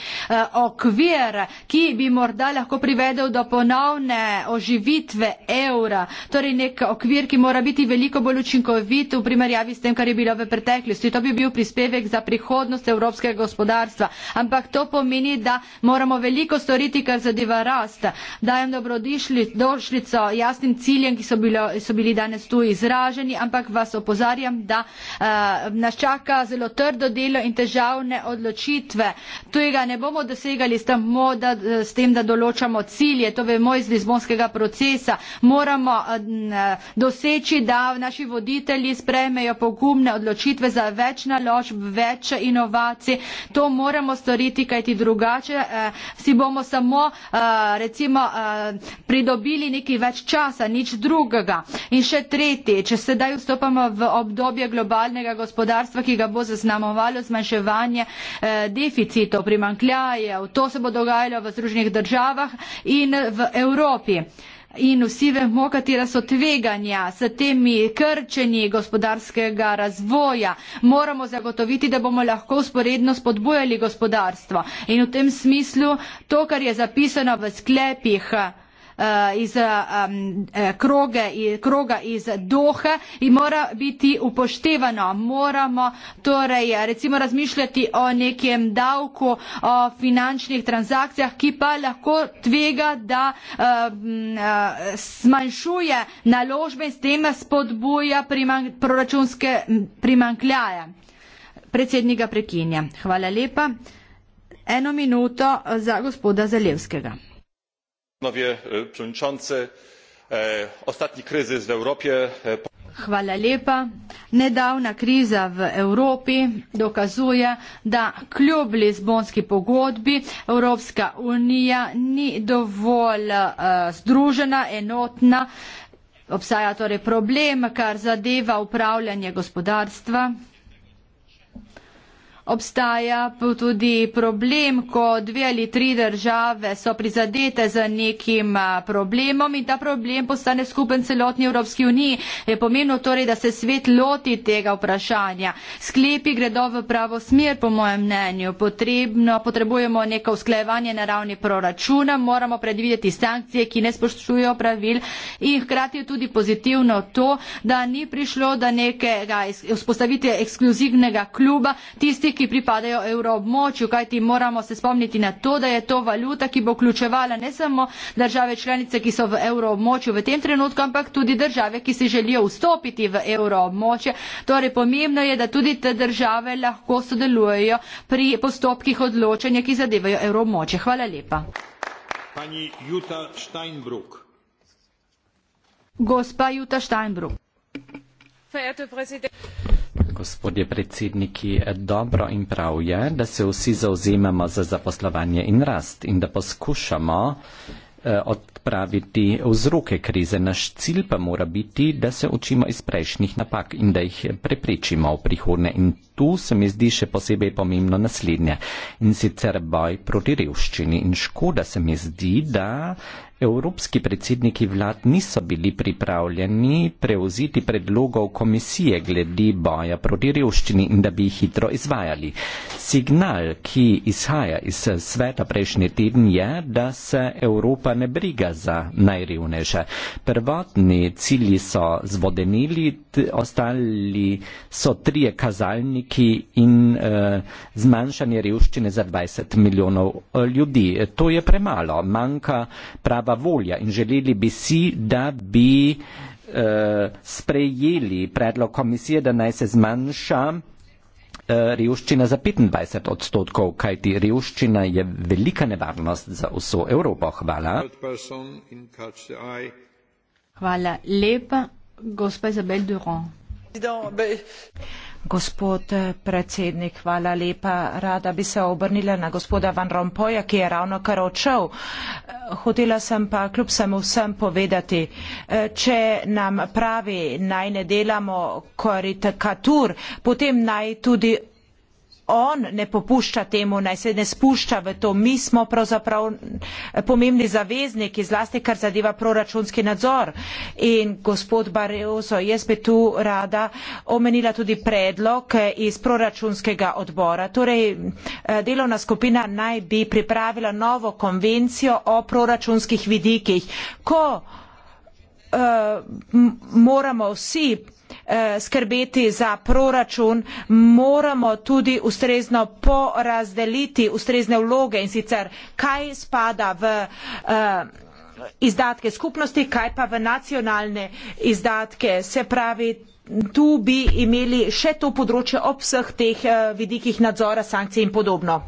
Speaker 2: okvir, ki bi morda lahko privedel do ponovne oživitve evra. Torej nek okvir, ki mora biti veliko bolj učinkovit v primerjavi s tem, kar je bilo v preteklosti. To bi bil prispevek za prihodnost evropskega gospodarstva. Ampak to pomeni, da moramo veliko storiti, kar zadeva rast. Dajem dobrodišljico dobrodošlico jasnim ciljem, ki so, bilo, so bili danes tu izraženi, ampak vas opozarjam, da uh, nas čaka zelo trdo delo in težavne odločitve. Tega ne bomo dosegali s, tamo, da, s tem, da določamo cilje, to vemo iz Lizbonskega procesa. Moramo uh, doseči, da naši voditelji sprejmejo pogumne odločitve za več naložb, več inovacij. To moramo storiti, kajti drugače uh, si bomo samo uh, recimo uh, pridobili dobili nekaj več časa, nič drugega. In še tretjič, sedaj vstopamo v obdobje globalnega gospodarstva, ki ga bo zaznamovalo zmanjševanje eh, deficitov, primankljajev. To se bo dogajalo v Združenih državah in v Evropi. In vsi vemo, katera so tveganja s temi krčenji gospodarskega razvoja. Moramo zagotoviti, da bomo lahko usporedno spodbujali gospodarstvo. In v tem smislu to, kar je zapisano v sklepih Eh, iz eh, kroge, kroga iz Doha in mora biti upoštevano. Moramo torej recimo razmišljati o nekem davku, o finančnih transakcijah, ki pa lahko tvega, da eh, zmanjšuje naložbe in s tem spodbuja primank, proračunske primankljaje. Predsednika prekinja. Hvala lepa. Eno minuto za gospoda Zalevskega
Speaker 1: panowie
Speaker 3: e, przewodniczący! E, ostatni kryzys w europie. E,
Speaker 2: Hvala lepa. Nedavna kriza v Evropi dokazuje, da kljub Lizbonski pogodbi Evropska unija ni dovolj uh, združena, enotna. Obstaja torej problem, kar zadeva upravljanje gospodarstva obstaja pa tudi problem, ko dve ali tri države so prizadete z nekim problemom in ta problem postane skupen celotni Evropski uniji. Je pomembno torej, da se svet loti tega vprašanja. Sklepi gredo v pravo smer, po mojem mnenju. Potrebno, potrebujemo neko usklajevanje na ravni proračuna, moramo predvideti sankcije, ki ne spoštujo pravil in hkrati je tudi pozitivno to, da ni prišlo do neke vzpostavitve ekskluzivnega kluba. Tisti, ki pripadajo evroobmočju, kajti moramo se spomniti na to, da je to valuta, ki bo vključevala ne samo države članice, ki so v evroobmočju v tem trenutku, ampak tudi države, ki si želijo vstopiti v evroobmočje. Torej pomembno je, da tudi te države lahko sodelujejo pri postopkih odločanja, ki zadevajo evroobmočje. Hvala lepa.
Speaker 1: Pani Juta Steinbrück.
Speaker 2: Gospa Juta Steinbrück. Verehrte
Speaker 1: Präsidentin
Speaker 3: gospodje predsedniki, dobro in prav je, da se vsi zauzemamo za zaposlovanje in rast in da poskušamo eh, odpraviti vzroke krize. Naš cilj pa mora biti, da se učimo iz prejšnjih napak in da jih preprečimo v prihodne in tu se mi zdi še posebej pomembno naslednje in sicer boj proti revščini in škoda se mi zdi, da evropski predsedniki vlad niso bili pripravljeni prevzeti predlogov komisije glede boja proti revščini in da bi jih hitro izvajali. Signal, ki izhaja iz sveta prejšnji teden je, da se Evropa ne briga za najrevneže. Prvotni cilji so zvodenili, ostali so trije kazalniki, obliki in uh, zmanjšanje revščine za 20 milijonov eh, ljudi. To je premalo, manjka prava volja in želeli bi si, da bi uh, sprejeli predlog komisije, da naj se zmanjša revščina za 25 odstotkov, kajti revščina je velika nevarnost za vso Evropo. Hvala.
Speaker 1: Hvala lepa, gospa Izabel Durand. Gospod eh, predsednik, hvala lepa. Rada bi se obrnila na gospoda Van Rompoja, ki je ravno kar odšel. Eh, hotela sem pa kljub sem vsem povedati, eh, če nam pravi naj ne delamo koritakatur, potem naj tudi on ne popušča temu, naj se ne spušča v to. Mi smo pravzaprav eh, pomembni zavezniki, zlasti kar zadeva proračunski nadzor. In gospod Barreuso, jaz bi tu rada omenila tudi predlog eh, iz proračunskega odbora. Torej, eh, delovna skupina naj bi pripravila novo konvencijo o proračunskih vidikih. Ko uh, moramo vsi Eh, skrbeti za proračun moramo tudi ustrezno porazdeliti ustrezne vloge in sicer kaj spada v eh, izdatke skupnosti kaj pa v nacionalne izdatke se pravi tu bi imeli še to področje ob vseh teh eh, vidikih nadzora sankcij in podobno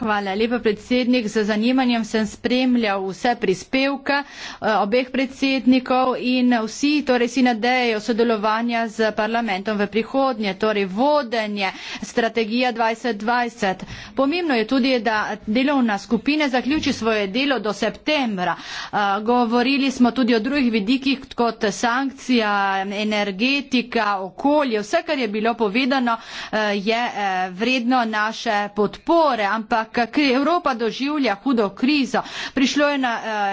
Speaker 2: hvala lepa predsednik z zanimanjem sem spremljal vse prispevke eh, obeh predsednikov in vsi torej si nadejajo sodelovanja z parlamentom v prihodnje torej vodenje strategija dvajset dvajset pomembno je tudi da delovna skupina zaključi svoje delo do septembra eh, govorili smo tudi o drugih vidikih kot sankcija energetika okolje vse kar je bilo povedano, eh, je eh, vredno naše podpore, ampak Evropa doživlja hudo krizo. Prišlo je, na,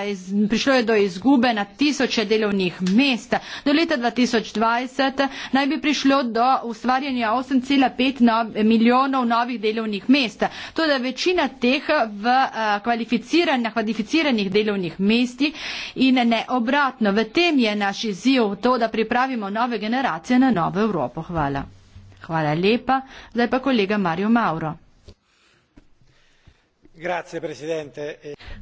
Speaker 2: eh, prišlo je do izgube na tisoče delovnih mest. Do leta 2020 naj bi prišlo do ustvarjanja 8,5 no, milijonov novih delovnih mest. Tudi večina teh v kvalificiran, kvalificiranih delovnih mesti in ne obratno. V tem je naš izziv to, da pripravimo nove generacije na novo Evropo. Hvala. Hvala lepa. Zdaj pa kolega Mario Mauro.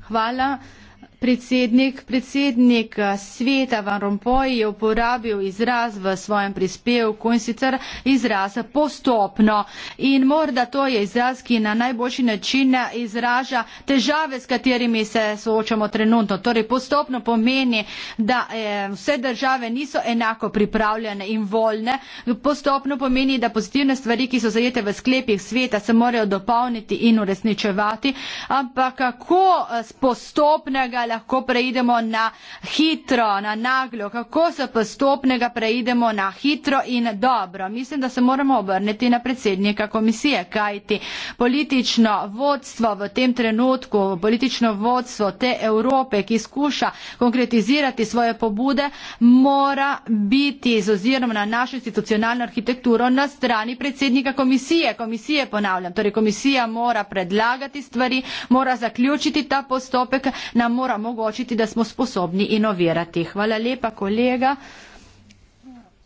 Speaker 2: Hvala. Uh, Predsednik, predsednik eh, sveta Van Rompuy je uporabil izraz v svojem prispevku in sicer izraz postopno. In morda to je izraz, ki na najboljši način izraža težave, s katerimi se soočamo trenutno. Torej postopno pomeni, da eh, vse države niso enako pripravljene in voljne. Postopno pomeni, da pozitivne stvari, ki so zajete v sklepih sveta, se morajo dopolniti in uresničevati. Ampak kako eh, postopnega lahko preidemo na hitro, na naglo, kako se postopnega preidemo na hitro in dobro. Mislim, da se moramo obrniti na predsednika komisije, kajti politično vodstvo v tem trenutku, politično vodstvo te Evrope, ki skuša konkretizirati svoje pobude, mora biti z ozirom na našo institucionalno arhitekturo na strani predsednika komisije. Komisije ponavljam, torej komisija mora predlagati stvari, mora zaključiti ta postopek, nam mora omogočiti, da smo sposobni inovirati. Hvala lepa, kolega.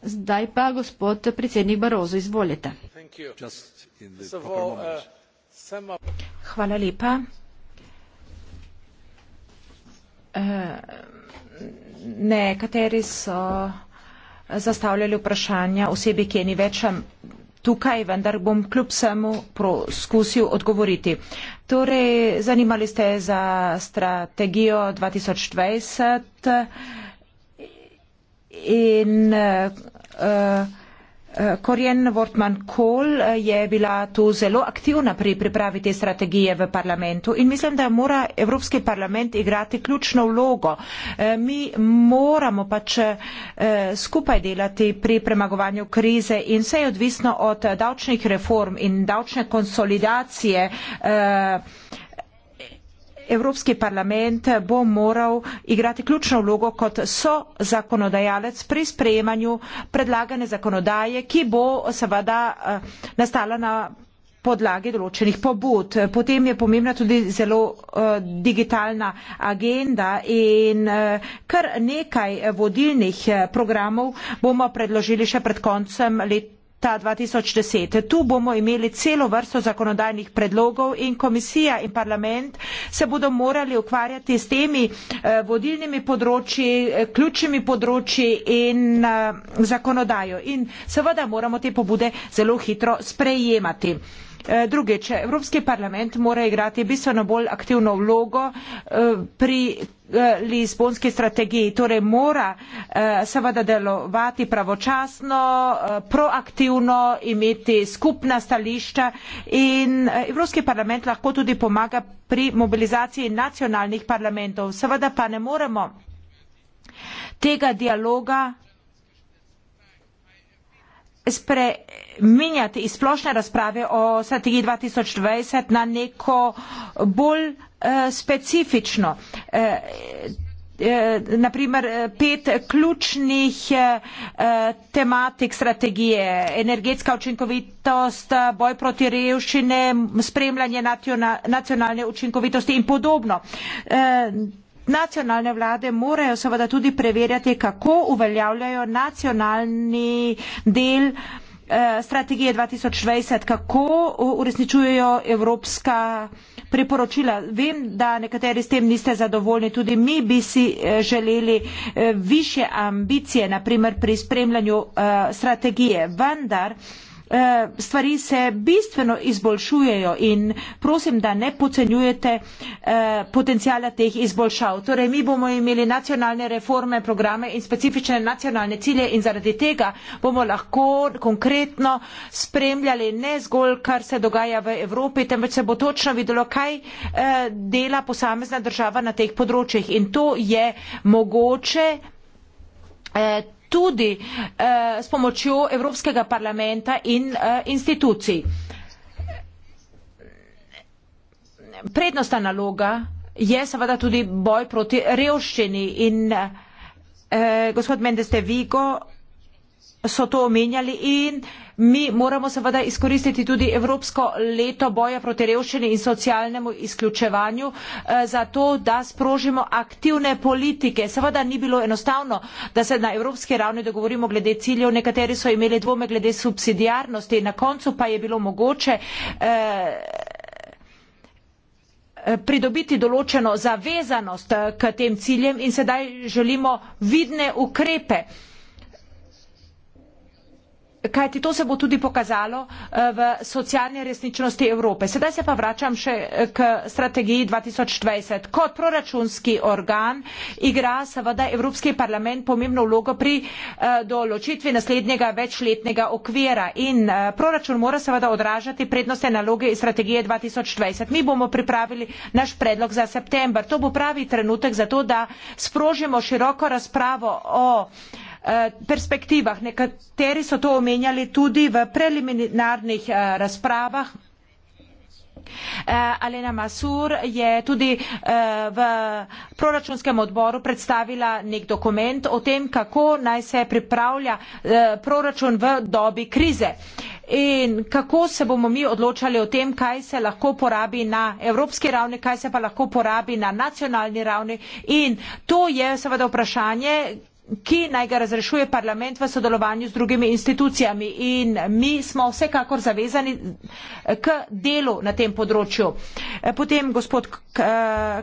Speaker 2: Zdaj pa gospod predsednik Barozo, izvolite.
Speaker 1: Uh, Hvala lepa. Uh, Nekateri so zastavljali vprašanja osebi, ki je ni več tukaj, vendar bom kljub vsemu poskusil odgovoriti. Torej, zanimali ste za strategijo 2020 in uh, Korjen eh, Wortman Kohl eh, je bila tu zelo aktivna pri pripravi te strategije v parlamentu in mislim, da mora Evropski parlament igrati ključno vlogo. Eh, Mi moramo pač skupaj delati pri premagovanju krize in vse je odvisno od davčnih reform in davčne konsolidacije. Evropski parlament bo moral igrati ključno vlogo kot so zakonodajalec pri sprejemanju predlagane zakonodaje, ki bo seveda eh, nastala na podlagi določenih pobud. Potem je pomembna tudi zelo eh, digitalna agenda in eh, kar nekaj vodilnih programov bomo predložili še pred koncem leta ta 2010. Tu bomo imeli celo vrsto zakonodajnih predlogov in komisija in parlament se bodo morali ukvarjati s temi eh, vodilnimi področji, eh, ključnimi področji in eh, zakonodajo. In seveda moramo te pobude zelo hitro sprejemati. Drugič, Evropski parlament mora igrati bistveno bolj aktivno vlogo pri Eh, lizbonski strategiji. Torej mora eh, seveda delovati pravočasno, eh, proaktivno, imeti skupna stališča in Evropski parlament lahko tudi pomaga pri mobilizaciji nacionalnih parlamentov. Seveda pa ne moremo tega dialoga spreminjati iz splošne razprave o strategiji 2020 na neko bolj uh, specifično. Uh, eh, uh, eh, naprimer, pet ključnih uh, tematik strategije. Energetska učinkovitost, boj proti revščine, spremljanje nacionalne učinkovitosti in podobno. Uh, Nacionalne vlade morajo seveda tudi preverjati, kako uveljavljajo nacionalni del eh, strategije 2020, kako uresničujejo evropska priporočila. Vem, da nekateri s tem niste zadovoljni, tudi mi bi si eh, želeli eh, više ambicije, naprimer pri spremljanju strategije, vendar Eh, stvari se bistveno izboljšujejo in prosim, da ne pocenjujete eh, potencijala teh izboljšav. Torej, mi bomo imeli nacionalne reforme, programe in specifične nacionalne cilje in zaradi tega bomo lahko konkretno spremljali ne zgolj, kar se dogaja v Evropi, temveč se bo točno videlo, kaj eh, dela posamezna država na teh področjih. In to je mogoče tudi eh, s pomočjo Evropskega parlamenta in eh, institucij. Prednostna naloga je seveda tudi boj proti revščini in eh, gospod Mendes de Vigo so to omenjali in mi moramo seveda izkoristiti tudi Evropsko leto boja proti revščini in socialnemu izključevanju eh, za to, da sprožimo aktivne politike. Seveda ni bilo enostavno, da se na evropski ravni dogovorimo glede ciljev, nekateri so imeli dvome glede subsidijarnosti, na koncu pa je bilo mogoče eh, pridobiti določeno zavezanost eh, k tem ciljem in sedaj želimo vidne ukrepe. Kaj ti to se bo tudi pokazalo eh, v socialni resničnosti Evrope? Sedaj se pa vračam še eh, k strategiji 2020. Kot proračunski organ igra seveda Evropski parlament pomembno vlogo pri eh, določitvi naslednjega večletnega okvira in proračun mora seveda odražati prednostne naloge iz strategije 2020. Mi bomo pripravili naš predlog za september. To bo pravi trenutek za to, da sprožimo široko razpravo o Eh, perspektivah. Nekateri so to omenjali tudi v preliminarnih eh, razpravah. Eh, Alena Masur je tudi v proračunskem odboru predstavila nek dokument o tem, kako naj se pripravlja proračun v dobi krize in kako se bomo mi odločali o tem, kaj se lahko porabi na evropski ravni, kaj se pa lahko porabi na nacionalni ravni. In to je seveda vprašanje, ki naj ga razrešuje parlament v sodelovanju z drugimi institucijami. In mi smo vsekakor zavezani eh, k delu na tem področju. Eh, potem gospod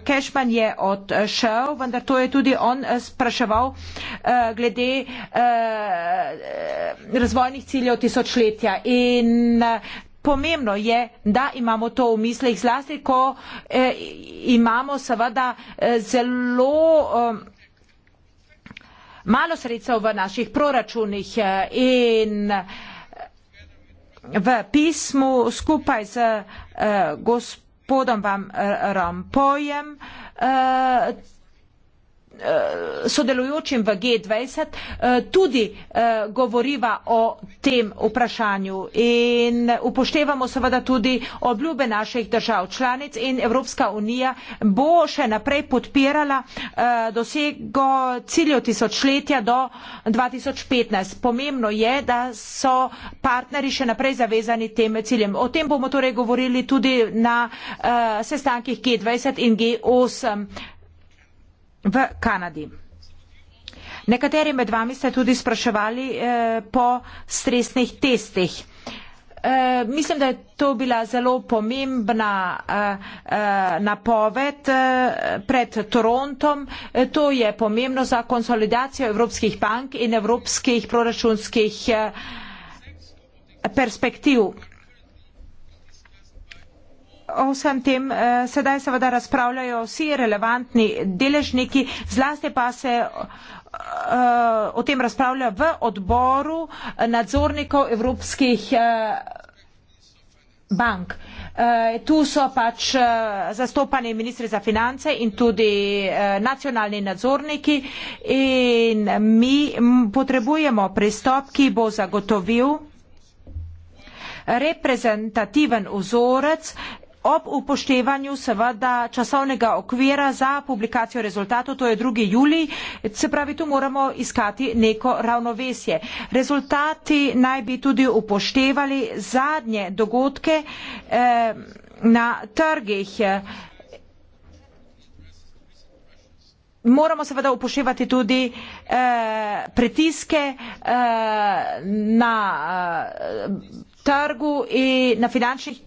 Speaker 1: Kešman eh, je odšel, vendar to je tudi on spraševal glede razvojnih ciljev tisočletja. In Pomembno je, da imamo to v mislih, zlasti ko eh, imamo seveda eh, zelo eh, malo sredstev v naših proračunih eh, in eh, v pismu skupaj z eh, gospodom Van Rompojem Eh, sodelujočim v G20 eh, tudi eh, govoriva o tem vprašanju in upoštevamo seveda tudi obljube naših držav članic in Evropska unija bo še naprej podpirala dosego ciljev tisočletja do 2015. Pomembno je, da so partneri še naprej zavezani tem ciljem. O tem bomo torej govorili tudi na sestankih G20 in G8 v Kanadi. Nekateri med vami ste tudi spraševali eh, po stresnih testih. Eh, mislim, da je to bila zelo pomembna eh, eh, napoved eh, pred Torontom. Eh, to je pomembno za konsolidacijo evropskih bank in evropskih proračunskih eh, perspektiv. O vsem tem eh, sedaj seveda razpravljajo vsi relevantni deležniki, zlasti pa se eh, o tem razpravlja v odboru nadzornikov evropskih eh, bank. Tu so pač zastopani ministri za finance in tudi nacionalni nadzorniki in mi potrebujemo pristop, ki bo zagotovil reprezentativen vzorec ob upoštevanju seveda časovnega okvira za publikacijo rezultatov, to je 2. julij, se pravi, tu moramo iskati neko ravnovesje. Rezultati naj bi tudi upoštevali zadnje dogodke eh, na trgih. Moramo seveda upoštevati tudi eh, pritiske eh, na eh, trgu in na finančnih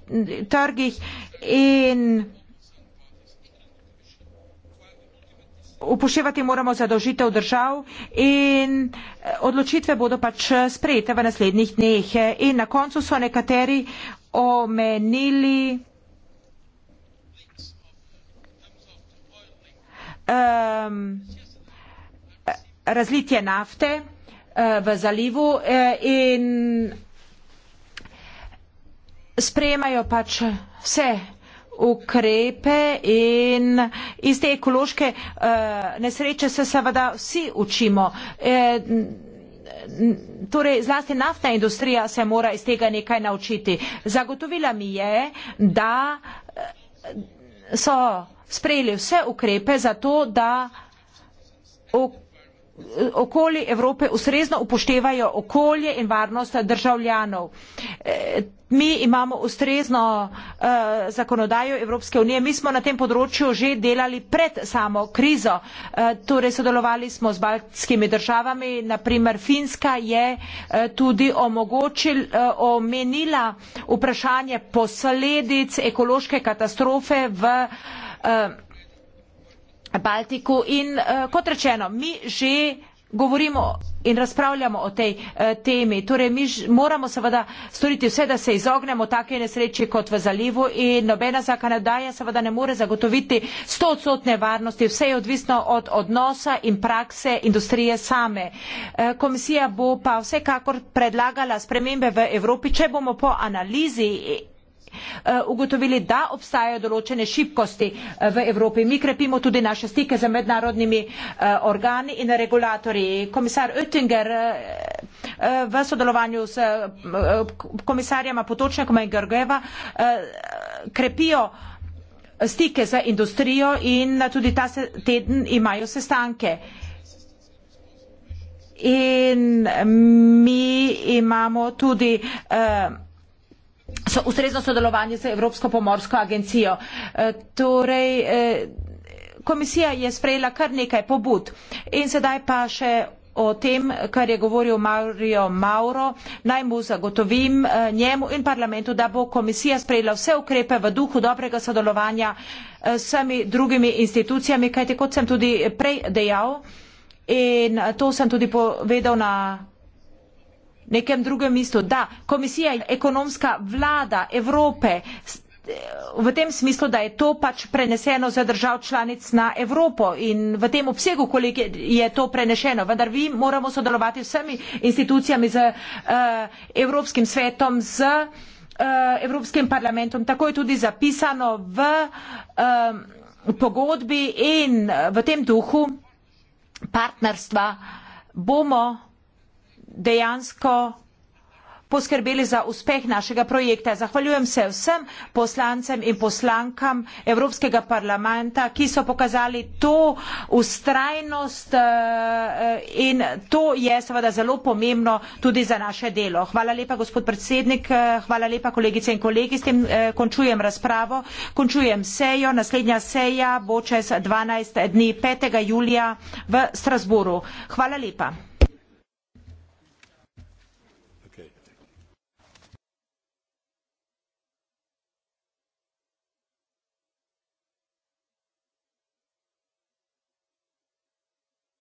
Speaker 1: trgih in upoštevati moramo zadožitev držav in eh, odločitve bodo pač eh, sprejete v naslednjih dneh. In na koncu so nekateri omenili um, razlitje nafte uh, v zalivu uh, in sprejemajo pač vse ukrepe in iz te ekološke e, nesreče se seveda vsi učimo. E, Torej, zlasti naftna industrija se mora iz tega nekaj naučiti. Zagotovila mi je, da eh, so sprejeli vse ukrepe za to, da okoli Evrope ustrezno upoštevajo okolje in varnost državljanov. E, mi imamo ustrezno e, zakonodajo Evropske unije, mi smo na tem področju že delali pred samo krizo, e, torej sodelovali smo z baltskimi državami, naprimer Finska je tudi omogočil, omenila vprašanje posledic ekološke katastrofe v Baltiku in uh, kot rečeno, mi že govorimo in razpravljamo o tej uh, temi. Torej, mi moramo seveda storiti vse, da se izognemo take nesreči kot v zalivu in nobena zakonodaja seveda ne more zagotoviti 100 odstotne varnosti. Vse je odvisno od odnosa in prakse industrije same. Uh, komisija bo pa vsekakor predlagala spremembe v Evropi, če bomo po analizi Eh, ugotovili, da obstajajo določene šibkosti eh, v Evropi. Mi krepimo tudi naše stike z mednarodnimi eh, organi in regulatorji. Komisar Oettinger v sodelovanju s komisarjama Potočnikom in Grgeva krepijo stike za industrijo in tudi ta teden imajo sestanke. In mi imamo tudi uh, so ustrezno sodelovanje z Evropsko pomorsko agencijo. E, torej, e, komisija je sprejela kar nekaj pobud in sedaj pa še o tem, kar je govoril Mario Mauro, naj mu zagotovim e, njemu in parlamentu, da bo komisija sprejela vse ukrepe v duhu dobrega sodelovanja s vsemi drugimi institucijami, kajti kot sem tudi prej dejal in to sem tudi povedal na nekem drugem mestu. Da, komisija je ekonomska vlada Evrope v tem smislu, da je to pač preneseno za držav članic na Evropo in v tem obsegu, koliko je to prenešeno. Vendar vi moramo sodelovati vsemi institucijami z uh, Evropskim svetom, z uh, Evropskim parlamentom. Tako je tudi zapisano v um, pogodbi in v tem duhu partnerstva bomo dejansko poskrbeli za uspeh našega projekta. Zahvaljujem se vsem poslancem in poslankam Evropskega parlamenta, ki so pokazali to ustrajnost eh, in to je seveda zelo pomembno tudi za naše delo. Hvala lepa, gospod predsednik, eh, hvala lepa, kolegice in kolegi. S tem eh, končujem razpravo, končujem sejo. Naslednja seja bo čez 12 dni 5. julija v Strasburu. Hvala lepa.